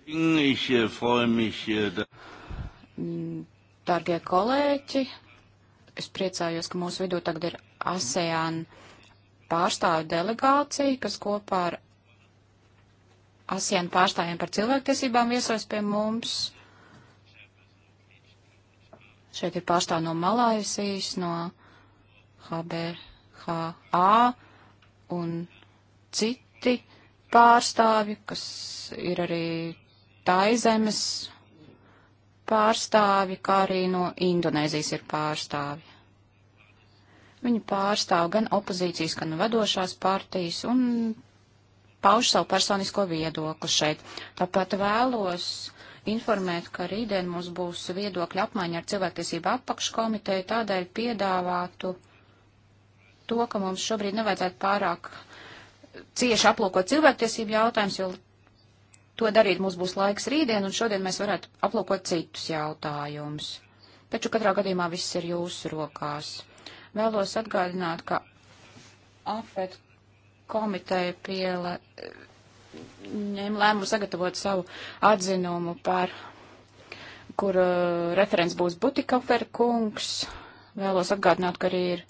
Ich äh, freue mich. Äh, Dargie kolēģi, es priecājos, ka mūsu vidū tagad ir ASEAN pārstāvju delegācija, kas kopā ar ASEAN pārstāvjiem par cilvēktiesībām viesos pie mums. Šeit ir pārstāv no Malaisijas, no HBHA un citi pārstāvji, kas ir arī Taizemes pārstāvi, kā arī no Indonēzijas ir pārstāvi. Viņi pārstāv gan opozīcijas, gan vadošās partijas un pauž savu personisko viedokli šeit. Tāpat vēlos informēt, ka rītdien mums būs viedokļa apmaiņa ar cilvēktiesību apakškomiteju, tādēļ piedāvātu to, ka mums šobrīd nevajadzētu pārāk cieši aplūkot cilvēktiesību jautājums, jo to darīt mums būs laiks rītdien, un šodien mēs varētu aplūkot citus jautājumus. Taču katrā gadījumā viss ir jūsu rokās. Vēlos atgādināt, ka AFET komiteja piele ņēma lēmumu sagatavot savu atzinumu par, kur uh, referents būs Butikafer kungs. Vēlos atgādināt, ka arī ir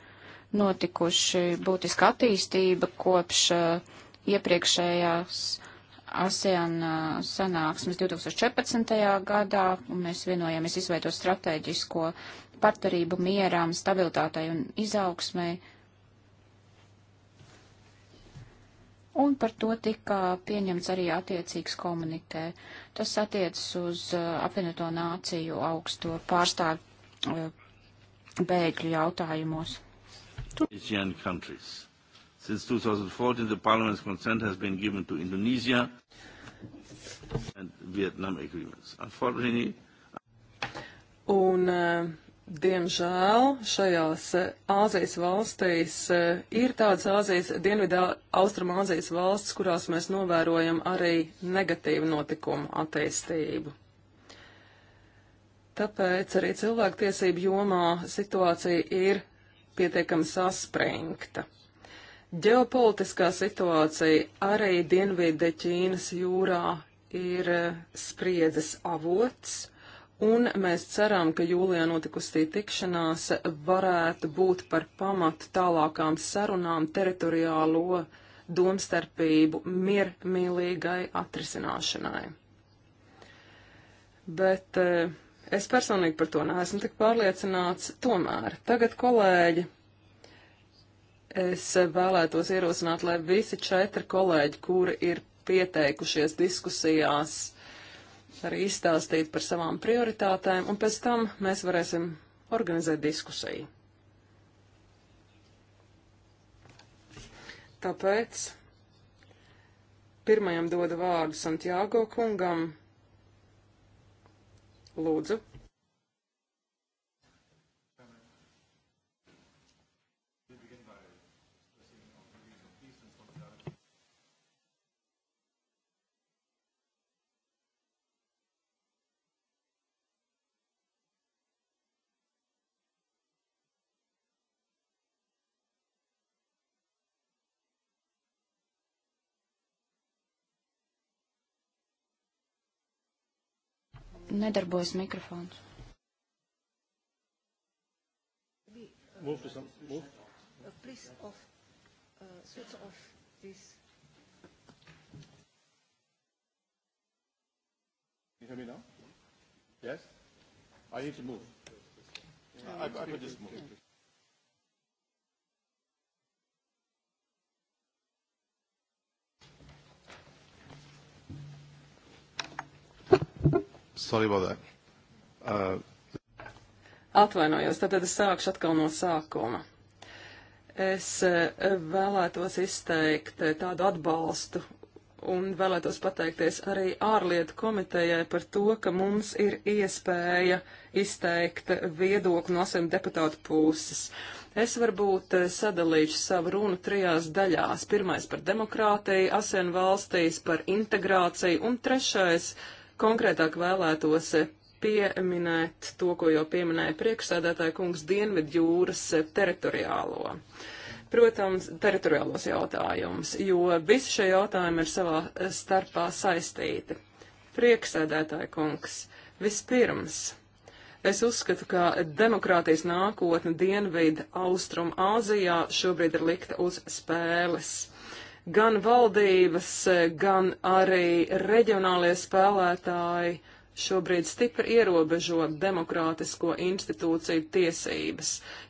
notikuši būtiska attīstība kopš uh, iepriekšējās uh, ASEAN sanāksmes 2014. gadā, un mēs vienojamies izveidot strateģisko partnerību mierām, stabilitātei un izaugsmai. Un par to tika pieņemts arī attiecīgs komunitē. Tas attiecas uz apvienoto nāciju augsto pārstāvu bēgļu jautājumos. Asian countries. Since 2014, the Parliament's consent has been given to Indonesia and Vietnam agreements. Unfortunately, Un, uh, diemžēl, šajās eh, Āzijas valstīs uh, ir tādas Āzijas, Dienvidā Austrumāzijas valsts, kurās mēs novērojam arī negatīvu notikumu attīstību. Tāpēc arī cilvēktiesību jomā situācija ir pietiekami saspringta. Ģeopolitiskā situācija arī Dienvidē Ķīnas jūrā ir eh, spriedzes avots, un mēs ceram, ka jūlijā notikusī tikšanās varētu būt par pamatu tālākām sarunām teritoriālo domstarpību miermīlīgai atrisināšanai. Bet eh, es personīgi par to neesmu tik pārliecināts. Tomēr tagad, kolēģi, Es vēlētos ierosināt, lai visi četri kolēģi, kuri ir pieteikušies diskusijās, arī izstāstītu par savām prioritātēm, un pēc tam mēs varēsim organizēt diskusiju. Tāpēc pirmajam dodu vārdu Santiago kungam. Lūdzu. nedarbojas mikrofons. Move to some, move. Uh, please off, uh, switch off this. You hear me now? Yes? I need to move. I, I could just move. Sorry about that. Uh... Atvainojos, tad, tad es sākšu atkal no sākuma. Es e, vēlētos izteikt e, tādu atbalstu un vēlētos pateikties arī ārlietu komitejai par to, ka mums ir iespēja izteikt viedokli no saviem deputātu puses. Es varbūt e, sadalīšu savu runu trijās daļās. Pirmais par demokrātiju, asien valstīs, par integrāciju un trešais Konkrētāk vēlētos pieminēt to, ko jau pieminēja priekšsēdētāja kungs Dienvidu jūras teritoriālo. Protams, teritoriālos jautājumus, jo visi šie jautājumi ir savā starpā saistīti. Prieksēdētāja kungs, vispirms, es uzskatu, ka demokrātijas nākotne Dienvidu Austrum Āzijā šobrīd ir likta uz spēles. Gan valdības, gan arī reģionālie spēlētāji šobrīd stipri ierobežo demokrātisko institūciju tiesības.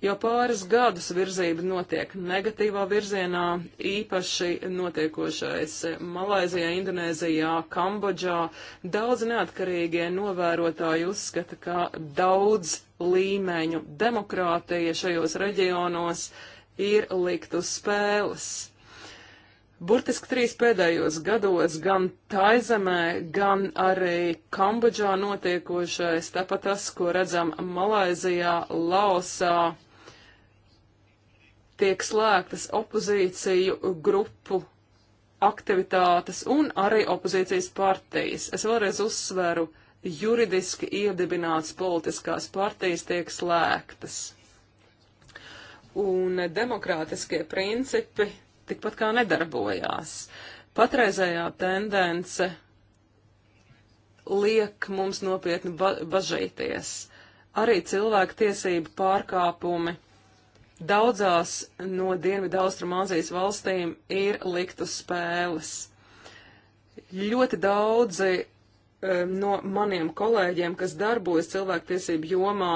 Jau pāris gadus virzība notiek negatīvā virzienā, īpaši notiekošais Malaizijā, Indonēzijā, Kambodžā. Daudz neatkarīgie novērotāji uzskata, ka daudz līmeņu demokrātija šajos reģionos ir likt uz spēles. Burtiski trīs pēdējos gados gan Taizemē, gan arī Kambodžā notiekošais, tāpat tas, ko redzam Malaizijā, Laosā, tiek slēgtas opozīciju grupu aktivitātes un arī opozīcijas partijas. Es vēlreiz uzsveru, juridiski iedibināts politiskās partijas tiek slēgtas. Un demokrātiskie principi tikpat kā nedarbojās. Patreizējā tendence liek mums nopietni ba bažīties. Arī cilvēku tiesību pārkāpumi daudzās no Dienvidu Austrumāzijas valstīm ir likt uz spēles. Ļoti daudzi um, no maniem kolēģiem, kas darbojas cilvēktiesību jomā,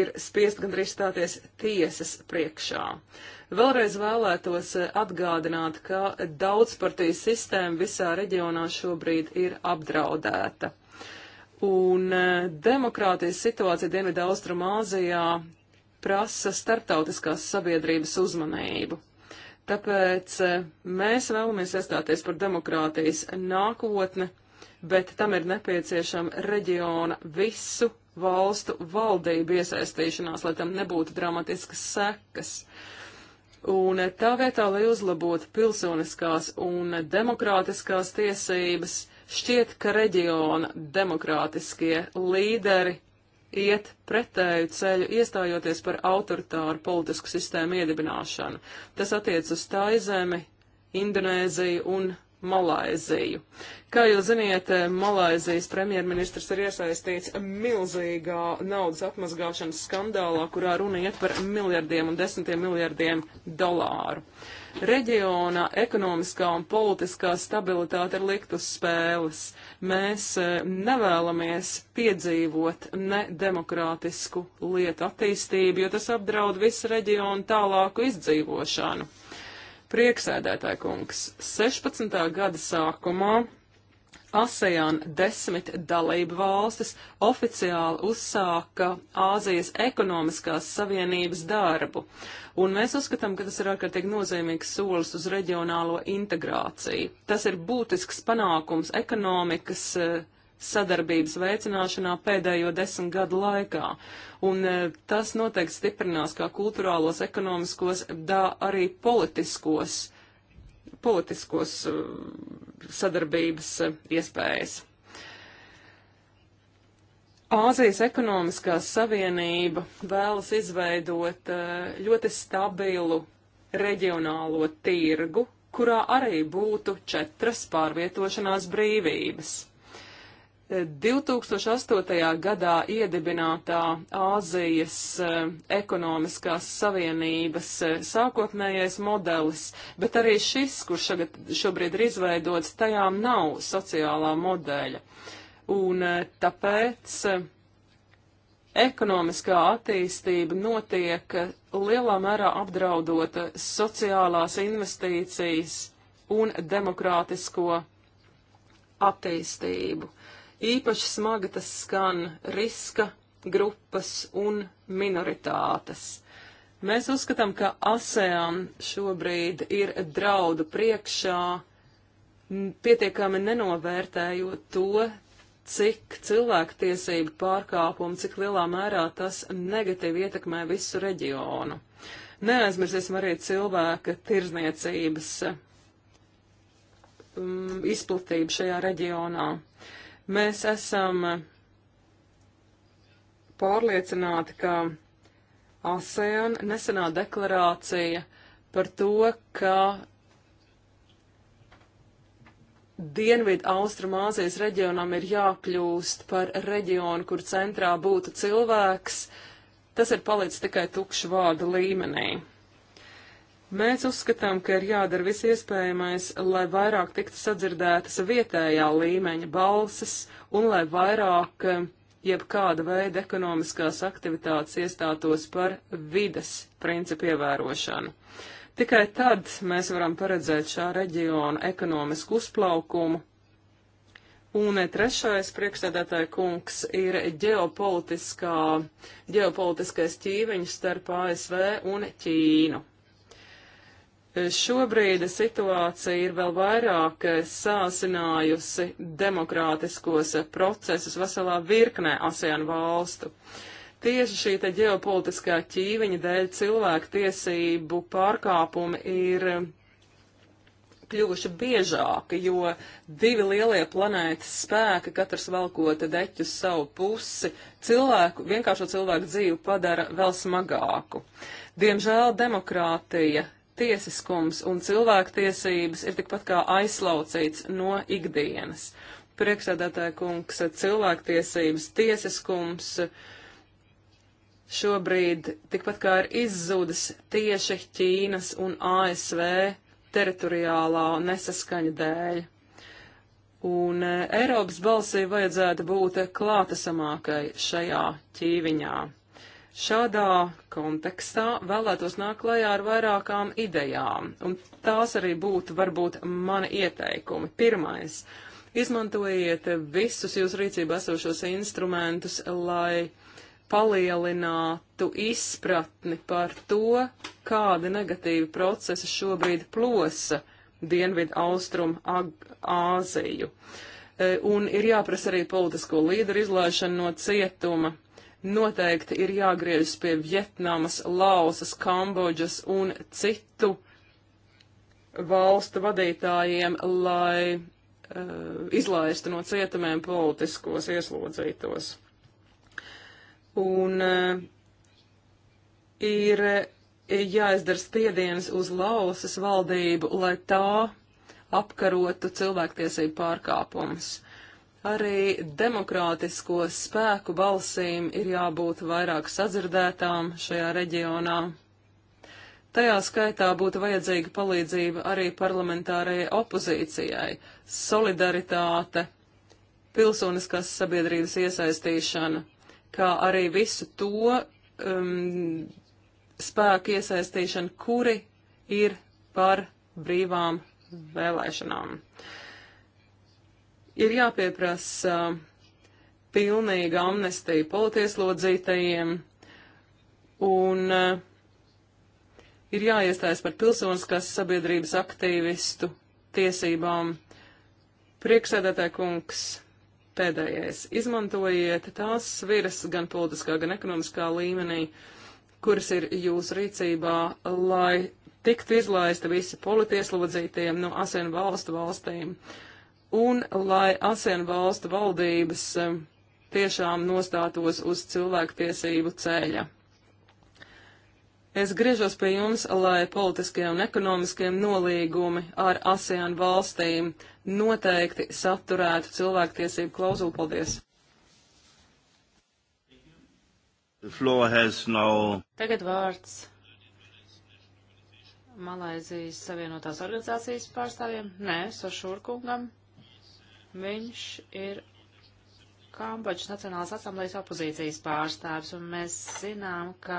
ir spiest gandrīz stāties tiesas priekšā. Uh, Vēlreiz vēlētos eh, atgādināt, ka daudzpartiju sistēma visā reģionā šobrīd ir apdraudēta. Un eh, demokrātijas situācija Dienvidu Austrumāzijā prasa starptautiskās sabiedrības uzmanību. Tāpēc eh, mēs vēlamies iestāties par demokrātijas nākotni, bet tam ir nepieciešama reģiona visu valstu valdību iesaistīšanās, lai tam nebūtu dramatiskas sekas. Uh, Un tā vietā, lai uzlabotu pilsoniskās un demokrātiskās tiesības, šķiet, ka reģiona demokrātiskie līderi iet pretēju ceļu, iestājoties par autoritāru politisku sistēmu iedibināšanu. Tas attiec uz Taizemi, Indonēziju un Malaiziju. Kā jūs ziniet, Malaizijas premjerministrs ir iesaistīts milzīgā naudas apmazgāšanas skandālā, kurā runa iet par miljardiem un desmitiem miljardiem dolāru. Reģiona ekonomiskā un politiskā stabilitāte ir likt uz spēles. Mēs e, nevēlamies piedzīvot nedemokrātisku lietu attīstību, jo tas apdraud visu reģionu tālāku izdzīvošanu. Prieksēdētāja kungs, 16. gada sākumā ASEAN desmit dalību valstis oficiāli uzsāka Āzijas ekonomiskās savienības darbu, un mēs uzskatām, ka tas ir ārkārtīgi nozīmīgs solis uz reģionālo integrāciju. Tas ir būtisks panākums ekonomikas uh, sadarbības veicināšanā pēdējo desmit gadu laikā. Un e, tas noteikti stiprinās kā kulturālos, ekonomiskos, tā arī politiskos, politiskos e, sadarbības e, iespējas. Āzijas ekonomiskā savienība vēlas izveidot ļoti stabilu reģionālo tirgu, kurā arī būtu četras pārvietošanās brīvības. 2008. gadā iedibinātā Āzijas eh, ekonomiskās savienības eh, sākotnējais modelis, bet arī šis, kurš šobrīd ir izveidots, tajām nav sociālā modeļa. Un eh, tāpēc ekonomiskā attīstība notiek lielā mērā apdraudota sociālās investīcijas un demokrātisko attīstību. Īpaši smagi tas skan riska grupas un minoritātes. Mēs uzskatām, ka ASEAN šobrīd ir draudu priekšā, pietiekami nenovērtējot to, cik cilvēktiesību pārkāpumu, cik lielā mērā tas negatīvi ietekmē visu reģionu. Neaizmirsīsim arī cilvēka tirzniecības um, izplatību šajā reģionā. Uh, Mēs esam pārliecināti, ka ASEAN nesenā deklarācija par to, ka Dienvidu Austrumāzijas reģionam ir jākļūst par reģionu, kur centrā būtu cilvēks, tas ir palicis tikai tukšu vārdu līmenī. Mēs uzskatām, ka ir jādara viss iespējamais, lai vairāk tiktu sadzirdētas vietējā līmeņa balsis un lai vairāk eh, jebkāda veida ekonomiskās aktivitātes iestātos par vides principu ievērošanu. Tikai tad mēs varam paredzēt šā reģiona ekonomisku uzplaukumu. Un eh, trešais priekšsēdētāja kungs ir ģeopolitiskais ķīviņš starp ASV un Ķīnu. Šobrīd situācija ir vēl vairāk sāsinājusi demokrātiskos procesus veselā virknē ASEAN valstu. Tieši šī te ģeopolitiskā ķīviņa dēļ cilvēku tiesību pārkāpumi ir kļuvuši biežāki, jo divi lielie planētas spēki, katrs valkota deķu savu pusi, cilvēku, vienkāršo cilvēku dzīvi padara vēl smagāku. Diemžēl demokrātija tiesiskums un cilvēktiesības ir tikpat kā aizslaucīts no ikdienas. Priekšsēdētāja kungs, cilvēktiesības, tiesiskums šobrīd tikpat kā ir izzudis tieši Ķīnas un ASV teritoriālā nesaskaņa dēļ. Un eh, Eiropas balsī vajadzētu būt klātesamākai šajā ķīviņā. Šādā kontekstā vēlētos nākt klajā ar vairākām idejām, un tās arī būtu varbūt mani ieteikumi. Pirmais - izmantojiet visus jūs rīcībā esošos instrumentus, lai palielinātu izpratni par to, kādi negatīvi procesi šobrīd plosa Dienvidu Austrum Āziju. E, un ir jāprasa arī politisko līderu izlaišana no cietuma noteikti ir jāgriežas pie Vietnamas, Laosas, Kambodžas un citu valstu vadītājiem, lai uh, izlaistu no cietumiem politiskos ieslodzītos. Un uh, ir jāizdara spiediens uz Laosas valdību, lai tā apkarotu cilvēktiesību pārkāpumus. Arī demokrātisko spēku balsīm ir jābūt vairāk sadzirdētām šajā reģionā. Tajā skaitā būtu vajadzīga palīdzība arī parlamentārajai opozīcijai, solidaritāte, pilsoniskās sabiedrības iesaistīšana, kā arī visu to um, spēku iesaistīšanu, kuri ir par brīvām vēlēšanām. Uh, ir jāpieprasa pilnīga amnestija politieslodzītajiem un eh, ir jāiestājas par pilsoniskās sabiedrības aktīvistu tiesībām. Priekšsēdētāja kungs pēdējais. Izmantojiet tās sviras gan politiskā, gan ekonomiskā līmenī, kuras ir jūsu rīcībā, lai tiktu izlaista visi politieslodzītiem no asēnu valstu valstīm. Uh, un lai ASEAN valstu valdības eh, tiešām nostātos uz cilvēktiesību ceļa. Es griežos pie jums, lai politiskie un ekonomiskie nolīgumi ar ASEAN valstīm noteikti saturētu cilvēktiesību klauzulu. Paldies! No... Tagad vārds Malaizijas Savienotās organizācijas pārstāvjiem. Nē, Sošūrkungam. Viņš ir Kambodžas Nacionālās asamblejas opozīcijas pārstāvis, un mēs zinām, ka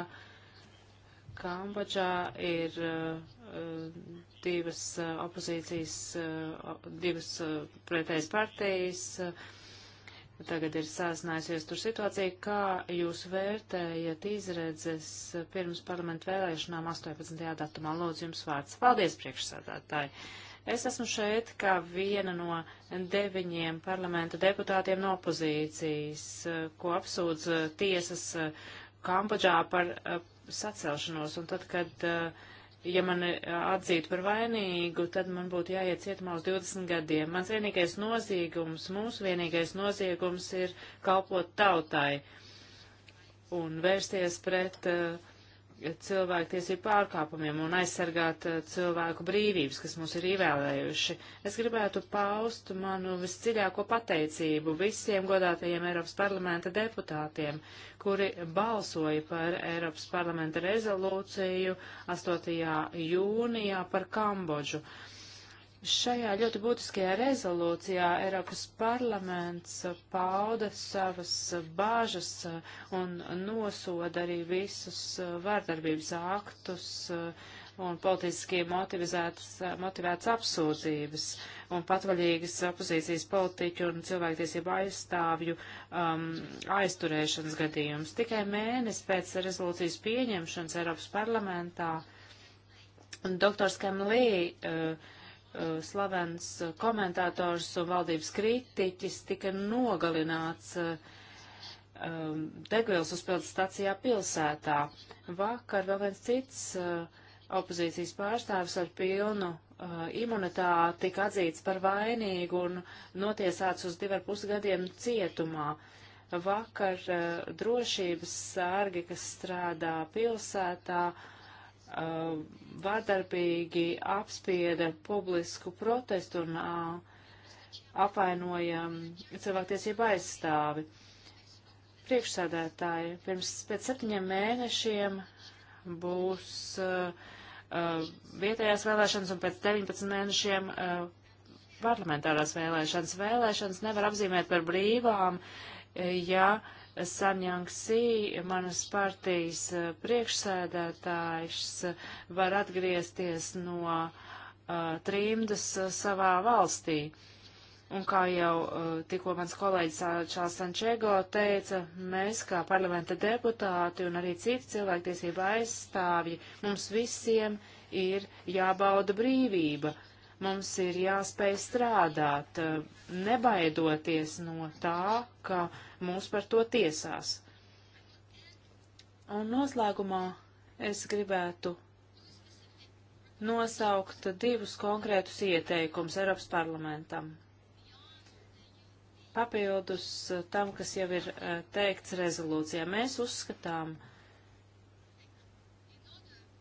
Kambodžā ir uh, divas uh, opozīcijas, uh, divas uh, pretējas partijas. Uh, tagad ir sāsinājusies tur situācija. Kā jūs vērtējat izredzes pirms parlamentu vēlēšanām 18. datumā? Lūdzu, jums vārds. Paldies, priekšsādātāji! Uh, Es esmu šeit kā viena no deviņiem parlamentu deputātiem no opozīcijas, ko apsūdz eh, tiesas eh, Kambodžā par eh, sacelšanos. Un tad, kad, ja mani atzītu par vainīgu, tad man būtu jāiet cietumā uz 20 gadiem. Mans vienīgais noziegums, mūsu vienīgais noziegums ir kalpot tautai un vērsties pret uh, cilvēktiesību pārkāpumiem un aizsargāt eh, cilvēku brīvības, kas mums ir ievēlējuši. Es gribētu paust manu visdziļāko pateicību visiem godātajiem Eiropas parlamenta deputātiem, kuri balsoja par Eiropas parlamenta rezolūciju 8. jūnijā par Kambodžu. Uh, Šajā ļoti būtiskajā rezolūcijā Eiropas parlaments pauda savas bāžas un nosoda arī visus vārdarbības aktus un politiski motivētas apsūdzības un patvaļīgas opozīcijas politiķu un cilvēktiesību aizstāvju um, aizturēšanas gadījums. Tikai mēnesi pēc rezolūcijas pieņemšanas Eiropas parlamentā doktors Kemlī uh, Eh, slavens eh, komentātors un valdības kritiķis tika nogalināts eh, um, degvielas uzpildes stacijā pilsētā. Vakar vēl viens cits opozīcijas pārstāvis ar pilnu imunitāti tika atzīts par vainīgu un notiesāts uz divar pusgadiem cietumā. Vakar drošības sārgi, kas strādā pilsētā, uh, uh, vardarbīgi apspieda publisku protestu un uh, apvainoja cilvēktiesību aizstāvi. Priekšsādātāji, pirms pēc septiņiem mēnešiem būs uh, uh, vietējās vēlēšanas un pēc 19 mēnešiem uh, parlamentārās vēlēšanas. Vēlēšanas nevar apzīmēt par brīvām, uh, ja uh, Sanjangsī, manas partijas eh, priekšsēdētājs, eh, var atgriezties no uh, eh, trīmdas savā valstī. Un kā jau uh, tikko mans kolēģis Čāls Sančego teica, mēs kā parlamenta deputāti un arī citi cilvēktiesība aizstāvji, mums visiem ir jābauda brīvība, mums ir jāspēj strādāt, nebaidoties no tā, ka uh, mūs par to tiesās. Un noslēgumā es gribētu nosaukt divus konkrētus ieteikumus Eiropas parlamentam. Papildus eh, tam, kas jau ir eh, teikts rezolūcijā, mēs uzskatām,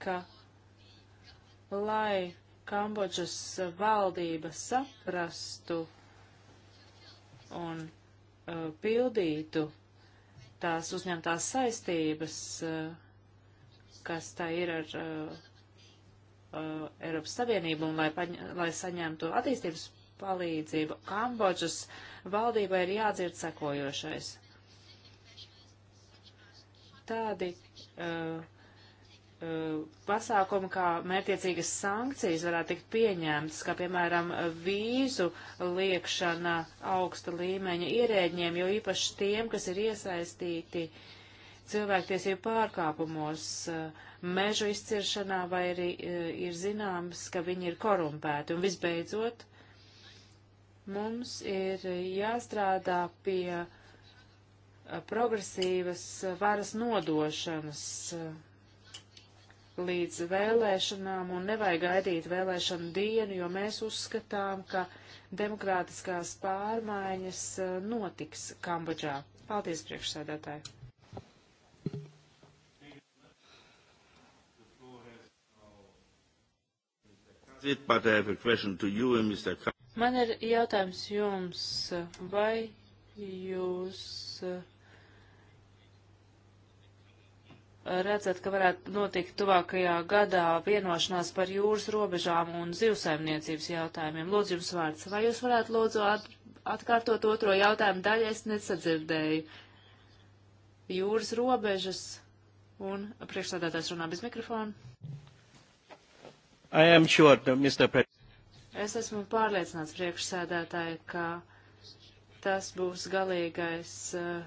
ka, lai Kambodžas valdība saprastu un uh, pildītu tās uzņemtās saistības, uh, kas tā ir ar uh, uh, Eiropas Savienību un lai, paņ, lai saņemtu attīstības palīdzību, Kambodžas valdībai ir jādzird sekojošais. Tādi uh, Eh, pasākumi, kā mērķiecīgas sankcijas varētu tikt pieņemtas, kā piemēram vīzu liekšana augsta līmeņa ierēģiem, jo īpaši tiem, kas ir iesaistīti cilvēktiesību pārkāpumos, eh, mežu izciršanā, vai arī eh, ir zināms, ka viņi ir korumpēti. Un visbeidzot, mums ir jāstrādā pie progresīvas varas nodošanas līdz vēlēšanām un nevajag gaidīt vēlēšanu dienu, jo mēs uzskatām, ka demokrātiskās pārmaiņas e, notiks Kambodžā. Paldies, priekšsēdētāji! Man ir jautājums jums, vai jūs e, redzat, ka varētu notikt tuvākajā gadā vienošanās par jūras robežām un zivsaimniecības jautājumiem? Lūdzu, jums vārds. Vai jūs varētu lūdzu at atkārtot otro jautājumu daļu? Es nesadzirdēju. Jūras robežas un priekšstādātājs runā bez mikrofona. I am sure, Mr. President. Es esmu pārliecināts priekšsēdētāji, ka tas būs galīgais uh,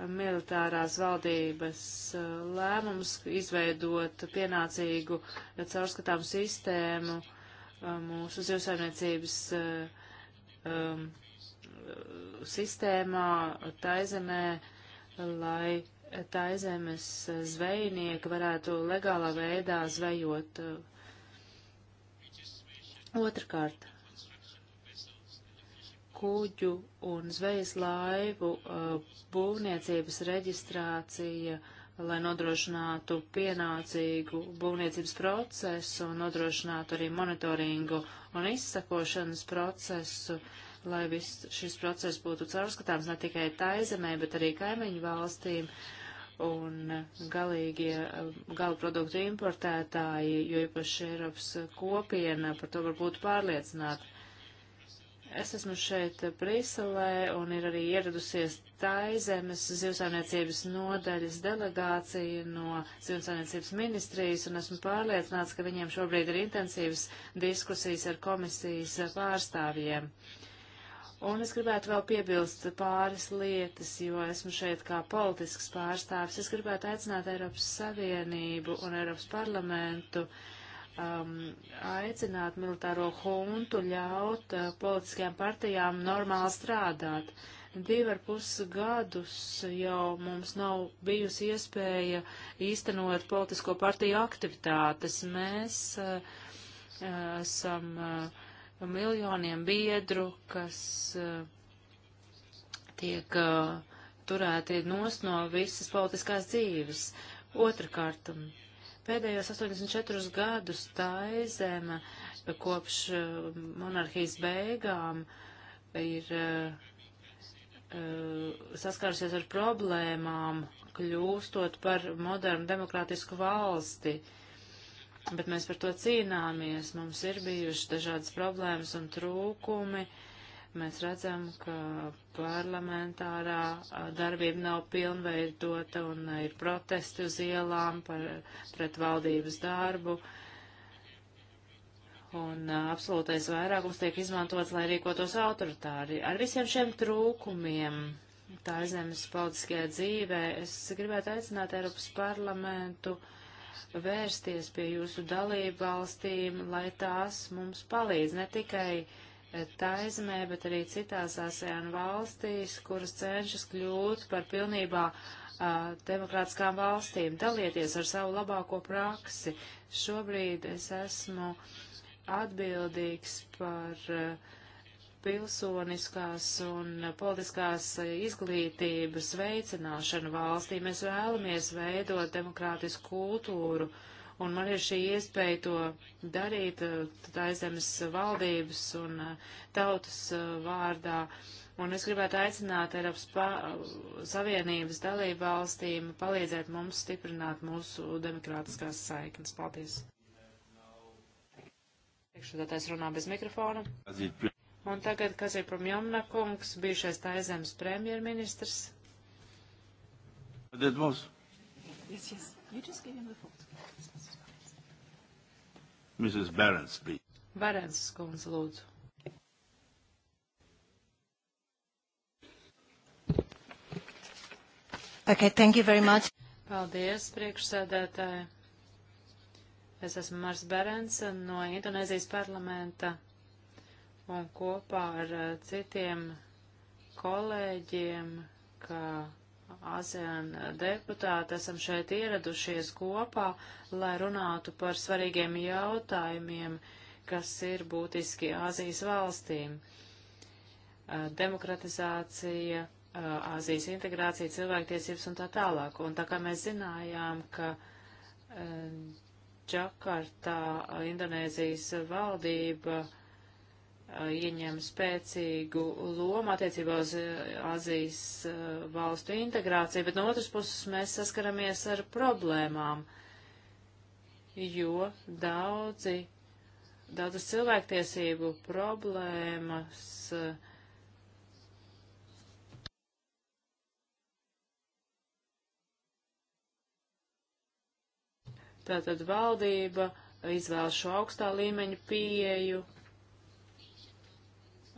militārās valdības uh, lēmums izveidot pienācīgu uh, caurskatām sistēmu uh, mūsu zivsaimniecības um, sistēmā taizemē, lai taizemes zvejnieki varētu legālā veidā zvejot. Otrakārt, kuģu un zvejas laivu uh, būvniecības reģistrācija, lai nodrošinātu pienācīgu būvniecības procesu un nodrošinātu arī monitoringu un izsakošanas procesu, lai viss šis process būtu caurskatāms ne tikai taizemē, bet arī kaimiņu valstīm un galīgie uh, gala produktu importētāji, jo īpaši Eiropas kopiena par to var būt pārliecināta. Es esmu šeit Briselē un ir arī ieradusies Taizemes zivsainiecības nodaļas delegācija no zivsainiecības ministrijas un esmu pārliecināts, ka viņiem šobrīd ir intensīvas diskusijas ar komisijas pārstāvjiem. Un es gribētu vēl piebilst pāris lietas, jo esmu šeit kā politisks pārstāvis. Es gribētu aicināt Eiropas Savienību un Eiropas parlamentu uh, um, aicināt militāro huntu, ļaut uh, politiskajām partijām normāli strādāt. Divi ar pus gadus jau mums nav bijusi iespēja īstenot politisko partiju aktivitātes. Mēs uh, uh esam uh, miljoniem biedru, kas uh, tiek uh, turēti nost no visas politiskās dzīves. Otrakārt, um, Pēdējos 84 gadus Taizeme kopš uh, monarhijas beigām ir uh, uh, saskārusies ar problēmām, kļūstot par modernu demokrātisku valsti. Bet mēs par to cīnāmies. Mums ir bijušas dažādas problēmas un trūkumi. Uh, mēs redzam, ka parlamentārā darbība nav pilnveidota un ir protesti uz ielām par, pret valdības darbu. Un absolūtais vairākums tiek izmantots, lai rīkotos autoritāri. Ar visiem šiem trūkumiem tā zemes politiskajā dzīvē es gribētu aicināt Eiropas parlamentu vērsties pie jūsu dalību valstīm, lai tās mums palīdz ne tikai uh, Taizemē, bet arī citās ASEAN valstīs, kuras cenšas kļūt par pilnībā uh, demokrātiskām valstīm. Dalieties ar savu labāko praksi. Šobrīd es esmu atbildīgs par uh, pilsoniskās un politiskās izglītības veicināšanu valstī. Mēs vēlamies veidot demokrātisku kultūru. Uh, un man ir šī iespēja to darīt eh, Taizemes valdības un eh, tautas eh, vārdā. Un es gribētu aicināt Eiropas Savienības dalību valstīm palīdzēt mums stiprināt mūsu demokrātiskās saiknes. Paldies! Priekšsēdētājs runā bez mikrofona. Un tagad, kas ir Promjomna kungs, bijušais Taizemes premjerministrs. Yes, yes. You just gave him the phone. Mrs. Berens, please. Berens, skundze, lūdzu. Okay, thank you very much. Paldies, priekšsēdētāji. Es esmu Mars Berens no Indonēzijas parlamenta un kopā ar eh, citiem kolēģiem, kā ASEAN deputāti esam šeit ieradušies kopā, lai runātu par svarīgiem jautājumiem, kas ir būtiski Āzijas valstīm. Demokratizācija, Āzijas integrācija, cilvēktiesības un tā tālāk. Un tā kā mēs zinājām, ka Džakartā Indonēzijas valdība uh, Uh, ieņem spēcīgu lomu attiecībā uz uh, Azijas uh, valstu integrāciju, bet no otras puses mēs saskaramies ar problēmām, jo daudzi, daudzas cilvēktiesību problēmas Tātad valdība izvēl šo augstā līmeņa pieeju,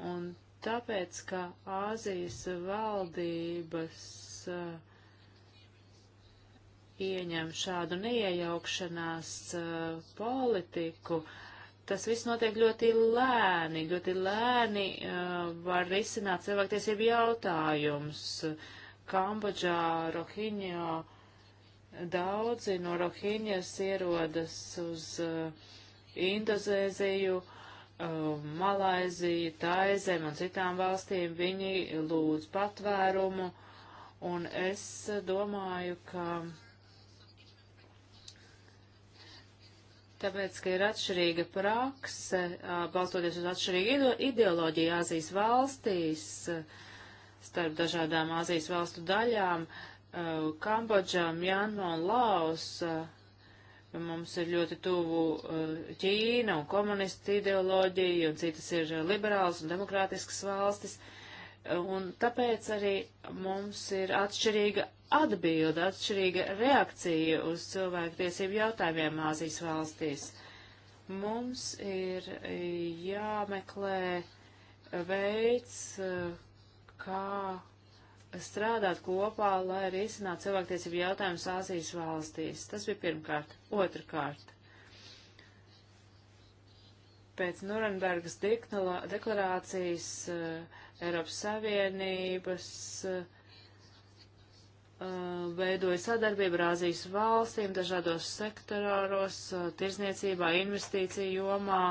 Un tāpēc, ka Āzijas valdības uh, ieņem šādu neiejaukšanās uh, politiku, tas viss notiek ļoti lēni, ļoti lēni uh, var risināt cilvēktiesību jautājumus. Kambodžā, Rohiņā, daudzi no Rohiņas ierodas uz Indozēziju. Uh, uh, Malaiziju, Taizem un citām valstīm, viņi lūdz patvērumu, un es domāju, ka tāpēc, ka ir atšķirīga prakse, uh, balstoties uz atšķirīgu ideoloģiju Āzijas valstīs, starp dažādām Āzijas valstu daļām, uh, Kambodžā, Mjanma un Laosa uh, Nu, mums ir ļoti tuvu eh, Ķīna un komunistu ideoloģija, un citas ir eh, liberālas un demokrātiskas valstis. Un tāpēc arī mums ir atšķirīga atbilde, atšķirīga reakcija uz cilvēktiesību jautājumiem Āzijas valstīs. Mums ir eh, jāmeklē veids, kā strādāt kopā, lai arī izcinātu cilvēktiesību jautājumus Āzijas valstīs. Tas bija pirmkārt. Otrakārt. Pēc Nurenbergas deklarācijas uh, Eiropas Savienības uh, veidoja sadarbību ar Āzijas valstīm dažādos sektoros, eh, tirzniecībā, investīciju jomā,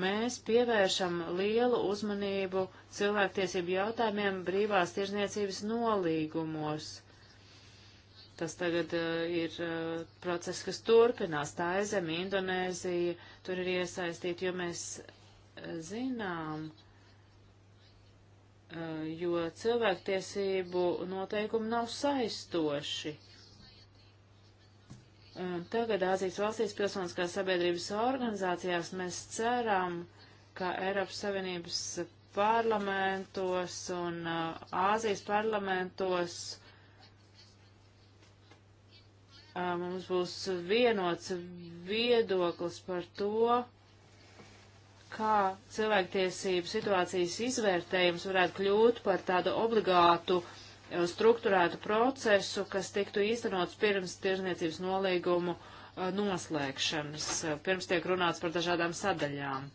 mēs pievēršam lielu uzmanību cilvēktiesību jautājumiem brīvās tirzniecības nolīgumos. Tas tagad uh, ir uh, process, kas turpinās. Tā ir zem Indonēzija, tur ir iesaistīta, jo mēs uh, zinām, uh, jo cilvēktiesību noteikumi nav saistoši. Uh, Un tagad Āzijas valstīs pilsoniskās sabiedrības organizācijās mēs ceram, ka Eiropas Savienības parlamentos un uh, Āzijas parlamentos uh, mums būs vienots viedoklis par to, kā cilvēktiesību situācijas izvērtējums varētu kļūt par tādu obligātu uh, struktūrētu procesu, kas tiktu īstenots pirms tirzniecības nolīgumu uh, noslēgšanas, uh, pirms tiek runāts par dažādām sadaļām.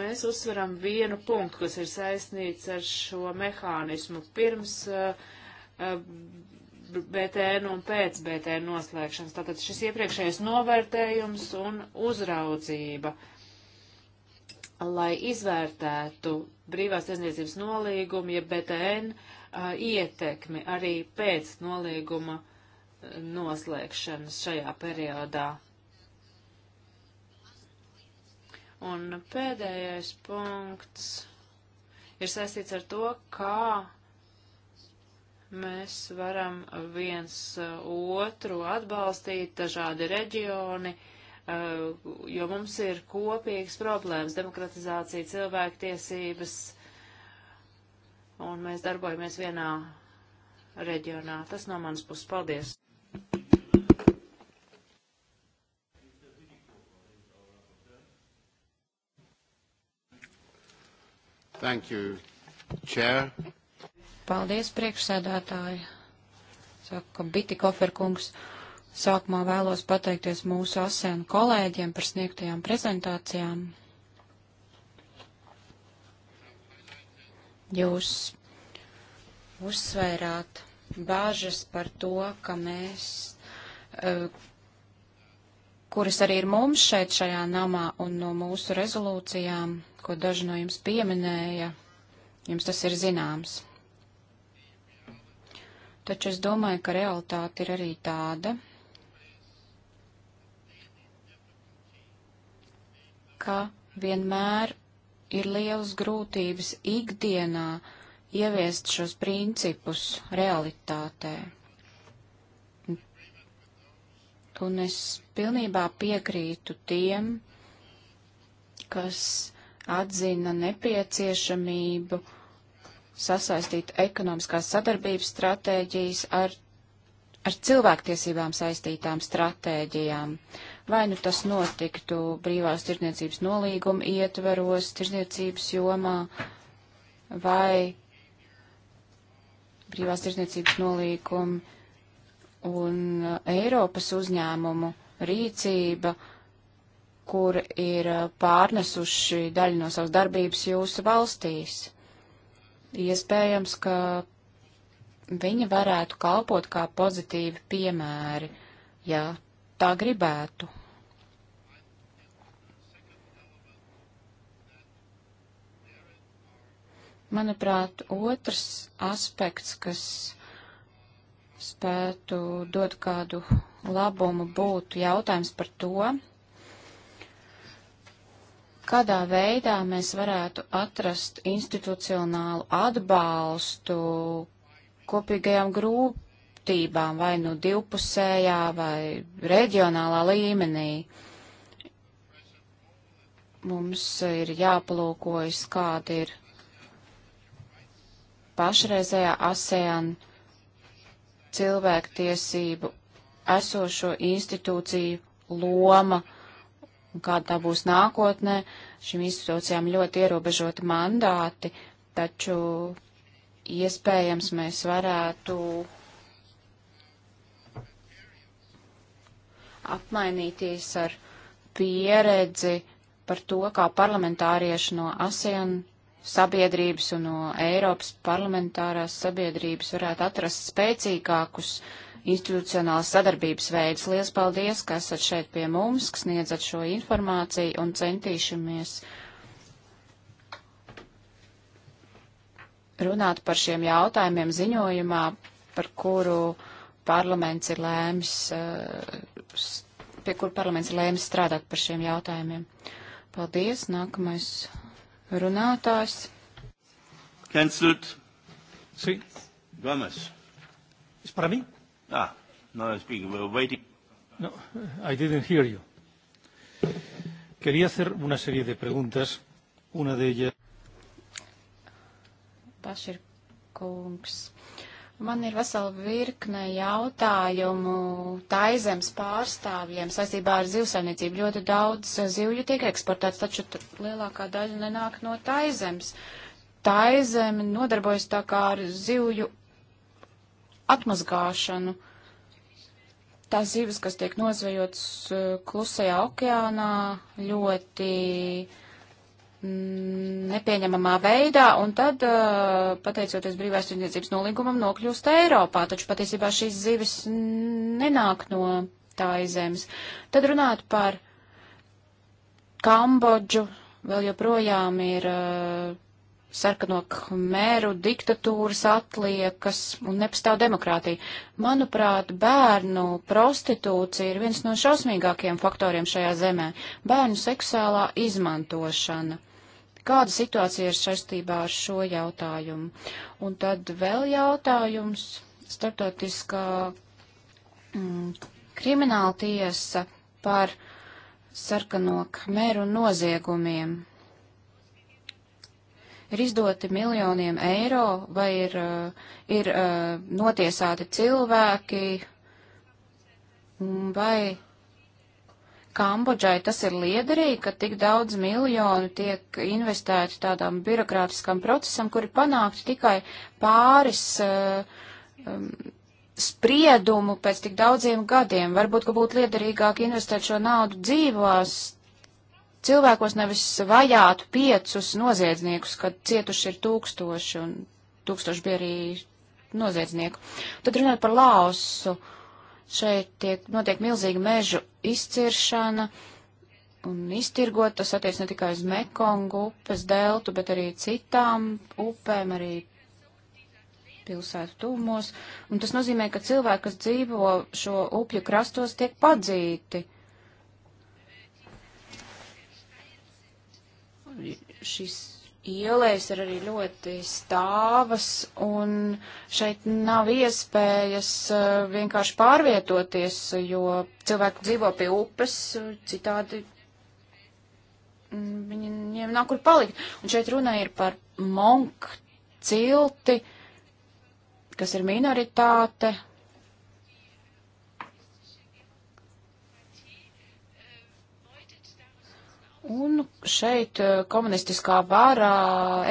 Mēs uzsveram vienu punktu, kas ir saistīts ar šo mehānismu pirms uh, uh BTN un pēc BTN noslēgšanas. Tātad šis iepriekšējais novērtējums un uzraudzība lai izvērtētu brīvās tiesniecības nolīgumu, jeb ja BTN, uh, ietekmi arī pēc nolīguma uh, noslēgšanas šajā periodā. Un pēdējais punkts ir saistīts ar to, kā mēs varam viens uh, otru atbalstīt, dažādi reģioni, uh, Eh, jo mums ir kopīgas problēmas - demokratizācija, cilvēktiesības, un mēs darbojamies vienā reģionā. Tas no manas puses. Paldies! Thank you, Chair. Paldies, priekšsēdētāji, saka Bitikofer kungs. Uh, Sākumā vēlos pateikties mūsu ASEAN kolēģiem par sniegtajām prezentācijām. Jūs uzsvērāt bāžas par to, ka mēs, eh, kuras arī ir mums šeit šajā namā un no mūsu rezolūcijām, ko daži no jums pieminēja, jums tas ir zināms. Taču es domāju, ka realitāte ir arī tāda, ka vienmēr ir liels grūtības ikdienā ieviest šos principus realitātē. Un es pilnībā piekrītu tiem, kas atzina nepieciešamību sasaistīt ekonomiskās sadarbības stratēģijas ar, ar cilvēktiesībām saistītām stratēģijām. Uh, Vai nu tas notiktu brīvās tirzniecības nolīguma ietvaros, tirzniecības jomā, vai brīvās tirzniecības nolīguma un Eiropas uzņēmumu rīcība, kur ir pārnesuši daļu no savas darbības jūsu valstīs. Iespējams, ka viņi varētu kalpot kā pozitīvi piemēri, ja tā gribētu. Manuprāt, otrs aspekts, kas spētu dot kādu labumu, būtu jautājums par to, kādā veidā mēs varētu atrast institucionālu atbalstu kopīgajām grūtībām, vai nu divpusējā, vai reģionālā līmenī mums ir jāpalūkojas, kāda ir pašreizējā ASEAN cilvēktiesību esošo institūciju loma un kāda tā būs nākotnē. Šīm institūcijām ļoti ierobežoti mandāti, taču iespējams mēs varētu apmainīties ar pieredzi par to, kā parlamentārieši no ASEAN sabiedrības un no Eiropas parlamentārās sabiedrības varētu atrast spēcīgākus institucionālas sadarbības veidus. Lielas paldies, ka esat šeit pie mums, ka sniedzat šo informāciju un centīšamies runāt par šiem jautājumiem ziņojumā, par kuru parlaments ir lēmis, eh, pie kur parlaments ir lēmis strādāt par šiem jautājumiem. Paldies, nākamais runātājs. Cancelled. Sí. Gomez. It's para mí? Ah, no, I speak. We're waiting. No, I didn't hear you. Quería hacer una serie de preguntas. Una de ellas. Pašir kungs Man ir vesela virkne jautājumu taizemes pārstāvjiem saistībā ar zivsaimniecību. Ļoti daudz zivju tiek eksportēts, taču lielākā daļa nenāk no taizemes. Taizeme nodarbojas tā kā ar zivju atmazgāšanu. Tās zivis, kas tiek nozvejotas eh, klusajā okeānā, ļoti uh, nepieņemamā veidā, un tad, uh, pateicoties brīvēsturniecības nolīgumam, nokļūst Eiropā, taču patiesībā šīs zivis nenāk no tā izemes. Tad runāt par Kambodžu, vēl joprojām ir uh, sarkano khmēru diktatūras atliekas un nepastāv demokrātija. Manuprāt, bērnu prostitūcija ir viens no šausmīgākajiem faktoriem šajā zemē. Bērnu seksuālā izmantošana Kāda situācija ir saistībā ar šo jautājumu? Un tad vēl jautājums starptautiskā mm, krimināla tiesa par sarkano khmeru noziegumiem. Ir izdoti miljoniem eiro vai ir, eh, ir eh, notiesāti cilvēki vai Kambodžai tas ir liederīgi, ka tik daudz miljonu tiek investēti tādām birokrātiskām procesam, kuri panākti tikai pāris uh, um, spriedumu pēc tik daudziem gadiem. Varbūt, ka būtu liederīgāk investēt šo naudu dzīvās cilvēkos, nevis vajātu piecus noziedzniekus, kad cietuši ir tūkstoši un tūkstoši bija arī noziedznieku. Tad runāt par Laosu. Uh, Šeit tiek, notiek milzīga mežu izciršana un iztirgot, tas attiec ne tikai uz Mekongu upes deltu, bet arī citām upēm, arī pilsētu tūmos. Un tas nozīmē, ka cilvēki, kas dzīvo šo upju krastos, tiek padzīti. Šis ielējas ir arī ļoti stāvas, un šeit nav iespējas eh, vienkārši pārvietoties, jo cilvēki dzīvo pie upes, citādi mm, viņiem nav kur palikt. Un šeit runa ir par monku cilti, kas ir minoritāte, Un šeit eh, komunistiskā vārā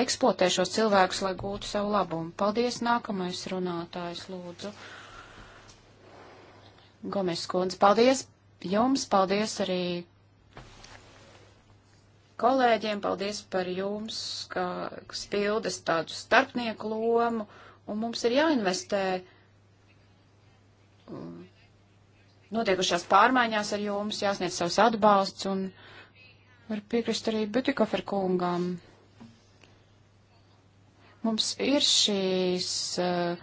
eksploatē šos cilvēkus, lai gūtu savu labumu. Paldies, nākamais runātājs, lūdzu. Gomes kundze, paldies jums, paldies arī kolēģiem, paldies par jums, ka, kas pildas tādu starpnieku lomu, un mums ir jāinvestē um, notiekušās pārmaiņās ar jums, jāsniedz savus atbalsts, un Var piekrist arī Butikofer kungam. Mums ir šīs uh,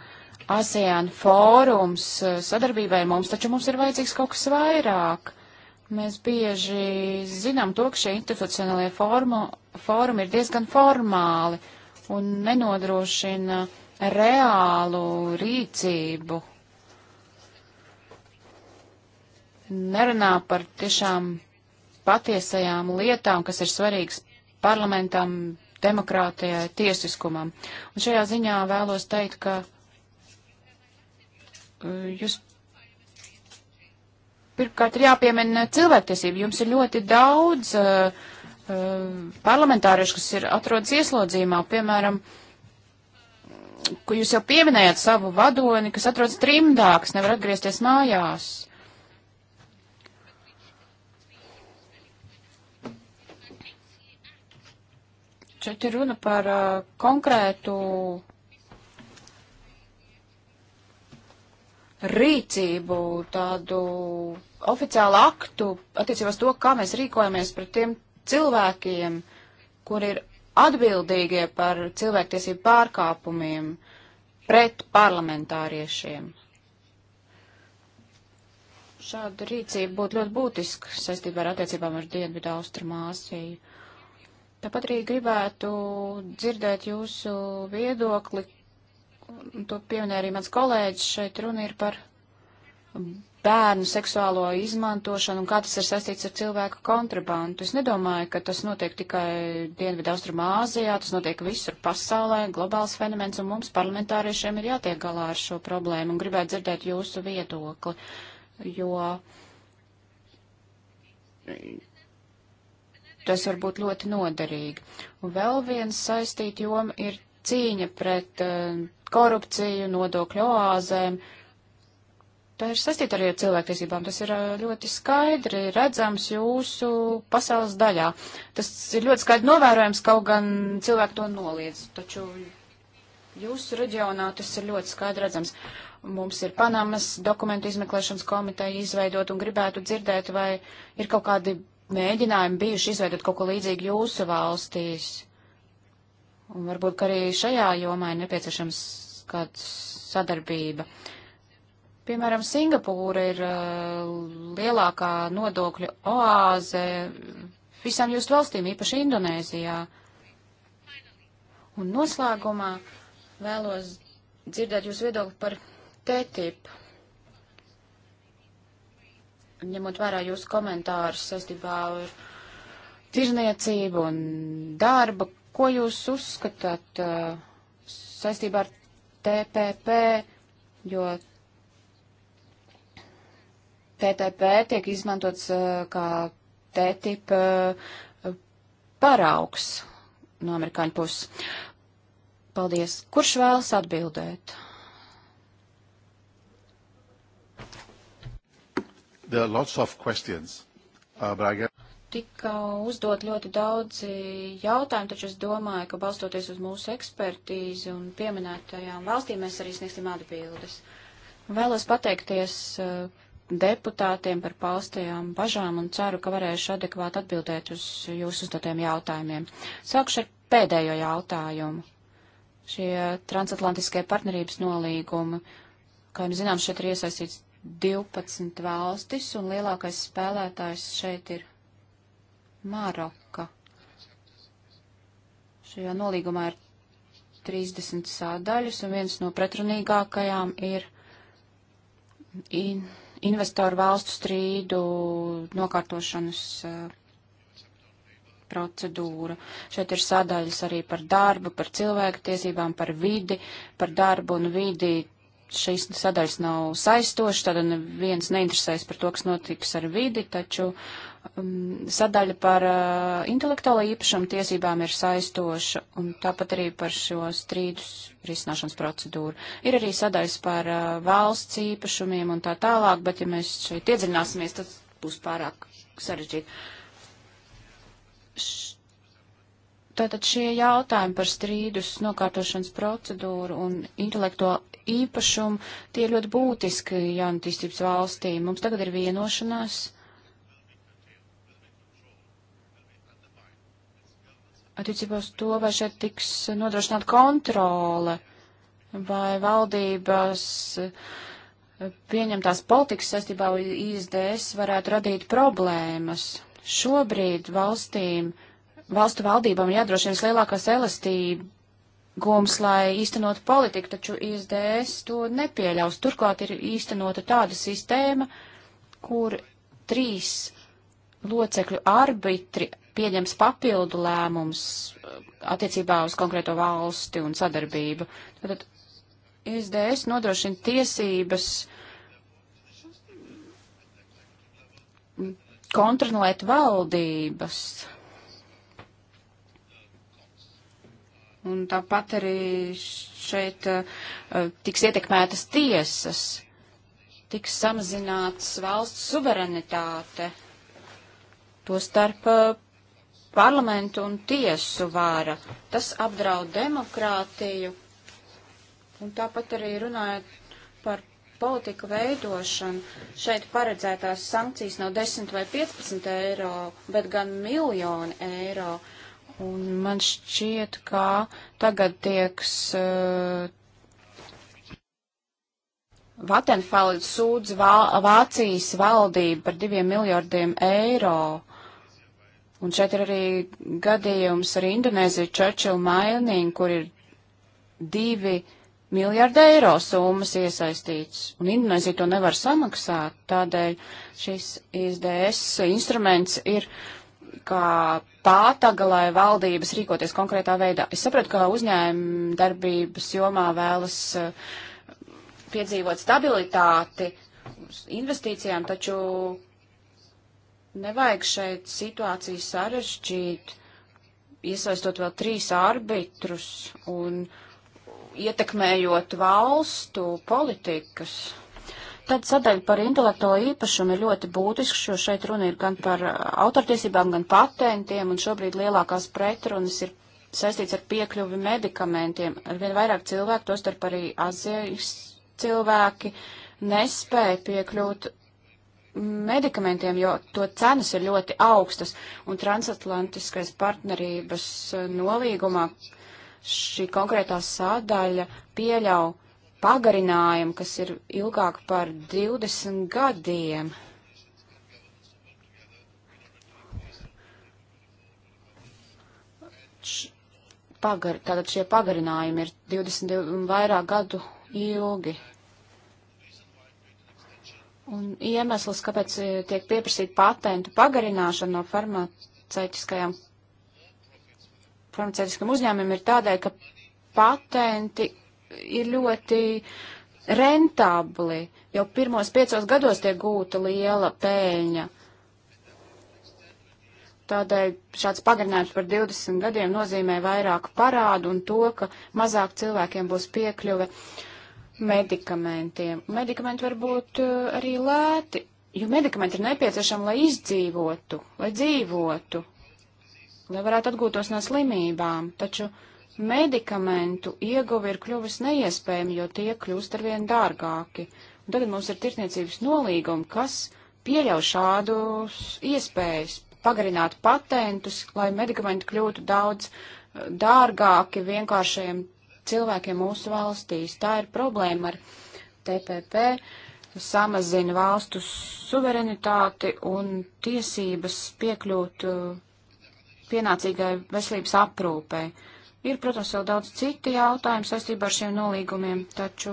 ASEAN fórums uh, sadarbībai ar mums, taču mums ir vajadzīgs kaut kas vairāk. Mēs bieži zinām to, ka šie institucionālie formu, fórumi ir diezgan formāli un nenodrošina reālu rīcību. Nerunā par tiešām patiesajām lietām, kas ir svarīgas parlamentam, demokrātijai, tiesiskumam. Un šajā ziņā vēlos teikt, ka uh, jūs pirmkārt ir jāpiemina cilvēktiesība. Jums ir ļoti daudz uh, uh, parlamentāriešu, kas ir atrodas ieslodzījumā, piemēram, ko jūs jau pieminējāt savu vadoni, kas atrodas trimdā, kas nevar atgriezties mājās. Šeit ir runa par uh, konkrētu rīcību, tādu oficiālu aktu attiecībās to, kā mēs rīkojamies pret tiem cilvēkiem, kur ir atbildīgie par cilvēktiesību pārkāpumiem pret parlamentāriešiem. Šāda rīcība būtu ļoti būtiska saistībā ar attiecībām ar Dienvidu Austrumāsiju. Tāpat arī gribētu dzirdēt jūsu viedokli, to pieminēja arī mans kolēģis, šeit runa ir par bērnu seksuālo izmantošanu un kā tas ir saistīts ar cilvēku kontrabandu. Es nedomāju, ka tas notiek tikai Dienvidu Austrumāzijā, tas notiek visur pasaulē, globāls fenomens, un mums parlamentāriešiem ir jātiek galā ar šo problēmu un gribētu dzirdēt jūsu viedokli, jo tas var būt ļoti noderīgi. Un vēl viens saistīt joma ir cīņa pret uh, korupciju, nodokļu oāzēm. Tā ir saistīta arī ar cilvēktiesībām. Tas ir eh, ļoti skaidri redzams jūsu pasaules daļā. Tas ir ļoti skaidri novērojams, kaut gan cilvēki to noliedz. Taču jūsu reģionā tas ir ļoti skaidri redzams. Mums ir Panamas dokumentu izmeklēšanas komiteja izveidot un gribētu dzirdēt, vai ir kaut kādi mēģinājumi bijuši izveidot kaut ko līdzīgu jūsu valstīs. Un varbūt, ka arī šajā jomā ir nepieciešams kāds sadarbība. Piemēram, Singapūra ir uh, lielākā nodokļu oāze visām jūsu valstīm, īpaši Indonēzijā. Un noslēgumā vēlos dzirdēt jūsu viedokli par TTIP ņemot vērā jūsu komentārus saistībā ar tirzniecību un darba, ko jūs uzskatāt uh, saistībā ar TPP, jo TTP tiek izmantots uh, kā TTIP uh, paraugs no amerikāņu puses. Paldies. Kurš vēlas atbildēt? There are lots of questions, uh, but I guess tika uzdot ļoti daudzi jautājumi, taču es domāju, ka balstoties uz mūsu ekspertīzi un pieminētajām valstīm, mēs arī sniegsim atbildes. Vēlos pateikties uh, deputātiem par paustajām bažām un ceru, ka varēšu adekvāti atbildēt uz jūsu uzdotiem jautājumiem. Sākšu ar pēdējo jautājumu. Šie transatlantiskie partnerības nolīgumi, kā jums zināms, šeit ir iesaistīts 12 valstis, un lielākais spēlētājs šeit ir Maroka. Šajā nolīgumā ir 30 sādaļas, un viens no pretrunīgākajām ir in investoru valstu strīdu nokārtošanas eh, procedūra. Šeit ir sādaļas arī par darbu, par cilvēku tiesībām, par vidi, par darbu un vidi šīs sadaļas nav saistošas, tad neviens neinteresēs par to, kas notiks ar vidi, taču um, sadaļa par uh, intelektuālo īpašumu tiesībām ir saistoša, un tāpat arī par šo strīdus risināšanas procedūru. Ir arī sadaļas par uh, valsts īpašumiem un tā tālāk, bet ja mēs šeit iedziļināsimies, tad būs pārāk sarežģīti. Tātad šie jautājumi par strīdus nokārtošanas procedūru un intelektuālo īpašumu, tie ir ļoti būtiski jaunatīstības valstī. Mums tagad ir vienošanās. Attiecībā uz to, vai šeit tiks nodrošināta kontrole, vai valdības eh, pieņemtās politikas saistībā ar ISDS varētu radīt problēmas. Šobrīd valstīm, valstu valdībām jādrošina vislielākās elastības gums, lai īstenotu politiku, taču ISDS to nepieļaus. Turklāt ir īstenota tāda sistēma, kur trīs locekļu arbitri pieņems papildu lēmums eh, attiecībā uz konkrēto valsti un sadarbību. Tātad ISDS nodrošina tiesības kontrolēt valdības Un tāpat arī šeit uh, tiks ietekmētas tiesas, tiks samazināts valsts suverenitāte, to starp uh, parlamentu un tiesu vāra. Tas apdraud demokrātiju. Un tāpat arī runājot par politiku veidošanu, šeit paredzētās sankcijas nav 10 vai 15 eiro, bet gan miljoni eiro. Uh, Un man šķiet, ka tagad tieks uh, eh, Vatenfelds sūdz Vā Vācijas valdību par diviem miljardiem eiro. Un šeit ir arī gadījums ar Indonēziju Churchill Mining, kur ir divi miljardi eiro summas iesaistīts, un Indonēzija to nevar samaksāt. Tādēļ šis ISDS instruments ir kā pātaga, lai valdības rīkoties konkrētā veidā. Es sapratu, ka uzņēmuma darbības jomā vēlas eh, piedzīvot stabilitāti investīcijām, taču nevajag šeit situāciju sarežģīt, iesaistot vēl trīs arbitrus un ietekmējot valstu politikas. Tad sadaļa par intelektuālo īpašumu ir ļoti būtisks, jo šeit runa ir gan par uh, autortiesībām, gan patentiem, un šobrīd lielākās pretrunas ir saistīts ar piekļuvi medikamentiem. Arvien vairāk cilvēku, tostarp arī azijas cilvēki, nespēja piekļūt medikamentiem, jo to cenas ir ļoti augstas, un transatlantiskais partnerības uh, nolīgumā šī konkrētā sādaļa pieļauj pagarinājumu, kas ir ilgāk par 20 gadiem. Pagar, tātad šie pagarinājumi ir 20 un vairāk gadu ilgi. Un iemesls, kāpēc eh, tiek pieprasīta patentu pagarināšana no farmaceitiskajām, farmaceitiskam uzņēmumiem, ir tādēļ, ka patenti ir ļoti rentabli. Jau pirmos piecos gados tiek gūta liela pēļņa. Tādēļ šāds pagarinājums par 20 gadiem nozīmē vairāk parādu un to, ka mazāk cilvēkiem būs piekļuve medikamentiem. Medikamenti var būt uh, arī lēti, jo medikamenti ir nepieciešami, lai izdzīvotu, lai dzīvotu, lai varētu atgūtos no slimībām. Taču medikamentu ieguve ir kļuvusi neiespējama, jo tie kļūst arvien dārgāki. Un tagad mums ir tirtniecības nolīgumi, kas pieļauj šādus iespējas pagarināt patentus, lai medikamenti kļūtu daudz eh, dārgāki vienkāršajiem cilvēkiem mūsu valstīs. Tā ir problēma ar TPP, samazina valstu suverenitāti un tiesības piekļūt eh, pienācīgai veselības aprūpei. Ir, protams, vēl daudz citu jautājumu saistībā ar šiem nolīgumiem, taču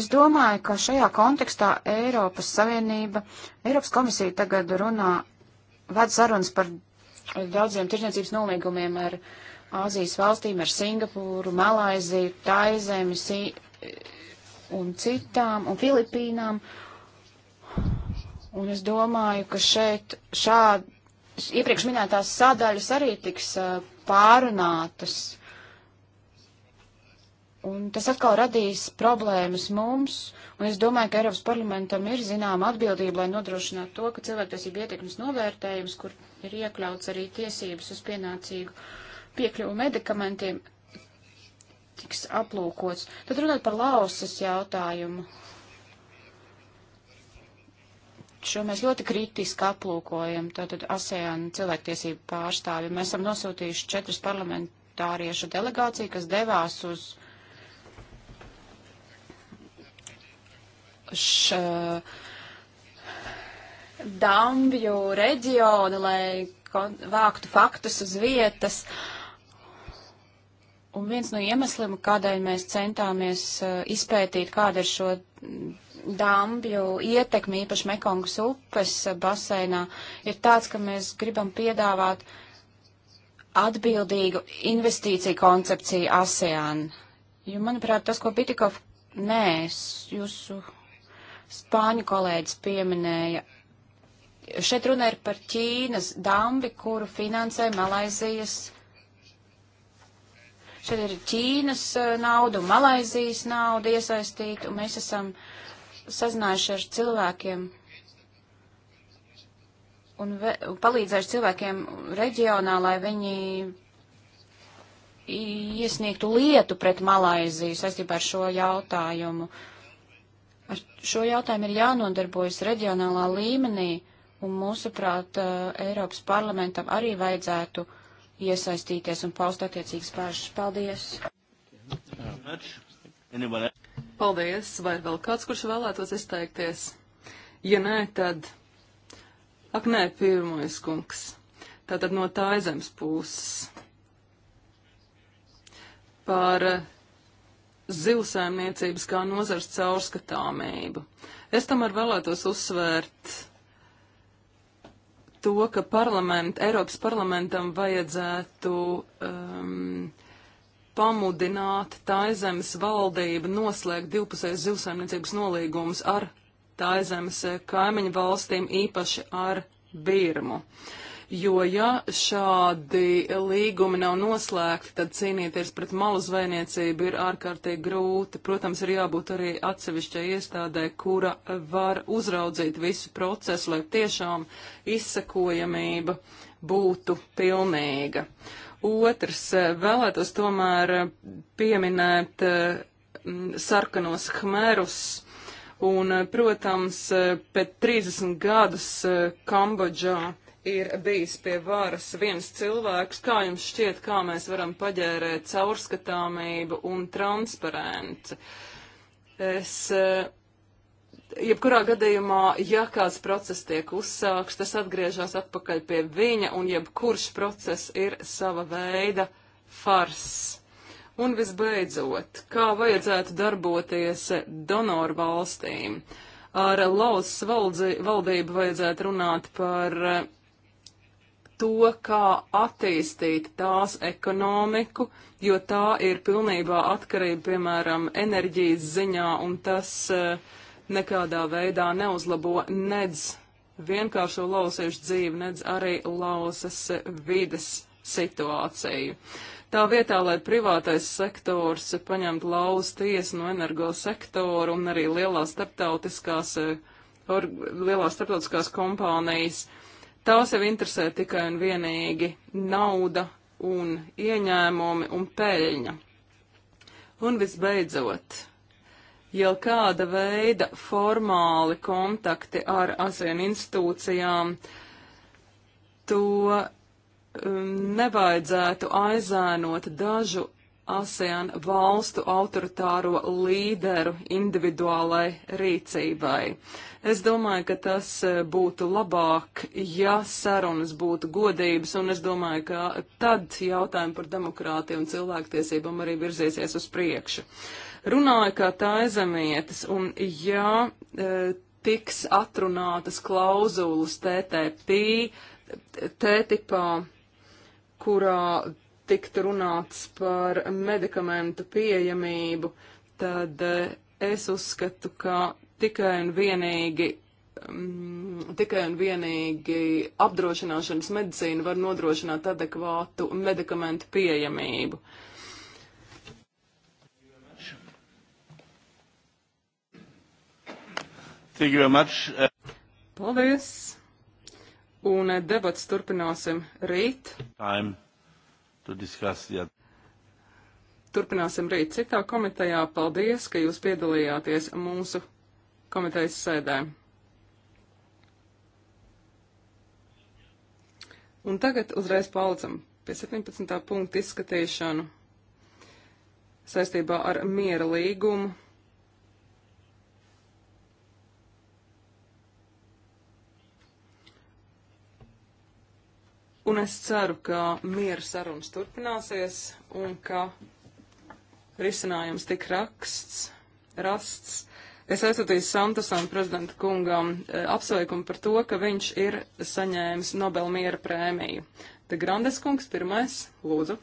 es domāju, ka šajā kontekstā Eiropas Savienība, Eiropas komisija tagad runā, ved sarunas par daudziem tirdzniecības nolīgumiem ar Āzijas valstīm, ar Singapūru, Malaiziju, Taizemi si un citām, un Filipīnām. Un es domāju, ka šeit šādi iepriekš minētās sadaļas arī tiks uh, pārunātas. Un tas atkal radīs problēmas mums, un es domāju, ka Eiropas parlamentam ir zināma atbildība, lai nodrošinātu to, ka cilvēktiesība ietekmes novērtējums, kur ir iekļauts arī tiesības uz pienācīgu piekļuvu medikamentiem, tiks aplūkots. Tad runāt par lausas jautājumu. Šo mēs ļoti kritiski aplūkojam, tātad ASEAN cilvēktiesību pārstāvi. Mēs esam nosūtījuši četras parlamentāriešu delegāciju, kas devās uz šo dambju reģionu, lai vāktu faktus uz vietas. Un viens no iemesliem, kādēļ mēs centāmies izpētīt, kāda ir šo dambju ietekme, īpaši Mekongas upes baseinā, ir tāds, ka mēs gribam piedāvāt atbildīgu investīciju koncepciju ASEAN. Jo, manuprāt, tas, ko Bitikov, nē, jūsu Spāņu kolēģis pieminēja. Šeit runa ir par Ķīnas dambi, kuru finansē Malaizijas. Šeit ir Ķīnas eh, nauda un Malaizijas nauda iesaistīta, un mēs esam sazinājuši ar cilvēkiem un, ve, un palīdzējuši cilvēkiem reģionā, lai viņi iesniegtu lietu pret Malaiziju saistībā ar šo jautājumu. Uh, Ar šo jautājumu ir jānodarbojas reģionālā līmenī, un mūsuprāt, eh, Eiropas parlamentam arī vajadzētu iesaistīties un paust attiecīgas pāršas. Paldies! Paldies! Vai ir vēl kāds, kurš vēlētos izteikties? Ja nē, tad. Ak, nē, pirmais kungs. Tātad no tā zemes puses. Par eh, zivsēmniecības kā nozars caurskatāmību. Es tomēr vēlētos uzsvērt to, ka parlament, Eiropas parlamentam vajadzētu um, pamudināt Taizemes valdību noslēgt divpusējas zivsēmniecības nolīgumus ar Taizemes eh, kaimiņu valstīm, īpaši ar Birmu. Uh, jo ja šādi līgumi nav noslēgti, tad cīnīties pret malu zvejniecību ir ārkārtīgi grūti. Protams, ir jābūt arī atsevišķai iestādē, kura var uzraudzīt visu procesu, lai tiešām izsekojamība būtu pilnīga. Otrs, vēlētos tomēr pieminēt mm, sarkanos hmerus. Un, protams, pēc 30 gadus eh, Kambodžā ir bijis pie varas viens cilvēks. Kā jums šķiet, kā mēs varam paģērēt caurskatāmību un transparenci? Es, eh, jebkurā gadījumā, ja kāds process tiek uzsāks, tas atgriežas atpakaļ pie viņa, un jebkurš process ir sava veida fars. Un visbeidzot, kā vajadzētu darboties donoru valstīm? Ar Lausas valdību vajadzētu runāt par eh, to, kā attīstīt tās ekonomiku, jo tā ir pilnībā atkarība, piemēram, enerģijas ziņā, un tas eh, nekādā veidā neuzlabo nedz vienkāršo lausiešu dzīvi, nedz arī lausas vides situāciju. Tā vietā, lai privātais sektors paņemtu lauzu tiesu no energosektoru un arī lielās starptautiskās, eh, or, lielās starptautiskās kompānijas, uh, Tās jau interesē tikai un vienīgi nauda un ieņēmumi un peļņa. Un visbeidzot, jau kāda veida formāli kontakti ar ASEAN institūcijām, to um, nevajadzētu aizēnot dažu ASEAN valstu autoritāro līderu individuālai rīcībai. Es domāju, ka tas būtu labāk, ja sarunas būtu godības, un es domāju, ka tad jautājumi par demokrātiju un cilvēktiesībām arī virzīsies uz priekšu. Runāju kā taizemietis, un ja e, tiks atrunātas klauzulas TTP, TTIPā, kurā tiktu runāts par medikamentu pieejamību, tad eh, es uzskatu, ka tikai un vienīgi mm, tikai un vienīgi apdrošināšanas medicīna var nodrošināt adekvātu medikamentu pieejamību. Thank you very much. Paldies! Un eh, debats turpināsim rīt. Time to discuss the other. Turpināsim rīt citā komitejā. Paldies, ka jūs piedalījāties mūsu komitejas sēdē. Un tagad uzreiz paudzam pie 17. punktu izskatīšanu saistībā ar miera līgumu. Un es ceru, ka miera sarunas turpināsies un ka risinājums tik raksts, rasts. Es aizsūtīju Santasam, prezidenta kungam, eh, apsveikumu par to, ka viņš ir saņēmis Nobel miera prēmiju. Te Grandes kungs pirmais, lūdzu.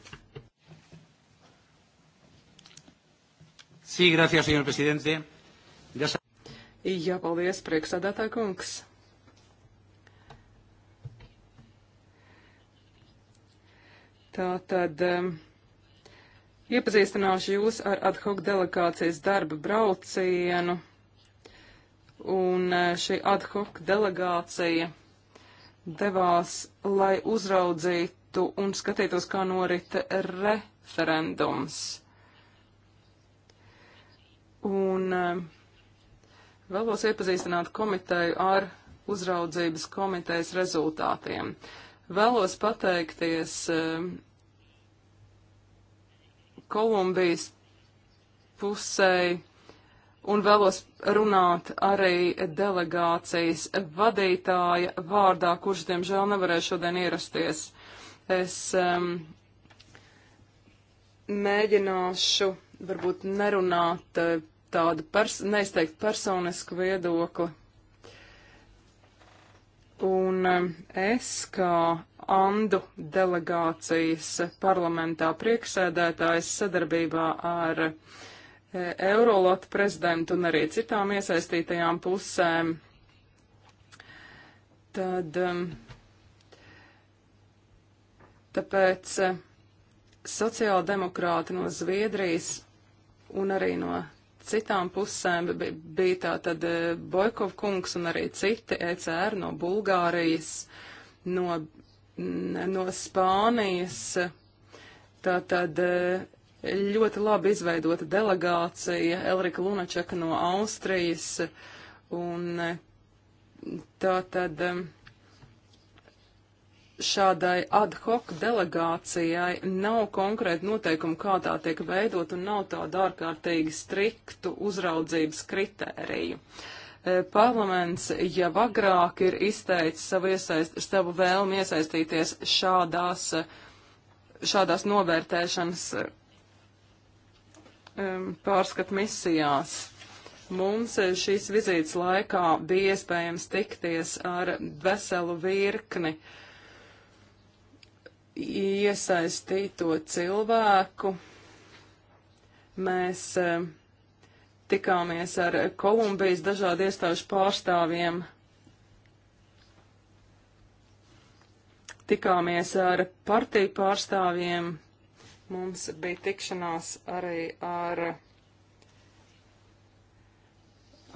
Sí, gracias, señor presidente. Jā, paldies, priekšsādātā kungs. Tā tad um, iepazīstināšu jūs ar ad hoc delegācijas darba braucienu. Un uh, šī ad hoc delegācija devās, lai uzraudzītu un skatītos, kā norita referendums. Un um, vēlos iepazīstināt komiteju ar uzraudzības komitejas rezultātiem. Uh, Vēlos pateikties e, Kolumbijas pusei un vēlos runāt arī delegācijas vadītāja vārdā, kurš, diemžēl, nevarēja šodien ierasties. Es um, mēģināšu varbūt nerunāt e, tādu, pers neizteikt personisku viedokli, Un um, es, kā Andu delegācijas parlamentā priekšsēdētājs sadarbībā ar e, Eurolotu prezidentu un arī citām iesaistītajām pusēm, tad um, tāpēc e, sociāldemokrāti no Zviedrijas un arī no citām pusēm bija tā tad e, Bojkov kungs un arī citi ECR no Bulgārijas, no, no Spānijas. Tā tad e, ļoti labi izveidota delegācija Elrika Lunačeka no Austrijas un e, tā tad. Um, šādai ad hoc delegācijai nav konkrēti noteikumi, kā tā tiek veidot, un nav tāda ārkārtīgi striktu uzraudzības kritēriju. E, parlaments jau agrāk ir izteicis savu, iesaist, savu vēlmi iesaistīties šādās, šādās novērtēšanas e, pārskat misijās. Mums e, šīs vizītes laikā bija iespējams tikties ar veselu virkni uh, iesaistīto cilvēku. Mēs e, tikāmies ar Kolumbijas dažādu iestāžu pārstāvjiem, tikāmies ar partiju pārstāvjiem, mums bija tikšanās arī ar,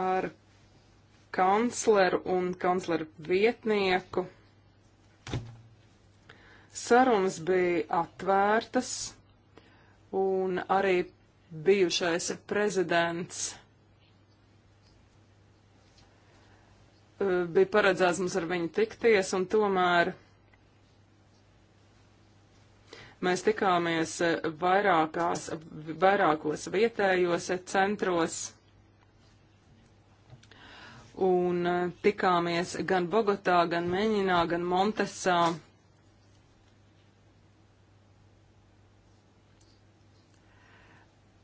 ar kancleru un kancleru vietnieku. Sarunas bija atvērtas, un arī bijušais prezidents eh, bija paredzēts mums ar viņu tikties, un tomēr mēs tikāmies eh, vairākās, vairākos vietējos eh, centros un tikāmies gan Bogotā, gan Meņinā, gan Montesā.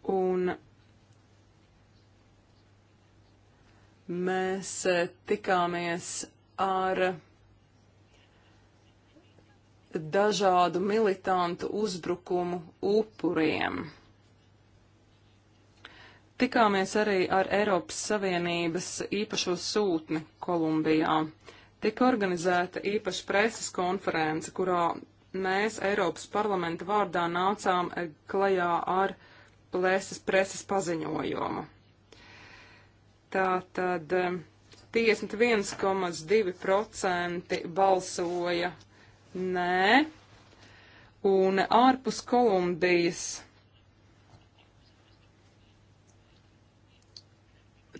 Un mēs e, tikāmies ar dažādu militantu uzbrukumu upuriem. Tikāmies arī ar Eiropas Savienības īpašo sūtni Kolumbijā. Tika organizēta īpaša preses konference, kurā mēs Eiropas parlamenta vārdā nācām e, klajā ar uh, plēsas preses paziņojumu. Tā tad 51,2% balsoja nē, un ārpus Kolumbijas.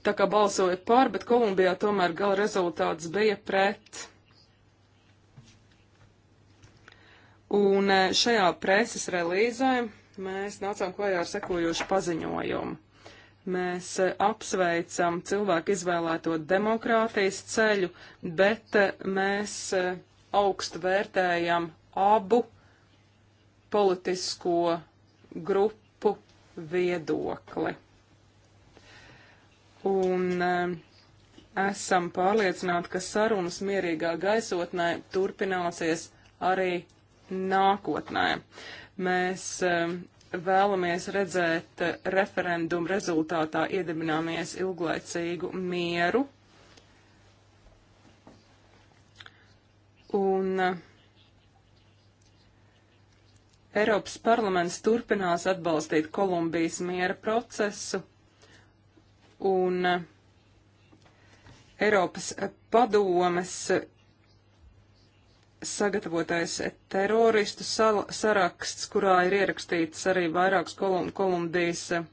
Tā kā balsoja pār, bet Kolumbijā tomēr gala rezultāts bija pret. Un eh, šajā preses relīzē mēs nācām klajā ar sekojošu paziņojumu. Mēs eh, apsveicam cilvēku izvēlēto demokrātijas ceļu, bet eh, mēs eh, augstu vērtējam abu politisko grupu viedokli. Un esam pārliecināti, ka sarunas mierīgā gaisotnē turpināsies arī nākotnē. Mēs um, vēlamies redzēt uh, referendumu rezultātā iedibināmies ilglaicīgu mieru. Un uh, Eiropas parlaments turpinās atbalstīt Kolumbijas miera procesu un uh, Eiropas padomes sagatavotais teroristu saraksts, kurā ir ierakstīts arī vairākas kolum Kolumbijas eh,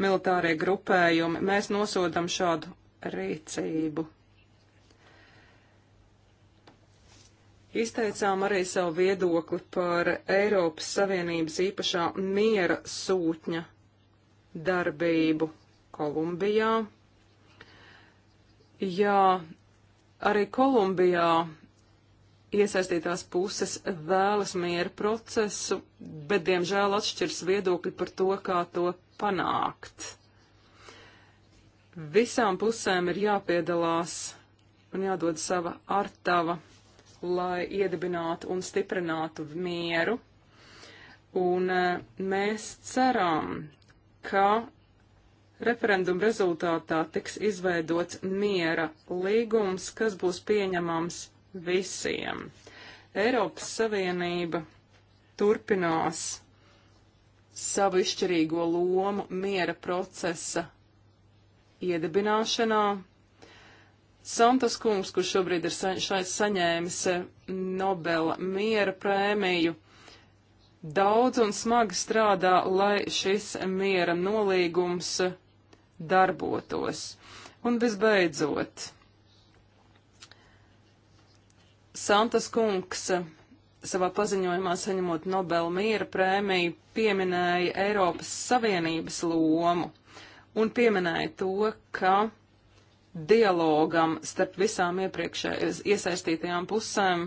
militārie grupējumi. Mēs nosodam šādu rīcību. Izteicām arī savu viedokli par Eiropas Savienības īpašā miera sūtņa darbību Kolumbijā. Jā, arī Kolumbijā iesaistītās puses vēlas mieru procesu, bet, diemžēl, atšķirs viedokļi par to, kā to panākt. Visām pusēm ir jāpiedalās un jādod sava artava, lai iedibinātu un stiprinātu mieru. Un eh, mēs ceram, ka referenduma rezultātā tiks izveidots miera līgums, kas būs pieņemams visiem. Eiropas Savienība turpinās savu izšķirīgo lomu miera procesa iedibināšanā. Santos kungs, kurš šobrīd ir sa saņēmis eh, Nobela miera prēmiju, daudz un smagi strādā, lai šis miera nolīgums eh, darbotos. Un visbeidzot, Santas kungs eh, savā paziņojumā saņemot Nobela miera prēmiju pieminēja Eiropas Savienības lomu un pieminēja to, ka dialogam starp visām iepriekšējās iesaistītajām pusēm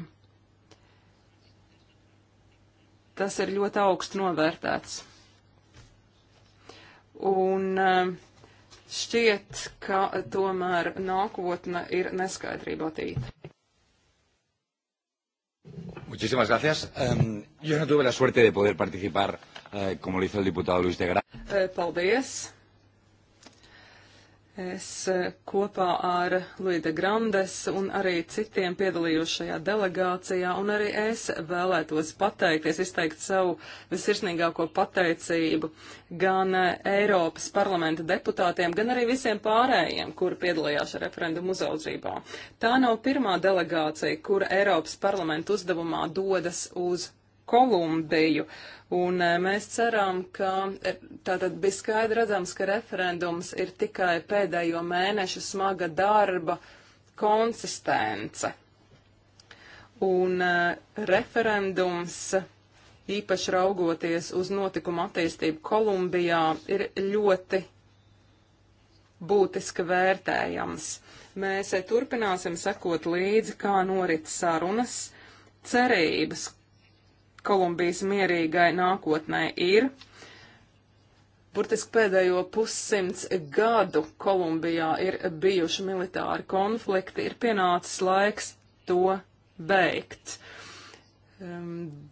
tas ir ļoti augstu novērtēts. Un eh, šķiet, ka tomēr nākotne ir neskaidrība attīta. Muchísimas gracias. Um, yo no tuve la suerte de poder participar, uh, como lo hizo el diputado Luis de Gran. Eh, paldies. Es e, kopā ar Luida Grandes un arī citiem piedalījos šajā delegācijā, un arī es vēlētos pateikties, izteikt savu visirsnīgāko pateicību gan e, Eiropas parlamenta deputātiem, gan arī visiem pārējiem, kuri piedalījās referendumu uzaudzībā. Tā nav pirmā delegācija, kura Eiropas parlamenta uzdevumā dodas uz Kolumbiju. Un eh, mēs ceram, ka eh, tātad bija skaidri redzams, ka referendums ir tikai pēdējo mēnešu smaga darba konsistence. Un eh, referendums, īpaši raugoties uz notikumu attīstību Kolumbijā, ir ļoti būtiski vērtējams. Mēs turpināsim sekot līdzi, kā norit sarunas cerības, Kolumbijas mierīgai nākotnē ir. Burtiski pēdējo pussimts gadu Kolumbijā ir bijuši militāri konflikti, ir pienācis laiks to beigt.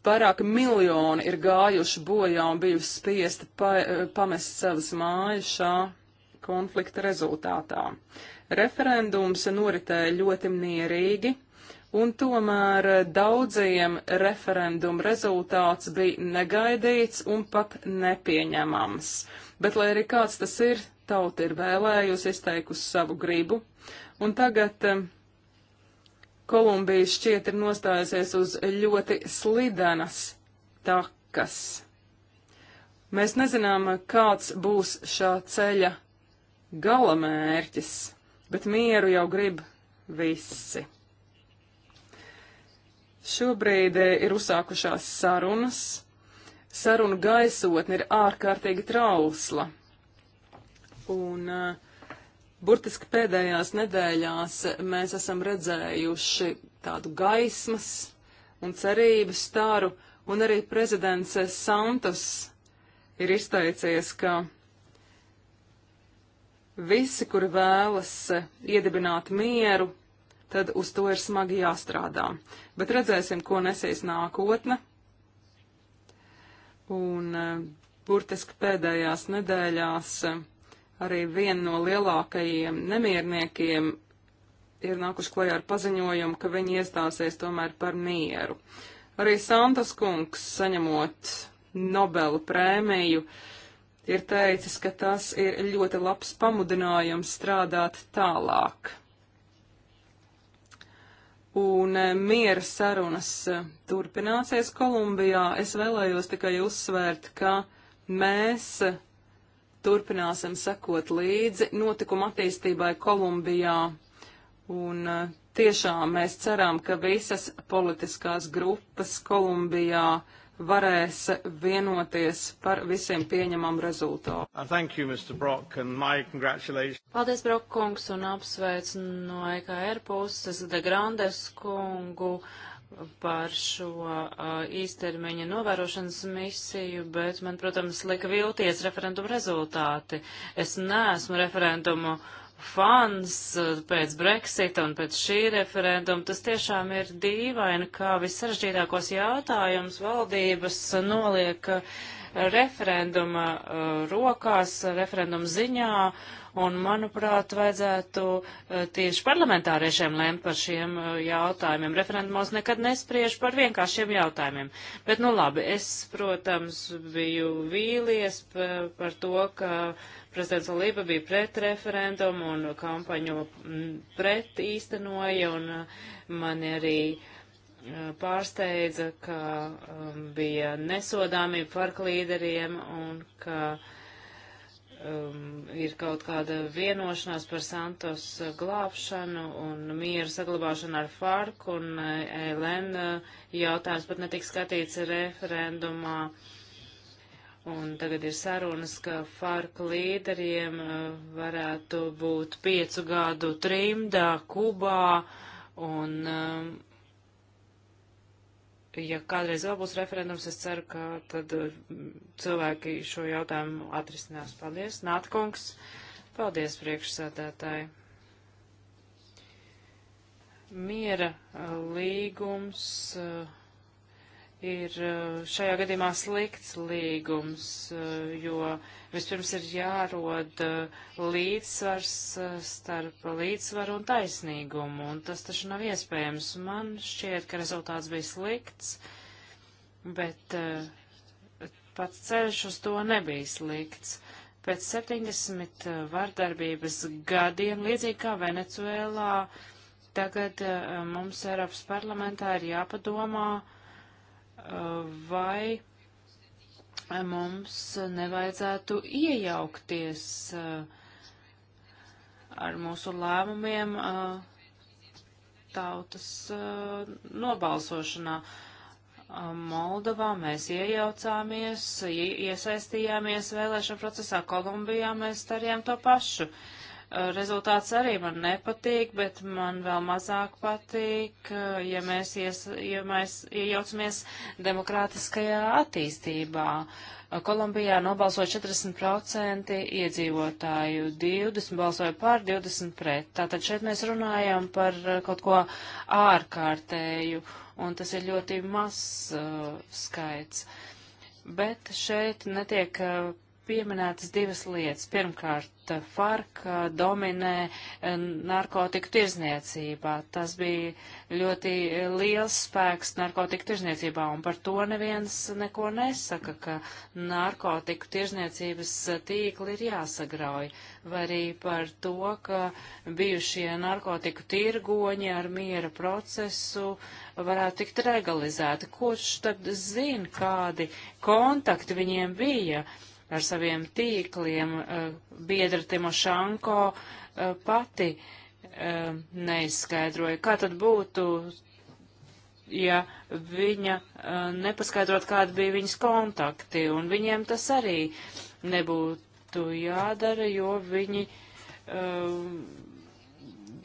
Vairāk miljoni ir gājuši bojā un bijusi spiesti pa, pamest savas mājas šā konflikta rezultātā. Referendums noritēja ļoti mierīgi, un tomēr daudziem referendumu rezultāts bija negaidīts un pat nepieņemams. Bet, lai arī kāds tas ir, tauta ir vēlējusi, izteikusi savu gribu, un tagad um, Kolumbija šķiet ir nostājusies uz ļoti slidenas takas. Mēs nezinām, kāds būs šā ceļa galamērķis, bet mieru jau grib visi. Šobrīd eh, ir uzsākušās sarunas. Sarunu gaisotne ir ārkārtīgi trausla. Un uh, burtiski pēdējās nedēļās mēs esam redzējuši tādu gaismas un cerības staru, un arī prezidents Santos ir izteicies, ka visi, kuri vēlas iedibināt mieru, tad uz to ir smagi jāstrādā. Bet redzēsim, ko nesīs nākotne. Un e, burtiski pēdējās nedēļās e, arī viena no lielākajiem nemierniekiem ir nākuši klajā ar paziņojumu, ka viņi iestāsies tomēr par mieru. Arī Santos kungs, saņemot Nobela prēmiju, ir teicis, ka tas ir ļoti labs pamudinājums strādāt tālāk un eh, miera sarunas eh, turpināsies Kolumbijā. Es vēlējos tikai uzsvērt, ka mēs eh, turpināsim sekot līdzi notikuma attīstībai Kolumbijā. Un tiešām mēs ceram, ka visas politiskās grupas Kolumbijā uh, varēs vienoties par visiem pieņemam rezultātu. Uh, Paldies, Brok kungs, un apsveicu no EKR puses De Grandes kungu par šo uh, īstermiņa novērošanas misiju, bet man, protams, lika vilties referendumu rezultāti. Es neesmu referendumu uh, fans eh, pēc Brexita un pēc šī referenduma, tas tiešām ir dīvaini, kā vissaržģītākos jautājumus valdības noliek eh, referenduma eh, rokās, referenduma ziņā, un, manuprāt, vajadzētu eh, tieši parlamentāriešiem lemt par šiem eh, jautājumiem. Referendumos nekad nespriež par vienkāršiem jautājumiem. Bet, nu labi, es, protams, biju vīlies par to, ka prezidents Lība bija pret referendumu un kampaņu mm, pret īstenoja, un eh, mani arī pārsteidza, ka bija nesodāmība par līderiem un ka uh, um, ir kaut kāda vienošanās par Santos glābšanu un mieru saglabāšanu ar FARC un eh, ELN eh, jautājums pat netika skatīts referendumā. Un tagad ir sarunas, ka FARC līderiem eh, varētu būt piecu gadu trimdā Kubā un um, ja kādreiz vēl būs referendums, es ceru, ka tad eh, cilvēki šo jautājumu atrisinās. Paldies, Nātkungs. Paldies, priekšsēdētāji. Miera eh, līgums. Uh, ir eh, šajā gadījumā slikts līgums, eh, jo vispirms ir jārod eh, līdzsvars starp līdzsvaru un taisnīgumu, un tas taču nav iespējams. Man šķiet, ka rezultāts bija slikts, bet pats ceļš uz to nebija slikts. Pēc 70 vardarbības gadiem, līdzīgi kā Venecuēlā, tagad mums Eiropas parlamentā ir jāpadomā, uh, vai mums nevajadzētu iejaukties eh, ar mūsu lēmumiem eh, tautas eh, nobalsošanā. Moldovā mēs iejaucāmies, iesaistījāmies vēlēšana procesā, Kolumbijā mēs darījām to pašu. Uh, Eh, rezultāts arī man nepatīk, bet man vēl mazāk patīk, eh, ja mēs, ies, ja mēs iejaucamies demokrātiskajā attīstībā. Eh, Kolumbijā nobalsoja 40% iedzīvotāju, 20 balsoja pār, 20 pret. Tātad šeit mēs runājam par kaut ko ārkārtēju, un tas ir ļoti mazs uh, skaits. Bet šeit netiek uh, pieminētas divas lietas. Pirmkārt, FARC dominē eh, narkotiku tirzniecībā. Tas bija ļoti liels spēks narkotiku tirzniecībā, un par to neviens neko nesaka, ka narkotiku tirzniecības tīkli ir jāsagrauj, vai arī par to, ka bijušie narkotiku tirgoņi ar miera procesu varētu tikt legalizēti. Kurš tad zina, kādi kontakti viņiem bija? ar saviem tīkliem. Eh, biedra Timošanko eh, pati eh, neizskaidroja, kā tad būtu, ja viņa nepaskaidrot, kādi bija viņas kontakti, un viņiem tas arī nebūtu jādara, jo viņi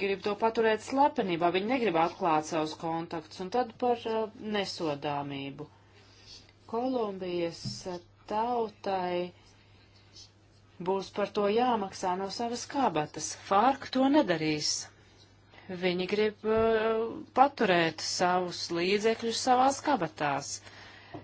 grib to paturēt slepenībā, viņi negrib atklāt savus kontaktus, un tad par uh, nesodāmību. Kolumbijas tautai būs par to jāmaksā no savas kabatas. Fārk to nedarīs. Viņi grib uh, paturēt savus līdzekļus savās kabatās.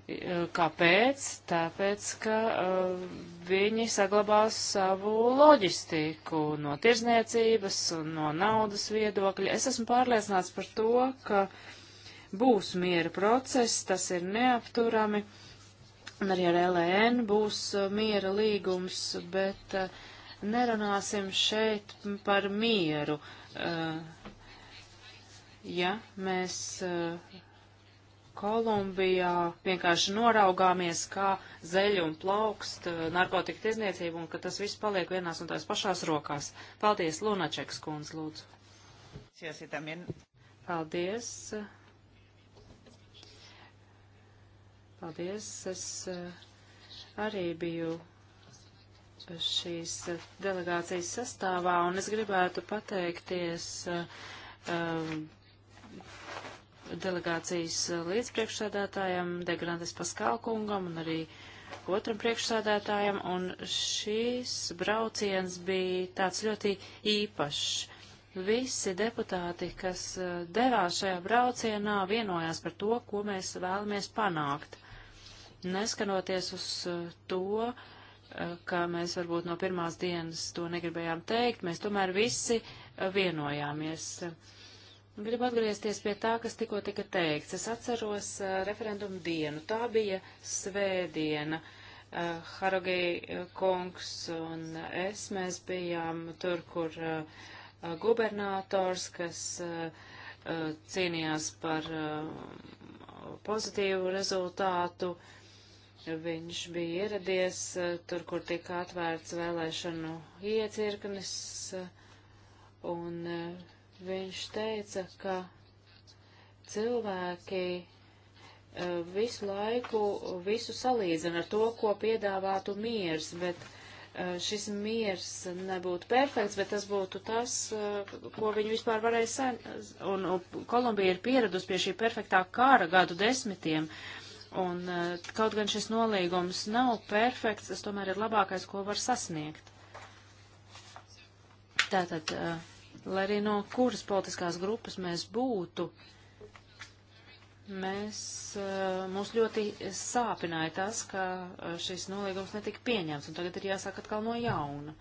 Eh, kāpēc? Tāpēc, ka uh, viņi saglabās savu loģistiku no tirzniecības un no naudas viedokļa. Es esmu pārliecināts par to, ka būs miera process, tas ir neapturami. Uh, un arī ar LN e būs uh, miera līgums, bet uh, nerunāsim šeit par mieru. Uh, ja mēs Kolumbijā vienkārši noraugāmies, kā zeļu un plaukst narkotika tirzniecību un ka tas viss paliek vienās un tās pašās rokās. Paldies, Lunačeks kundz, lūdzu. Paldies. Paldies. Es eh, arī biju šīs eh, delegācijas sastāvā, un es gribētu pateikties um, delegācijas līdzpriekšsēdētājam, Degrandes Paskalkungam un arī otram priekšsēdētājam, un šīs brauciens bija tāds ļoti īpašs. Visi deputāti, kas devās šajā braucienā, vienojās par to, ko mēs vēlamies panākt neskanoties uz eh, to, eh, ka mēs varbūt no pirmās dienas to negribējām teikt, mēs tomēr visi eh, vienojāmies. Gribu atgriezties pie tā, kas tikko tika teikts. Es atceros referendumu dienu. Tā bija svētdiena. Harogi kungs un es, mēs bijām tur, kur gubernators, kas cīnījās par pozitīvu rezultātu, uh, Viņš bija ieradies eh, tur, kur tika atvērts vēlēšanu iecirknis, eh, un eh, viņš teica, ka cilvēki visu laiku visu salīdzina ar to, ko piedāvātu miers, bet šis miers nebūtu perfekts, bet tas būtu tas, ko viņi vispār varēja sen. Un, un Kolumbija ir pieradusi pie šī perfektā kara gadu desmitiem. Uh, Un e, kaut gan šis nolīgums nav perfekts, tas tomēr ir labākais, ko var sasniegt. Tātad, e, lai arī no kuras politiskās grupas mēs būtu, mēs, e, mūs ļoti sāpināja tas, ka šis nolīgums netika pieņemts, un tagad ir jāsāk atkal no jauna.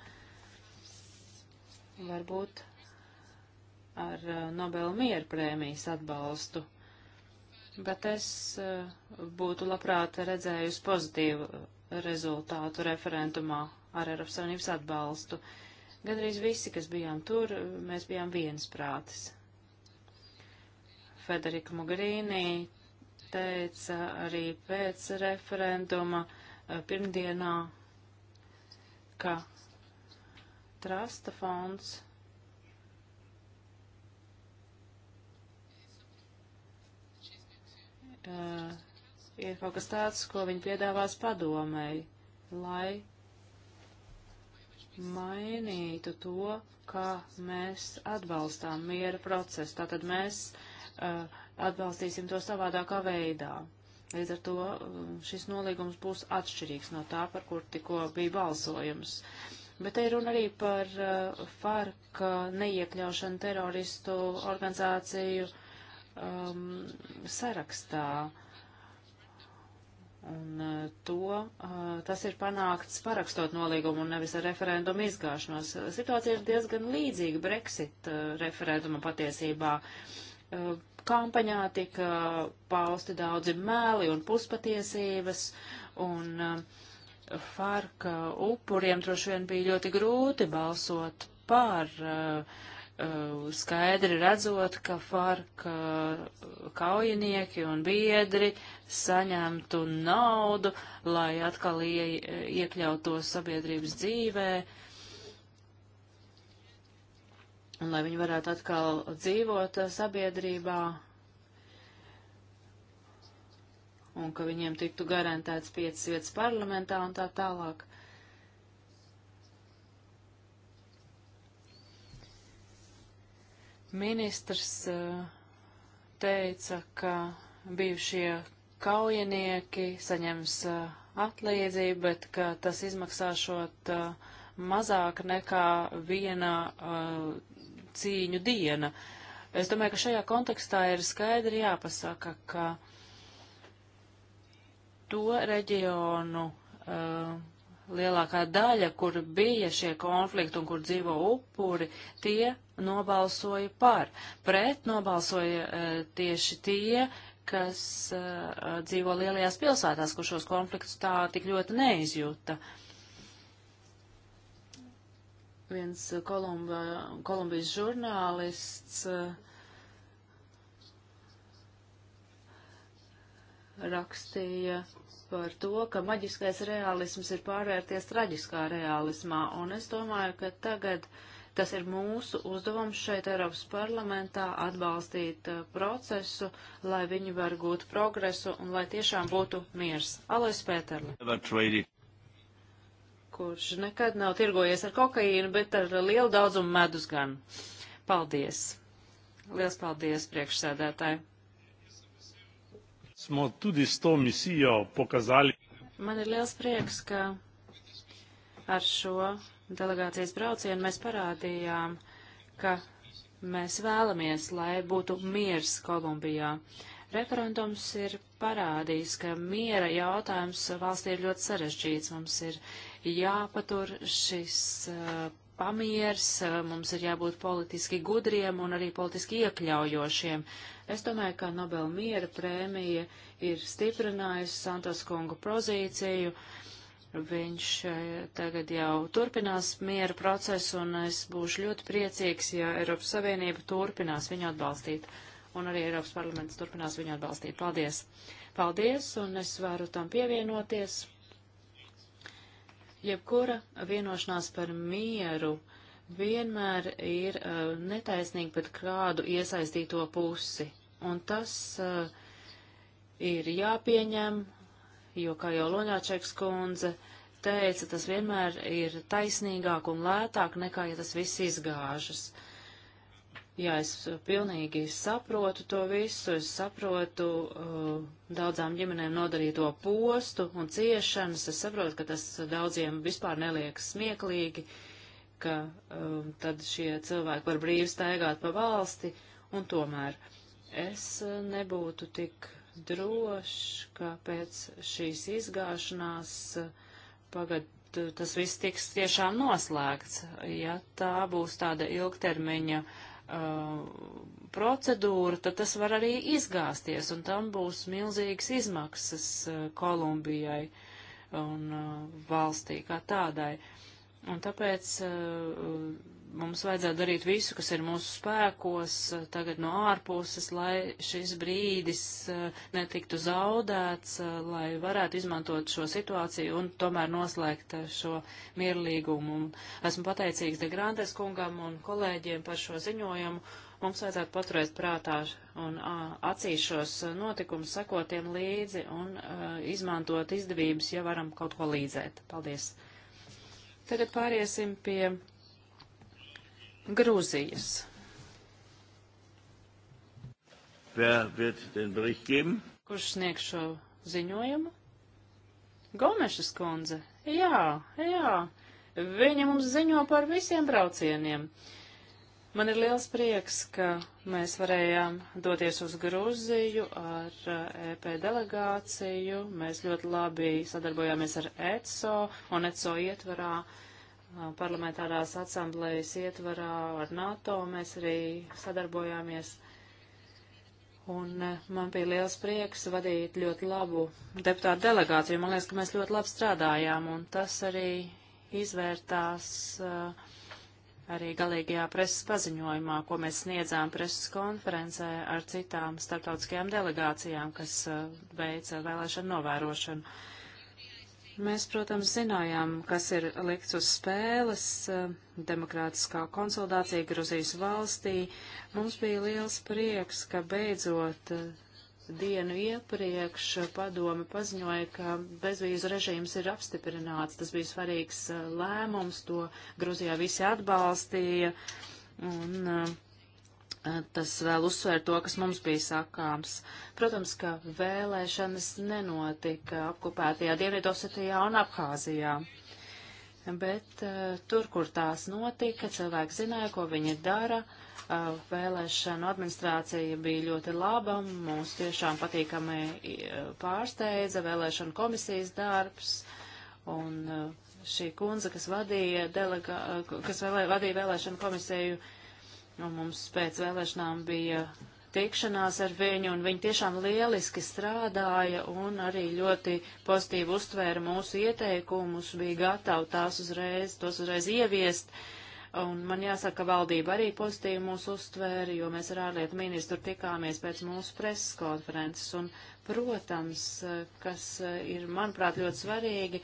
Varbūt ar Nobel mieru prēmijas atbalstu bet es eh, būtu labprāt redzējusi pozitīvu eh, rezultātu referentumā ar Eiropas Savienības atbalstu. Gadrīz visi, kas bijām tur, eh, mēs bijām viensprātis. Federika Mogherini teica arī pēc referenduma pirmdienā, ka Trasta fonds uh, ir kaut kas tāds, ko viņi piedāvās padomēji, lai mainītu to, kā mēs atbalstām miera procesu. Tātad mēs uh, atbalstīsim to savādākā veidā. Līdz ar to um, šis nolīgums būs atšķirīgs no tā, par kur tikko bija balsojums. Bet te ir runa arī par uh, FARC neiekļaušanu teroristu organizāciju uh, um, sarakstā. Un uh, to, uh, tas ir panākts parakstot nolīgumu un nevis ar referendumu izgāšanos. Situācija ir diezgan līdzīga Brexit uh, referenduma patiesībā. Uh, kampaņā tika pausti daudzi mēli un puspatiesības, un uh, Farka upuriem droši vien bija ļoti grūti balsot par uh, Uh, skaidri redzot, ka FARC uh, kaujinieki un biedri saņemtu naudu, lai atkal ie, iekļautos sabiedrības dzīvē, un lai viņi varētu atkal dzīvot uh, sabiedrībā, un ka viņiem tiktu garantēts piecas vietas parlamentā un tā tālāk. Ministrs eh, teica, ka bijušie kaujinieki saņems eh, atliedzību, bet ka tas izmaksāšot eh, mazāk nekā viena cīņu diena. Es domāju, ka šajā kontekstā ir skaidri jāpasaka, ka to reģionu uh, lielākā daļa, kur bija šie konflikti un kur dzīvo upuri, tie nobalsoja par. Pret nobalsoja uh, tieši tie, kas uh, dzīvo lielajās pilsētās, kur šos konfliktus tā tik ļoti neizjūta. Viens Kolumba, Kolumbijas žurnālists uh, rakstīja par to, ka maģiskais realisms ir pārvērties traģiskā realismā, un es domāju, ka tagad tas ir mūsu uzdevums šeit Eiropas parlamentā atbalstīt uh, procesu, lai viņi var gūt progresu un lai tiešām būtu miers. Alois Pēterle, kurš nekad nav tirgojies ar kokaīnu, bet ar lielu daudzumu medus gan. Paldies! Liels paldies, priekšsēdētāji! Smo tudi s to misijo pokazali. Man ir liels prieks, ka ar šo delegācijas braucienu mēs parādījām, ka mēs vēlamies, lai būtu miers Kolumbijā. Referendums ir parādījis, ka miera jautājums valstī ir ļoti sarežģīts. Mums ir jāpatur šis uh, pamiers, uh, mums ir jābūt politiski gudriem un arī politiski iekļaujošiem. Uh, Es domāju, ka Nobel miera prēmija ir stiprinājusi Santos kungu pozīciju. Viņš eh, tagad jau turpinās miera procesu, un es būšu ļoti priecīgs, ja Eiropas Savienība turpinās viņu atbalstīt, un arī Eiropas parlaments turpinās viņu atbalstīt. Paldies! Paldies, un es varu tam pievienoties. Jebkura vienošanās par mieru vienmēr ir uh, eh, netaisnīgi pret kādu iesaistīto pusi un tas uh, ir jāpieņem, jo, kā jau Loņāčeks kundze teica, tas vienmēr ir taisnīgāk un lētāk nekā, ja tas viss izgāžas. Jā, es pilnīgi saprotu to visu, es saprotu uh, daudzām ģimenēm nodarīto postu un ciešanas, es saprotu, ka tas daudziem vispār neliekas smieklīgi, ka um, uh, tad šie cilvēki var brīvi staigāt pa valsti, un tomēr uh, es eh, nebūtu tik drošs, ka pēc šīs izgāšanās eh, pagad eh, tas viss tiks tiešām noslēgts. Ja tā būs tāda ilgtermiņa uh, procedūra, tad tas var arī izgāsties, un tam būs milzīgas izmaksas uh, Kolumbijai un uh, valstī kā tādai. Un tāpēc uh, mums vajadzētu darīt visu, kas ir mūsu spēkos eh, tagad no ārpuses, lai šis brīdis eh, netiktu zaudēts, eh, lai varētu izmantot šo situāciju un tomēr noslēgt šo mierlīgumu. Esmu pateicīgs Degrandes kungam un kolēģiem par šo ziņojumu. Mums vajadzētu paturēt prātā un acīs šos notikumus, sekotiem līdzi un a, izmantot izdevības, ja varam kaut ko līdzēt. Paldies! Tagad pāriesim pie Grūzijas. Kurš sniegs šo ziņojumu? Gomešas kundze. Jā, jā. Viņa mums ziņo par visiem braucieniem. Man ir liels prieks, ka mēs varējām doties uz Gruziju ar EP eh, e delegāciju. Mēs ļoti labi sadarbojāmies ar ECO un ECO ietvarā. Uh, parlamentārās asamblējas ietvarā ar NATO mēs arī sadarbojāmies. Un man bija liels prieks vadīt ļoti labu deputātu delegāciju. Man liekas, ka mēs ļoti labi strādājām, un tas arī izvērtās arī galīgajā preses paziņojumā, ko mēs sniedzām preses konferencē ar citām starptautiskajām delegācijām, kas veica vēlēšanu novērošanu. Mēs, protams, zinājām, kas ir likts uz spēles eh, - demokrātiskā konsolidācija Gruzijas valstī. Mums bija liels prieks, ka beidzot eh, dienu iepriekš padome paziņoja, ka bezvīzu režīms ir apstiprināts. Tas bija svarīgs eh, lēmums, to Gruzijā visi atbalstīja. Un, uh, Eh, tas vēl uzsver to, kas mums bija sakāms. Protams, ka vēlēšanas nenotika apkopētajā Dienvidosetijā un Abhāzijā. Bet uh, tur, kur tās notika, cilvēki zināja, ko viņi dara. Uh, eh, vēlēšanu administrācija bija ļoti laba, mūs tiešām patīkami pārsteidza vēlēšanu komisijas darbs. Un uh, šī kundze, kas vadīja, delega, kas vēlē, vadīja vēlēšanu komisiju, uh, Un nu, mums pēc vēlēšanām bija tikšanās ar viņu, un viņi tiešām lieliski strādāja un arī ļoti pozitīvi uztvēra mūsu ieteikumus, bija gatavi tās uzreiz, tos uzreiz ieviest. Un man jāsaka, ka valdība arī pozitīvi mūs uztvēra, jo mēs ar ārlietu ministru tikāmies pēc mūsu preses konferences. Un, protams, kas ir, manuprāt, ļoti svarīgi,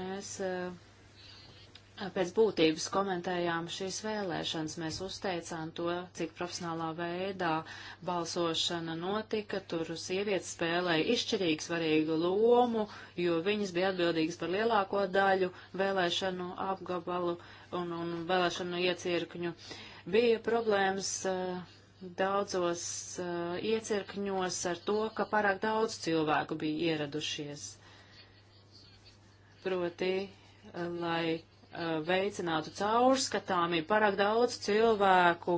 mēs eh, pēc būtības komentējām šīs vēlēšanas. Mēs uzteicām to, cik profesionālā veidā balsošana notika. Tur sievietes spēlēja izšķirīgu svarīgu lomu, jo viņas bija atbildīgas par lielāko daļu vēlēšanu apgabalu un, un vēlēšanu iecirkņu. Bija problēmas. Uh, daudzos uh, iecirkņos ar to, ka pārāk daudz cilvēku bija ieradušies. Proti, eh, lai Uh, veicinātu caurskatāmību. Parāk daudz cilvēku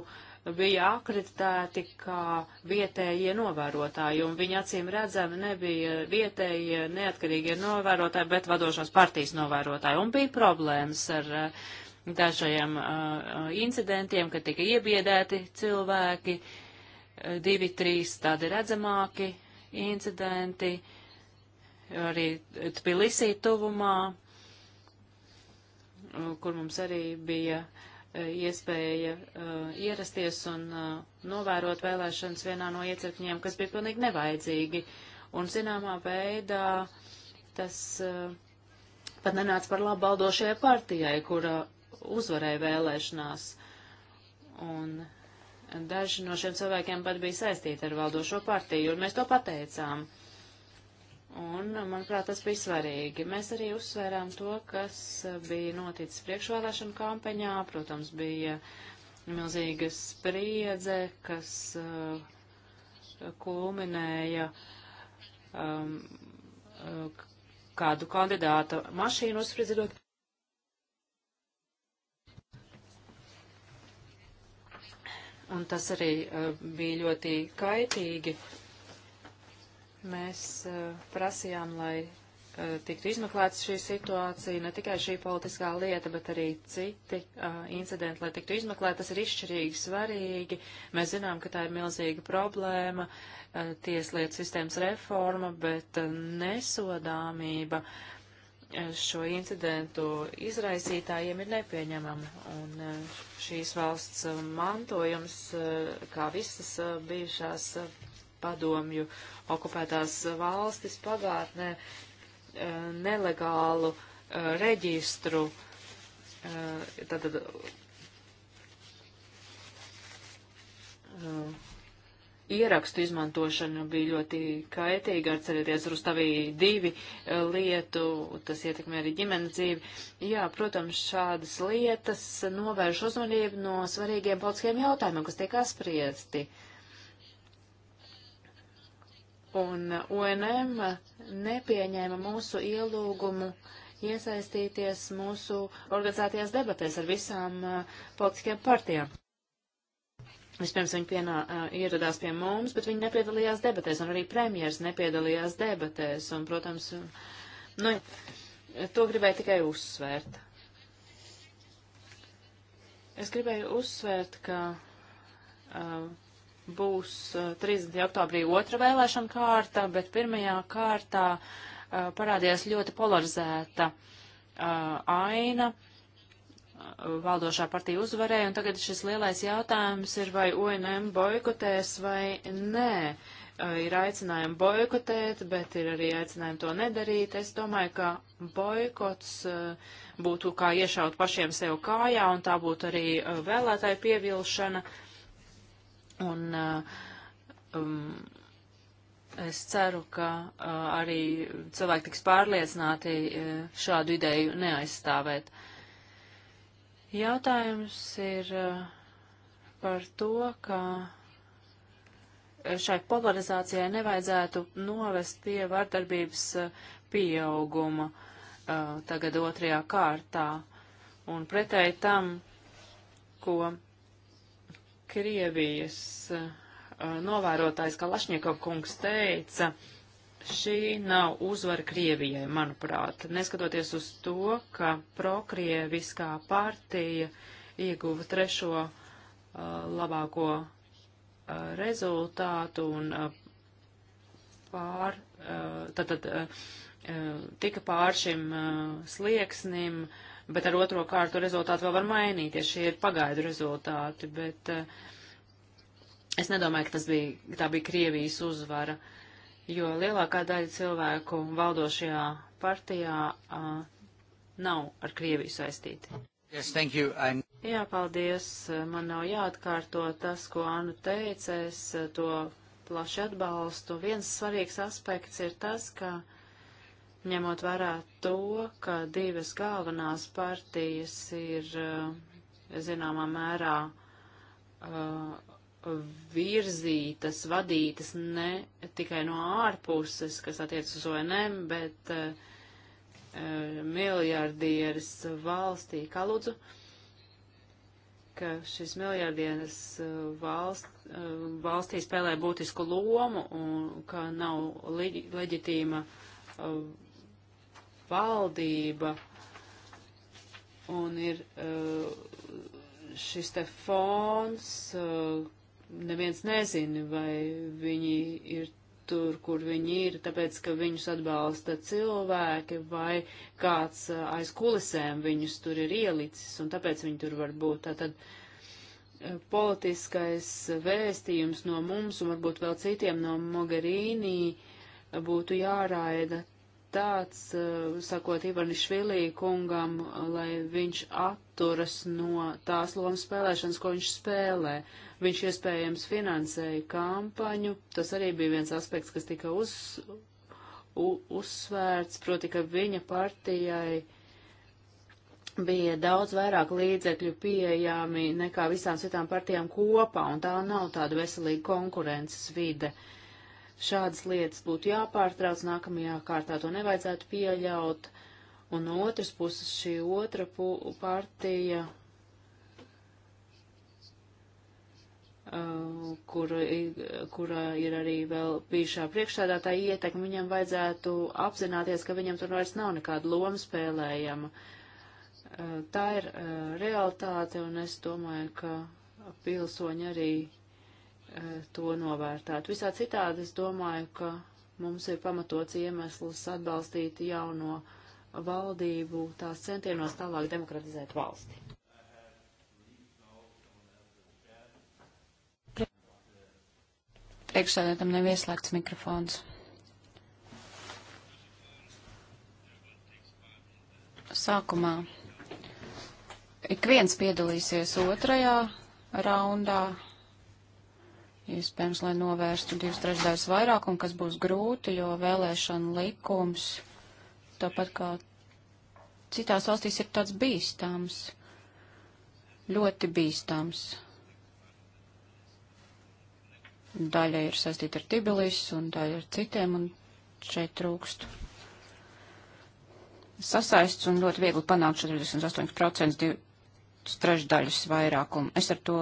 bija akreditēti kā vietējie novērotāji, un viņi acīm redzami nebija vietējie neatkarīgie novērotāji, bet vadošās partijas novērotāji. Un bija problēmas ar uh, dažajiem uh, uh, incidentiem, kad tika iebiedēti cilvēki, divi, trīs tādi redzamāki incidenti, arī Tbilisī tuvumā kur mums arī bija e, iespēja e, ierasties un e, novērot vēlēšanas vienā no iecirkņiem, kas bija pilnīgi nevajadzīgi. Un zināmā veidā tas pat nenāca par labu baldošajai partijai, kura uzvarēja vēlēšanās. Un daži no šiem cilvēkiem pat bija saistīti ar valdošo partiju, un mēs to pateicām. Uh, Un, manuprāt, tas bija svarīgi. Mēs arī uzsvērām to, kas bija noticis priekšvēlēšanu kampaņā. Protams, bija milzīga spriedze, kas uh, kulminēja um, uh, kādu kandidātu mašīnu uzspridzidot. Un tas arī uh, bija ļoti kaitīgi Mēs eh, prasījām, lai eh, tiktu izmeklēts šī situācija, ne tikai šī politiskā lieta, bet arī citi uh, incidenti, lai tiktu izmeklēt, tas ir izšķirīgi svarīgi. Mēs zinām, ka tā ir milzīga problēma, uh, tieslietu sistēmas reforma, bet uh, nesodāmība uh, šo incidentu izraisītājiem ir nepieņemama. Un uh, šīs valsts mantojums, uh, kā visas uh, bijušās uh, padomju okupētās valstis pagātnē eh, nelegālu eh, reģistru, eh, tad ierakstu izmantošana bija ļoti kaitīga, atcerieties Rustavī divi lietu, tas ietekmē arī ģimenes dzīvi. Jā, protams, šādas lietas novērš uzmanību no svarīgiem politiskiem jautājumiem, kas tiek aspriesti. Uh, un UNM nepieņēma mūsu ielūgumu iesaistīties mūsu organizētajās debatēs ar visām uh, politiskajām partijām. Vispirms viņi pienā, uh, ieradās pie mums, bet viņi nepiedalījās debatēs, un arī premjers nepiedalījās debatēs, un, protams, nu, to gribēju tikai uzsvērt. Es gribēju uzsvērt, ka uh, būs 30. Eh, oktobrī otra vēlēšana kārta, bet pirmajā kārtā eh, parādījās ļoti polarizēta eh, aina. Valdošā partija uzvarēja, un tagad šis lielais jautājums ir, vai UNM boikotēs vai nē. Ir aicinājumi boikotēt, bet ir arī aicinājumi to nedarīt. Es domāju, ka boikots būtu kā iešaut pašiem sev kājā, un tā būtu arī vēlētāju pievilšana. Uh, Un uh, um, es ceru, ka uh, arī cilvēki tiks pārliecināti uh, šādu ideju neaizstāvēt. Jautājums ir uh, par to, ka šai polarizācijai nevajadzētu novest pie vardarbības uh, pieauguma uh, tagad otrajā kārtā. Un pretēji tam, ko Krievijas novērotājs Kalašņiekov kungs teica, šī nav uzvara Krievijai, manuprāt, neskatoties uz to, ka prokrieviskā partija ieguva trešo uh, labāko uh, rezultātu un uh, pār, tātad tika pār šim slieksnim, uh, bet ar otro kārtu rezultāti vēl var mainīties. Šie ir pagaidu rezultāti, bet eh, es nedomāju, ka tas bija, ka tā bija Krievijas uzvara, jo lielākā daļa cilvēku valdošajā partijā a, nav ar Krieviju saistīti. Yes, thank you. I'm... Jā, paldies. Man nav jāatkārto tas, ko Anu teica. Es to plaši atbalstu. Viens svarīgs aspekts ir tas, ka ņemot vērā to, ka divas galvenās partijas ir eh, zināmā mērā eh, virzītas, vadītas ne tikai no ārpuses, kas attiec uz ONM, bet eh, miljardieris valstī kaludzu, ka šis miljardieris valst, valstī spēlē būtisku lomu un ka nav leģitīma uh, valdība un ir eh, šis te fons, eh, neviens nezina, vai viņi ir tur, kur viņi ir, tāpēc, ka viņus atbalsta cilvēki vai kāds eh, aiz kulisēm viņus tur ir ielicis un tāpēc viņi tur var būt. Tātad politiskais vēstījums no mums un varbūt vēl citiem no Mogherīnī būtu jāraida tāds, eh, sakot Ivanišvilī kungam, lai viņš atturas no tās lomas spēlēšanas, ko viņš spēlē. Viņš iespējams finansēja kampaņu, tas arī bija viens aspekts, kas tika uz, u, uzsvērts, proti, ka viņa partijai bija daudz vairāk līdzekļu pieejami nekā visām citām partijām kopā, un tā nav tāda veselīga konkurences vide. Uh, Šādas lietas būtu jāpārtrauc, nākamajā kārtā to nevajadzētu pieļaut. Un no otras puses šī otra pu partija, uh, kura, kura ir arī vēl bijušā priekšstādātāja ietekme, viņam vajadzētu apzināties, ka viņam tur vairs nav nekāda loma spēlējama. Uh, tā ir uh, realitāte, un es domāju, ka pilsoņi arī to novērtētu. Visā citādi es domāju, ka mums ir pamatots iemesls atbalstīt jauno valdību tās centienos tālāk demokratizēt valsti. Priekšsēdētam nav ieslēgts mikrofons. Sākumā ik viens piedalīsies otrajā raundā, iespējams, lai novērstu divas trešdaļas vairākumu, kas būs grūti, jo vēlēšana likums, tāpat kā citās valstīs, ir tāds bīstams, ļoti bīstams. Daļa ir saistīta ar Tibilis un daļa ar citiem, un šeit trūkst sasaists un ļoti viegli panākt 48% trešdaļus vairākumu. Es ar, to,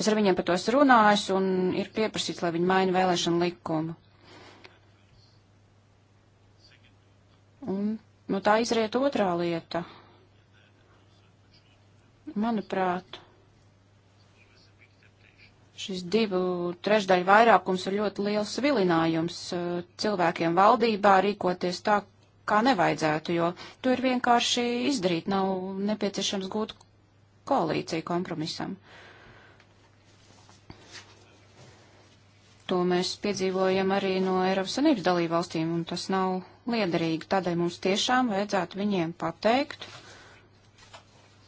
es ar viņiem par to esmu runājis un ir pieprasīts, lai viņi maina vēlēšanu likumu. Un no nu, tā izriet otrā lieta. Manuprāt, šis divu trešdaļu vairākums ir ļoti liels vilinājums eh, cilvēkiem valdībā rīkoties tā, kā nevajadzētu, jo to ir vienkārši izdarīt, nav nepieciešams gūt koalīcija kompromisam. To mēs piedzīvojam arī no Eiropas Sanības dalību valstīm, un tas nav liederīgi. Tādēļ mums tiešām vajadzētu viņiem pateikt,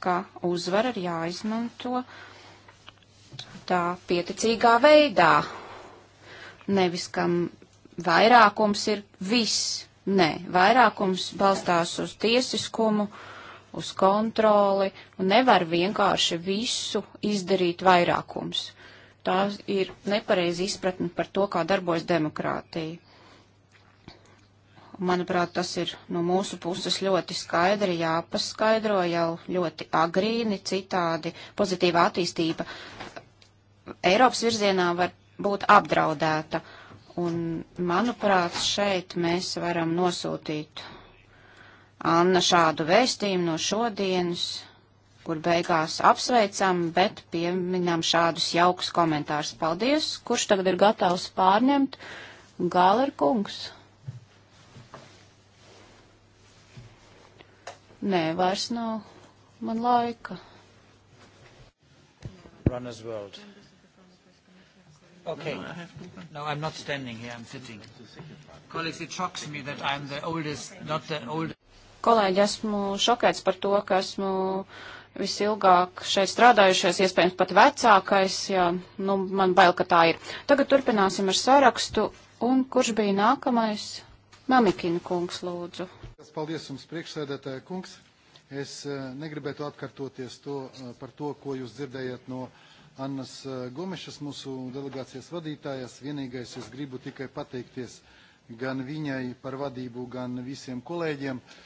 ka uzvara ir jāizmanto tā pieticīgā veidā. Nevis, kam vairākums ir viss. Nē, vairākums balstās uz tiesiskumu. Uh, uz kontroli un nevar vienkārši visu izdarīt vairākums. Tā ir nepareizi izpratne par to, kā darbojas demokrātija. Manuprāt, tas ir no mūsu puses ļoti skaidri jāpaskaidro jau ļoti agrīni, citādi pozitīva attīstība Eiropas virzienā var būt apdraudēta. Un, manuprāt, šeit mēs varam nosūtīt Anna šādu vēstījumu no šodienas, kur beigās apsveicam, bet pieminam šādus jaukus komentārus. Paldies! Kurš tagad ir gatavs pārņemt? Gāler kungs. Nē, vairs nav man laika. Runner's World. Okay. No, I have to no, I'm not standing here. I'm sitting. Colleagues, it shocks me that I'm the oldest, not the oldest. Kolēģi, esmu šokēts par to, ka esmu visilgāk šeit strādājušais, iespējams pat vecākais, jā, nu, man bail, ka tā ir. Tagad turpināsim ar sarakstu, un kurš bija nākamais? Mamikina kungs, lūdzu. Paldies jums, priekšsēdētāja kungs. Es eh, negribētu atkārtoties to, eh, par to, ko jūs dzirdējat no Annas eh, Gomešas, mūsu delegācijas vadītājas. Vienīgais es gribu tikai pateikties gan viņai par vadību, gan visiem kolēģiem. Uh,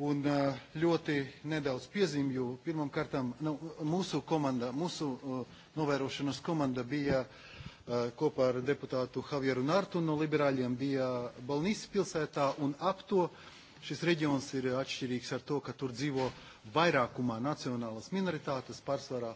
Un uh, ļoti nedaudz piezīmju. Pirmam kārtām nu, mūsu komanda, mūsu uh, novērošanas komanda bija uh, kopā ar deputātu Javieru Nartu no liberāļiem bija Balnīs pilsētā un ap to. Šis reģions ir atšķirīgs ar to, ka tur dzīvo vairākumā nacionālas minoritātes, pārsvarā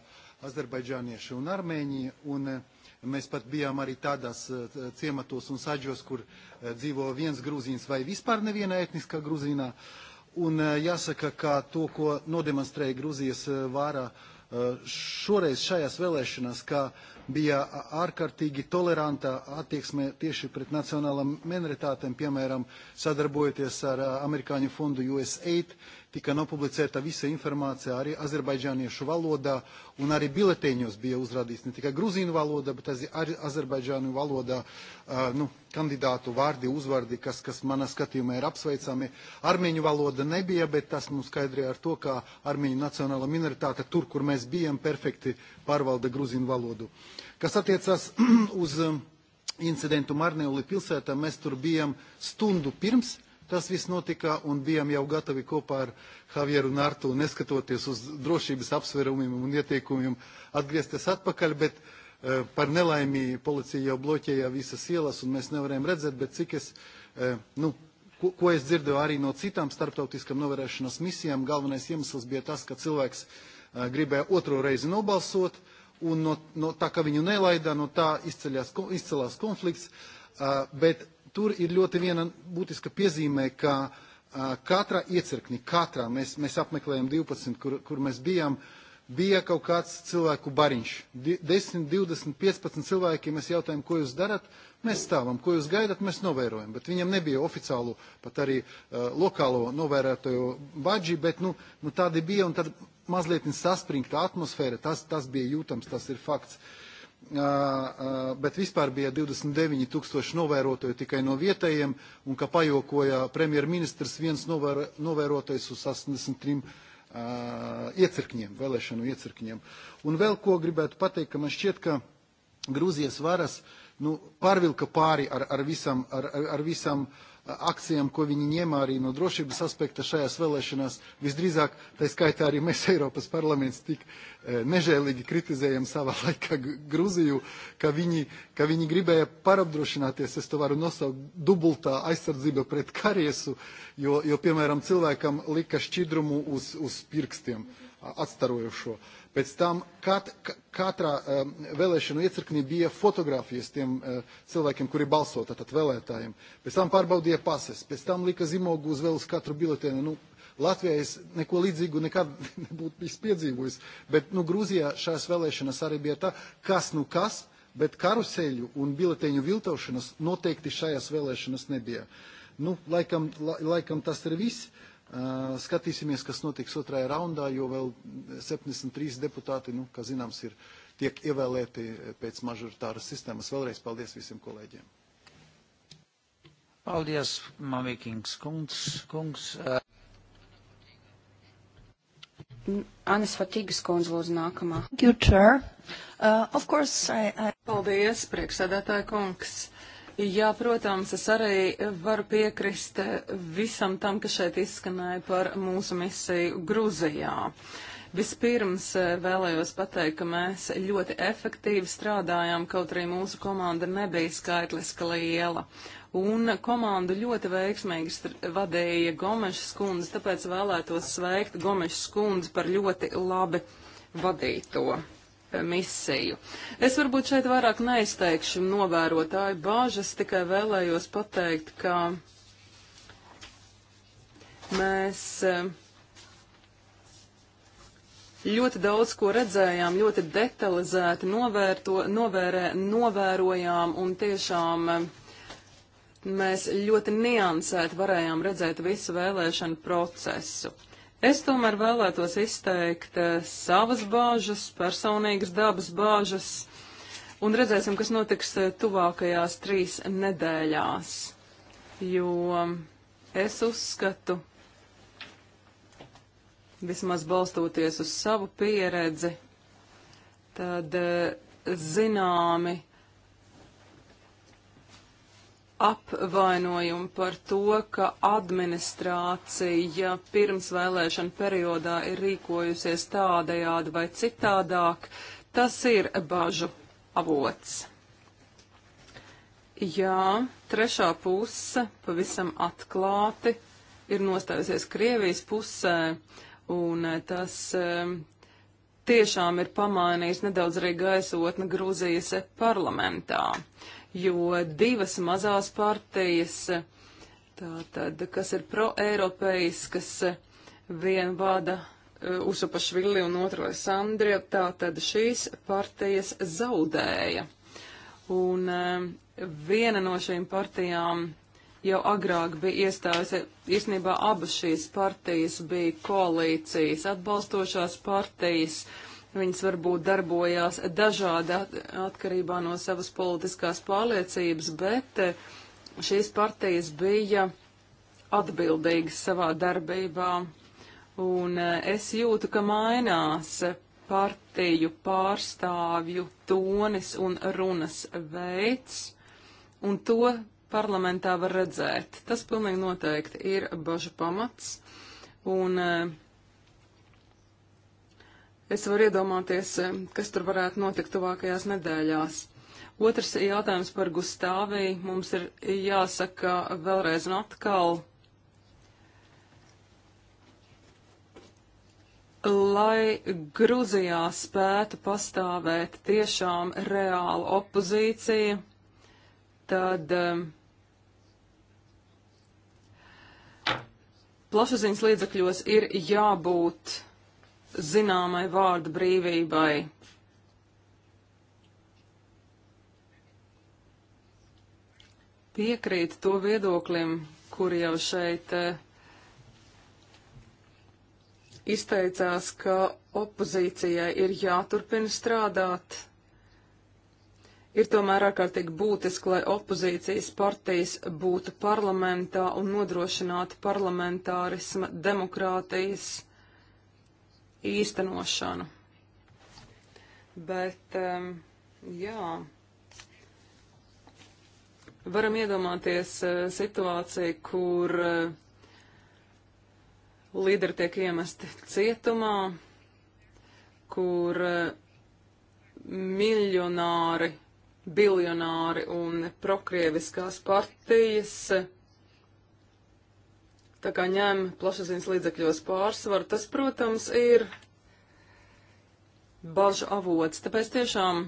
azerbaidžānieši un armēņi. Un, uh, Mēs pat bijām arī tādās uh, ciematos un saģos, kur uh, dzīvo viens grūzīns vai vispār neviena etniskā grūzīnā. Uh, Un eh, jāsaka, ka to, ko nodemonstrēja Gruzijas eh, vārā eh, šoreiz šajās vēlēšanās, ka uh, bija ārkārtīgi tolerantā attieksme tieši pret nacionālām minoritātēm, piemēram, sadarbojoties ar amerikāņu fondu USAID, tika nopublicēta visa informācija arī azerbaidžāniešu valodā, un arī bileteņos bija uzrādīts ne tikai gruzīnu valoda, bet arī azerbaidžānu valodā uh, nu, kandidātu vārdi, uzvārdi, kas, kas manā skatījumā ir apsveicami. Armēņu valoda nebija, bet tas mums skaidrīja ar to, ka armēņu nacionāla minoritāte tur, kur mēs bijām, perfekti pārvalda gruzīnu valodu. Uh, Kas attiecas uz um, incidentu Marneuli pilsētā, mēs tur bijām stundu pirms tas viss notika un bijām jau gatavi kopā ar Javieru Nārtu, neskatoties uz drošības apsvērumiem un ieteikumiem, atgriezties atpakaļ, bet uh, par nelaimī policija jau bloķēja visas ielas un mēs nevarējām redzēt, bet cik es, uh, nu, ko, ko es dzirdēju arī no citām starptautiskam novērēšanas misijām, galvenais iemesls bija tas, ka cilvēks uh, gribēja otro reizi nobalsot, un no, no tā, ka viņu nelaidā, no tā izceļās, izcelās konflikts, uh, bet tur ir ļoti viena būtiska piezīmē, ka uh, katrā iecirknī, katrā, mēs, mēs apmeklējam 12, kur, kur mēs bijām, uh, bija kaut kāds cilvēku bariņš. 10, 20, 15 cilvēki, mēs jautājam, ko jūs darat, mēs stāvam, ko jūs gaidat, mēs novērojam. Bet viņam nebija oficiālu, pat arī uh, lokālo novērotāju badži, bet nu, nu tādi bija un tad mazliet saspringta atmosfēra, tas, tas bija jūtams, tas ir fakts. Uh, uh, bet vispār bija 29 tūkstoši novērotoju tikai no vietējiem, un kā pajokoja premjerministrs, viens novēr, novērotājs uz 83 iecirkņiem, vēlēšanu iecirkņiem. Un vēl ko gribētu pateikt, ka man šķiet, ka Grūzijas varas nu, pārvilka pāri ar, ar visam, ar, ar visam uh, akcijām, ko viņi ņēmā arī no drošības aspekta šajās vēlēšanās. Visdrīzāk, tā skaitā arī mēs Eiropas parlaments tik e, nežēlīgi kritizējam savā laikā Gruziju, ka viņi, ka viņi gribēja parapdrošināties, es to varu nosaukt, dubultā aizsardzība pret kariesu, jo, jo piemēram, cilvēkam lika šķidrumu uz, uz pirkstiem atstarojošo. Uh, Pēc tam kat, katrā um, vēlēšanu iecirknī bija fotografijas tiem uh, cilvēkiem, kuri balso, tātad vēlētājiem. Pēc tam pārbaudīja pases, pēc tam lika zīmogu uz vēl uz katru biletēnu. Nu, Latvijā es neko līdzīgu nekad nebūtu bijis piedzīvojis, bet nu, Grūzijā šās vēlēšanas arī bija tā, kas nu kas, bet karuseļu un bileteņu viltošanas noteikti šajās vēlēšanas nebija. Nu, laikam, la, laikam tas ir viss. Uh, Skatīsimies, kas notiks otrajā raundā, jo vēl 73 deputāti, nu, kā zināms, ir, tiek ievēlēti pēc mažoritāras sistēmas. Vēlreiz paldies visiem kolēģiem. Paldies, Mamikings kungs. kungs. Anis Fatīgas kundze lūdzu nākamā. Thank you, Chair. Uh, of course, I, I... Paldies, priekšsēdētāja kungs. Jā, protams, es arī varu piekrist visam tam, kas šeit izskanēja par mūsu misiju Gruzijā. Vispirms eh, vēlējos pateikt, ka mēs ļoti efektīvi strādājām, kaut arī mūsu komanda nebija skaitliska liela. Un komandu ļoti veiksmīgi vadīja Gomeša skundze, tāpēc vēlētos sveikt Gomeša skundzi par ļoti labi vadīto misiju. Es varbūt šeit vairāk neizteikšu novērotāju bāžas, tikai vēlējos pateikt, ka mēs eh, ļoti daudz ko redzējām, ļoti detalizēti novērto, novērē, novērojām un tiešām eh, mēs ļoti niansēti varējām redzēt visu vēlēšanu procesu. Es tomēr vēlētos izteikt eh, savas bāžas, personīgas dabas bāžas, un redzēsim, kas notiks eh, tuvākajās trīs nedēļās. Jo es uzskatu, vismaz balstoties uz savu pieredzi, tad eh, zināmi apvainojumu par to, ka administrācija pirms vēlēšana periodā ir rīkojusies tādējādi vai citādāk, tas ir bažu avots. Jā, trešā puse pavisam atklāti ir nostājusies Krievijas pusē, un tas tiešām ir pamainījis nedaudz arī gaisotni Grūzijas parlamentā. Uh, jo divas mazās partijas, tātad, kas ir proeiropeiskas, viena vada e, Usupašvili un otra Sandrija, tātad šīs partijas zaudēja. Un e, viena no šīm partijām jau agrāk bija iestājusi, īstenībā abas šīs partijas bija koalīcijas, atbalstošās partijas, uh, Viņas varbūt darbojās dažādi atkarībā no savas politiskās pārliecības, bet eh, šīs partijas bija atbildīgas savā darbībā. Un eh, es jūtu, ka mainās partiju pārstāvju tonis un runas veids, un to parlamentā var redzēt. Tas pilnīgi noteikti ir bažu pamats. Un uh, Es varu iedomāties, eh, kas tur varētu notikt tuvākajās nedēļās. Otrs jautājums par Gustāvī. Mums ir jāsaka vēlreiz un atkal, lai Gruzijā spētu pastāvēt tiešām reāla opozīcija, tad um, plašsaziņas līdzakļos ir jābūt zināmai vārda brīvībai. Piekrīt to viedoklim, kur jau šeit eh, izteicās, ka opozīcijai ir jāturpina strādāt. Ir tomēr ārkārtīgi būtiski, lai opozīcijas partijas būtu parlamentā un nodrošinātu parlamentārisma demokrātijas uh, īstenošanu. Bet, um, jā, varam iedomāties uh, situāciju, kur uh, līderi tiek iemesti cietumā, kur uh, miljonāri, biljonāri un prokrieviskās partijas uh, tā kā ņem plašsaziņas līdzekļos pārsvaru, tas, protams, ir bažu avots. Tāpēc tiešām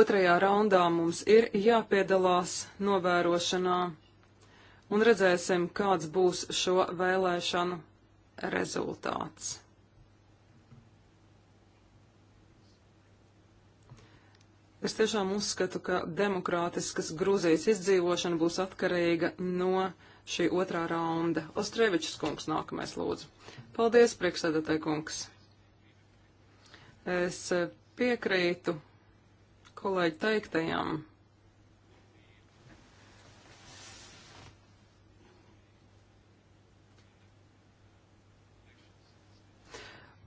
otrajā raundā mums ir jāpiedalās novērošanā un redzēsim, kāds būs šo vēlēšanu rezultāts. Es tiešām uzskatu, ka demokrātiskas Grūzijas izdzīvošana būs atkarīga no šī otrā raunda. Ostrēvičs kungs nākamais lūdzu. Paldies, priekšsēdētāji kungs. Es eh, piekrītu kolēģi teiktajam.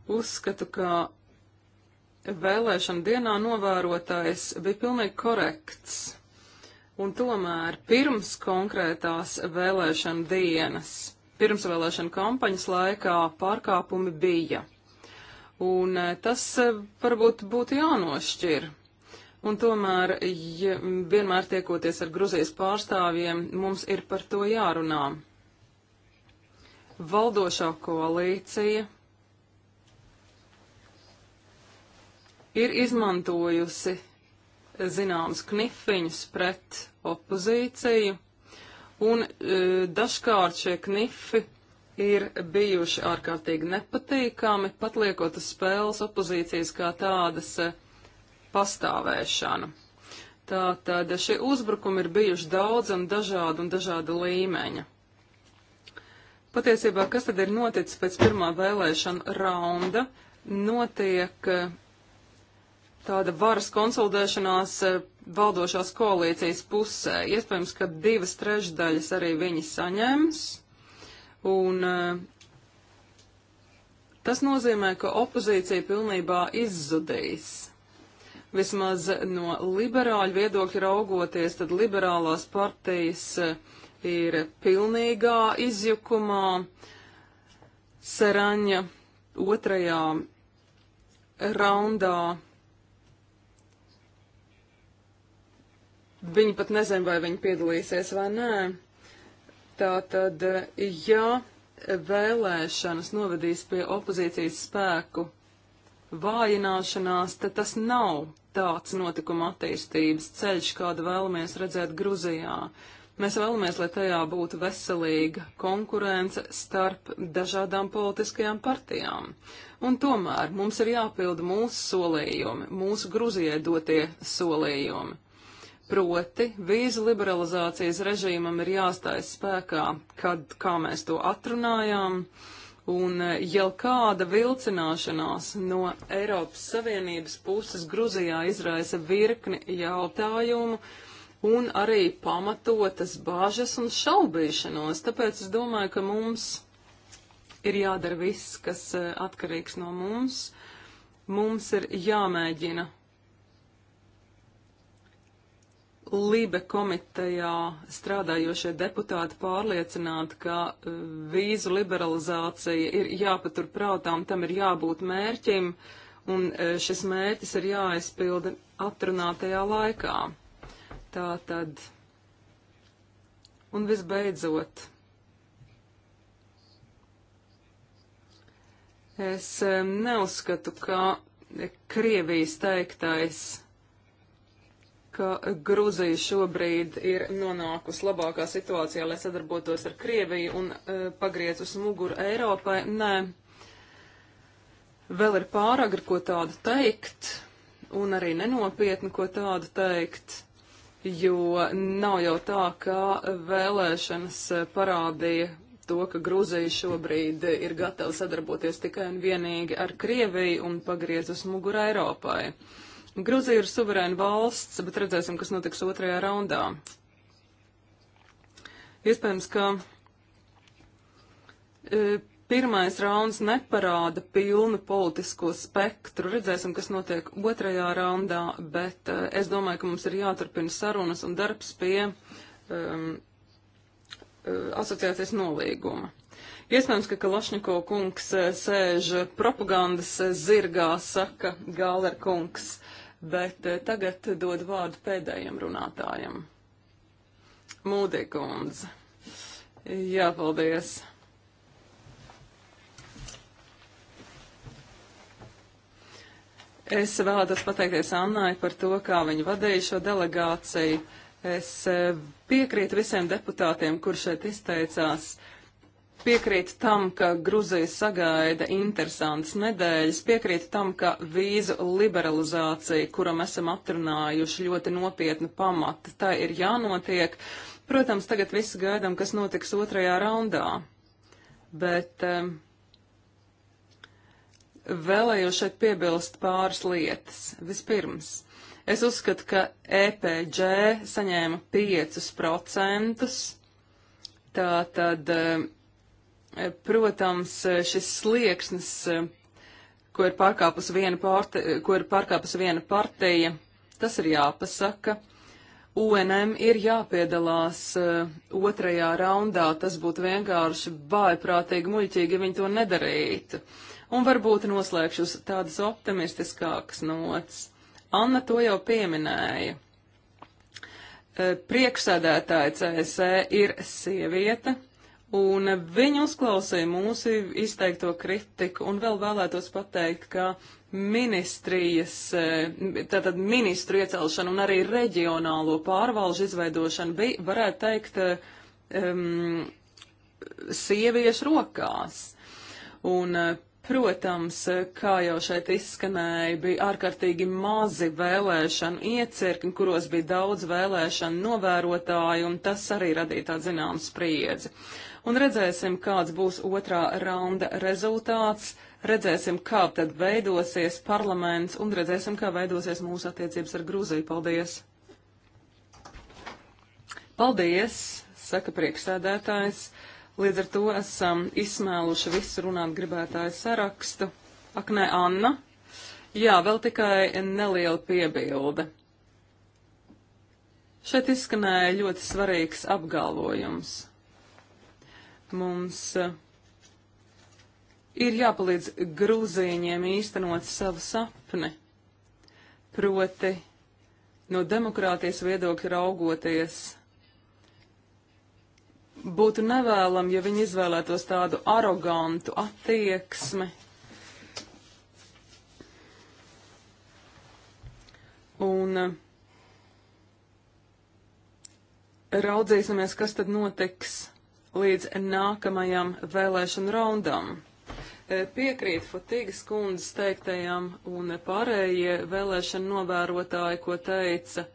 Uzskatu, ka vēlēšana dienā novērotājs bija pilnīgi korekts un tomēr pirms konkrētās vēlēšana dienas, pirms vēlēšana kampaņas laikā pārkāpumi bija. Un eh, tas eh, varbūt būtu jānošķir. Un tomēr, ja vienmēr tiekoties ar Gruzijas pārstāvjiem, mums ir par to jārunā. Valdošā koalīcija ir izmantojusi zināmas knifiņas pret opozīciju, un e, dažkārt šie knifi ir bijuši ārkārtīgi nepatīkami, pat liekot uz spēles opozīcijas kā tādas e, pastāvēšanu. Tātad šie uzbrukumi ir bijuši daudz un dažādi un dažāda līmeņa. Patiesībā, kas tad ir noticis pēc pirmā vēlēšana raunda, notiek e, tāda varas konsolidēšanās eh, valdošās koalīcijas pusē. Iespējams, ka divas trešdaļas arī viņi saņems. Un eh, tas nozīmē, ka opozīcija pilnībā izzudīs. Vismaz no liberāļu viedokļa raugoties, tad liberālās partijas eh, ir pilnīgā izjukumā. Seraņa otrajā raundā Viņi pat nezin, vai viņi piedalīsies vai nē. Tātad, ja vēlēšanas novedīs pie opozīcijas spēku vājināšanās, tad tas nav tāds notikuma attīstības ceļš, kādu vēlamies redzēt Gruzijā. Mēs vēlamies, lai tajā būtu veselīga konkurence starp dažādām politiskajām partijām. Un tomēr mums ir jāpilda mūsu solījumi, mūsu Gruzijai dotie solījumi. Proti, vīzu liberalizācijas režīmam ir jāstājas spēkā, kad, kā mēs to atrunājām, un e, jau kāda vilcināšanās no Eiropas Savienības puses Gruzijā izraisa virkni jautājumu un arī pamatotas bāžas un šaubīšanos. Tāpēc es domāju, ka mums ir jādara viss, kas e, atkarīgs no mums. Mums ir jāmēģina Libe komitejā strādājošie deputāti pārliecināti, ka e, vīzu liberalizācija ir jāpatur prātām, tam ir jābūt mērķim, un e, šis mērķis ir jāaizpilda atrunātajā laikā. Tā tad. Un visbeidzot, es e, neuzskatu, ka Krievijas teiktais ka Gruzija šobrīd ir nonākusi labākā situācijā, lai sadarbotos ar Krieviju un e, pagriezus muguru Eiropai. Nē, vēl ir pāragri, ko tādu teikt, un arī nenopietni, ko tādu teikt, jo nav jau tā, ka vēlēšanas parādīja to, ka Gruzija šobrīd ir gatava sadarboties tikai un vienīgi ar Krieviju un pagriez uz muguru Eiropai. Uh, Gruzija ir suverēna valsts, bet redzēsim, kas notiks otrajā raundā. Iespējams, ka e, pirmais rauns neparāda pilnu politisko spektru. Redzēsim, kas notiek otrajā raundā, bet uh, es domāju, ka mums ir jāturpina sarunas un darbs pie um, asociācijas nolīguma. Iespējams, ka Kalašņiko kungs e, sēž propagandas zirgā, saka Gāler kungs bet eh, tagad dod vārdu pēdējiem runātājiem. Mūdekundze. Jā, paldies. Es vēlētos pateikties Annai par to, kā viņa vadīja šo delegāciju. Es eh, piekrītu visiem deputātiem, kur šeit izteicās. Uh, Piekrīt tam, ka Gruzija sagaida interesants nedēļas, piekrīt tam, ka vīzu liberalizācija, kuram esam atrunājuši ļoti nopietnu pamatu, tā ir jānotiek. Protams, tagad viss gaidām, kas notiks otrajā raundā, bet um, vēlējos šeit piebilst pāris lietas. Vispirms. Es uzskatu, ka EPG saņēma 5%, tātad um, Protams, šis slieksnis, ko ir pārkāpus viena, pārte, ko ir pārkāpus viena partija, tas ir jāpasaka. UNM ir jāpiedalās uh, otrajā raundā, tas būtu vienkārši vājprātīgi muļķīgi, ja viņi to nedarītu. Un varbūt noslēgšu uz tādas optimistiskākas nots. Anna to jau pieminēja. Uh, Priekšsēdētāja CSE ir sieviete, un viņi uzklausīja mūsu izteikto kritiku, un vēl vēlētos pateikt, ka ministrijas, eh, tātad ministru iecelšana un arī reģionālo pārvalžu izveidošana bija, varētu teikt, um, sieviešu rokās. Un, eh, protams, kā jau šeit izskanēja, bija ārkārtīgi mazi vēlēšanu iecirkņi, kuros bija daudz vēlēšanu novērotāju, un tas arī radīja tā zināmas spriedzi. Uh, un redzēsim, kāds būs otrā raunda rezultāts, redzēsim, kā tad veidosies parlaments un redzēsim, kā veidosies mūsu attiecības ar Grūziju. Paldies! Paldies, saka priekšsēdētājs. Līdz ar to esam izsmēluši visu runāt gribētāju sarakstu. Ak, nē, Anna. Jā, vēl tikai neliela piebilde. Šeit izskanēja ļoti svarīgs apgalvojums. Mums eh, ir jāpalīdz grūzīņiem īstenot savu sapni, proti no demokrātijas viedokļa raugoties. Būtu nevēlam, ja viņi izvēlētos tādu arogantu attieksmi. Un eh, raudzīsimies, kas tad notiks līdz nākamajam vēlēšanu raundam. E, piekrīt Fatīgas kundzes teiktajam un pārējie vēlēšana novērotāji, ko teica.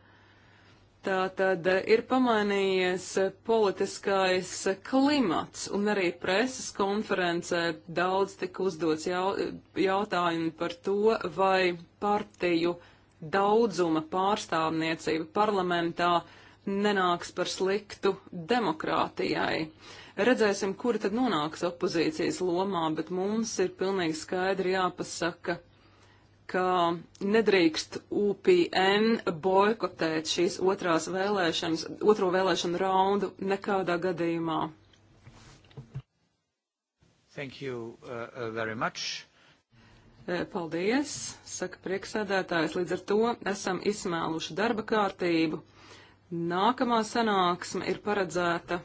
Tā tad e, ir pamainījies politiskais klimats un arī preses konferencē daudz tika uzdots jautājumi par to, vai partiju daudzuma pārstāvniecība parlamentā uh, nenāks par sliktu demokrātijai. Redzēsim, kuri tad nonāks opozīcijas lomā, bet mums ir pilnīgi skaidri jāpasaka, ka nedrīkst UPN boikotēt šīs otrās vēlēšanas, otro vēlēšanu raundu nekādā gadījumā. Thank you uh, uh very much. E, paldies, saka prieksēdētājs. Līdz ar to esam izsmēluši darba kārtību. Nākamā sanāksme ir paredzēta.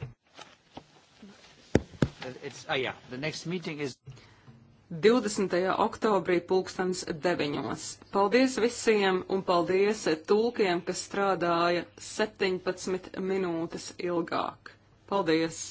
It's, uh, yeah, the next meeting is... 20. oktobrī pulkstens 9. Paldies visiem un paldies tulkiem, kas strādāja 17 minūtes ilgāk. Paldies!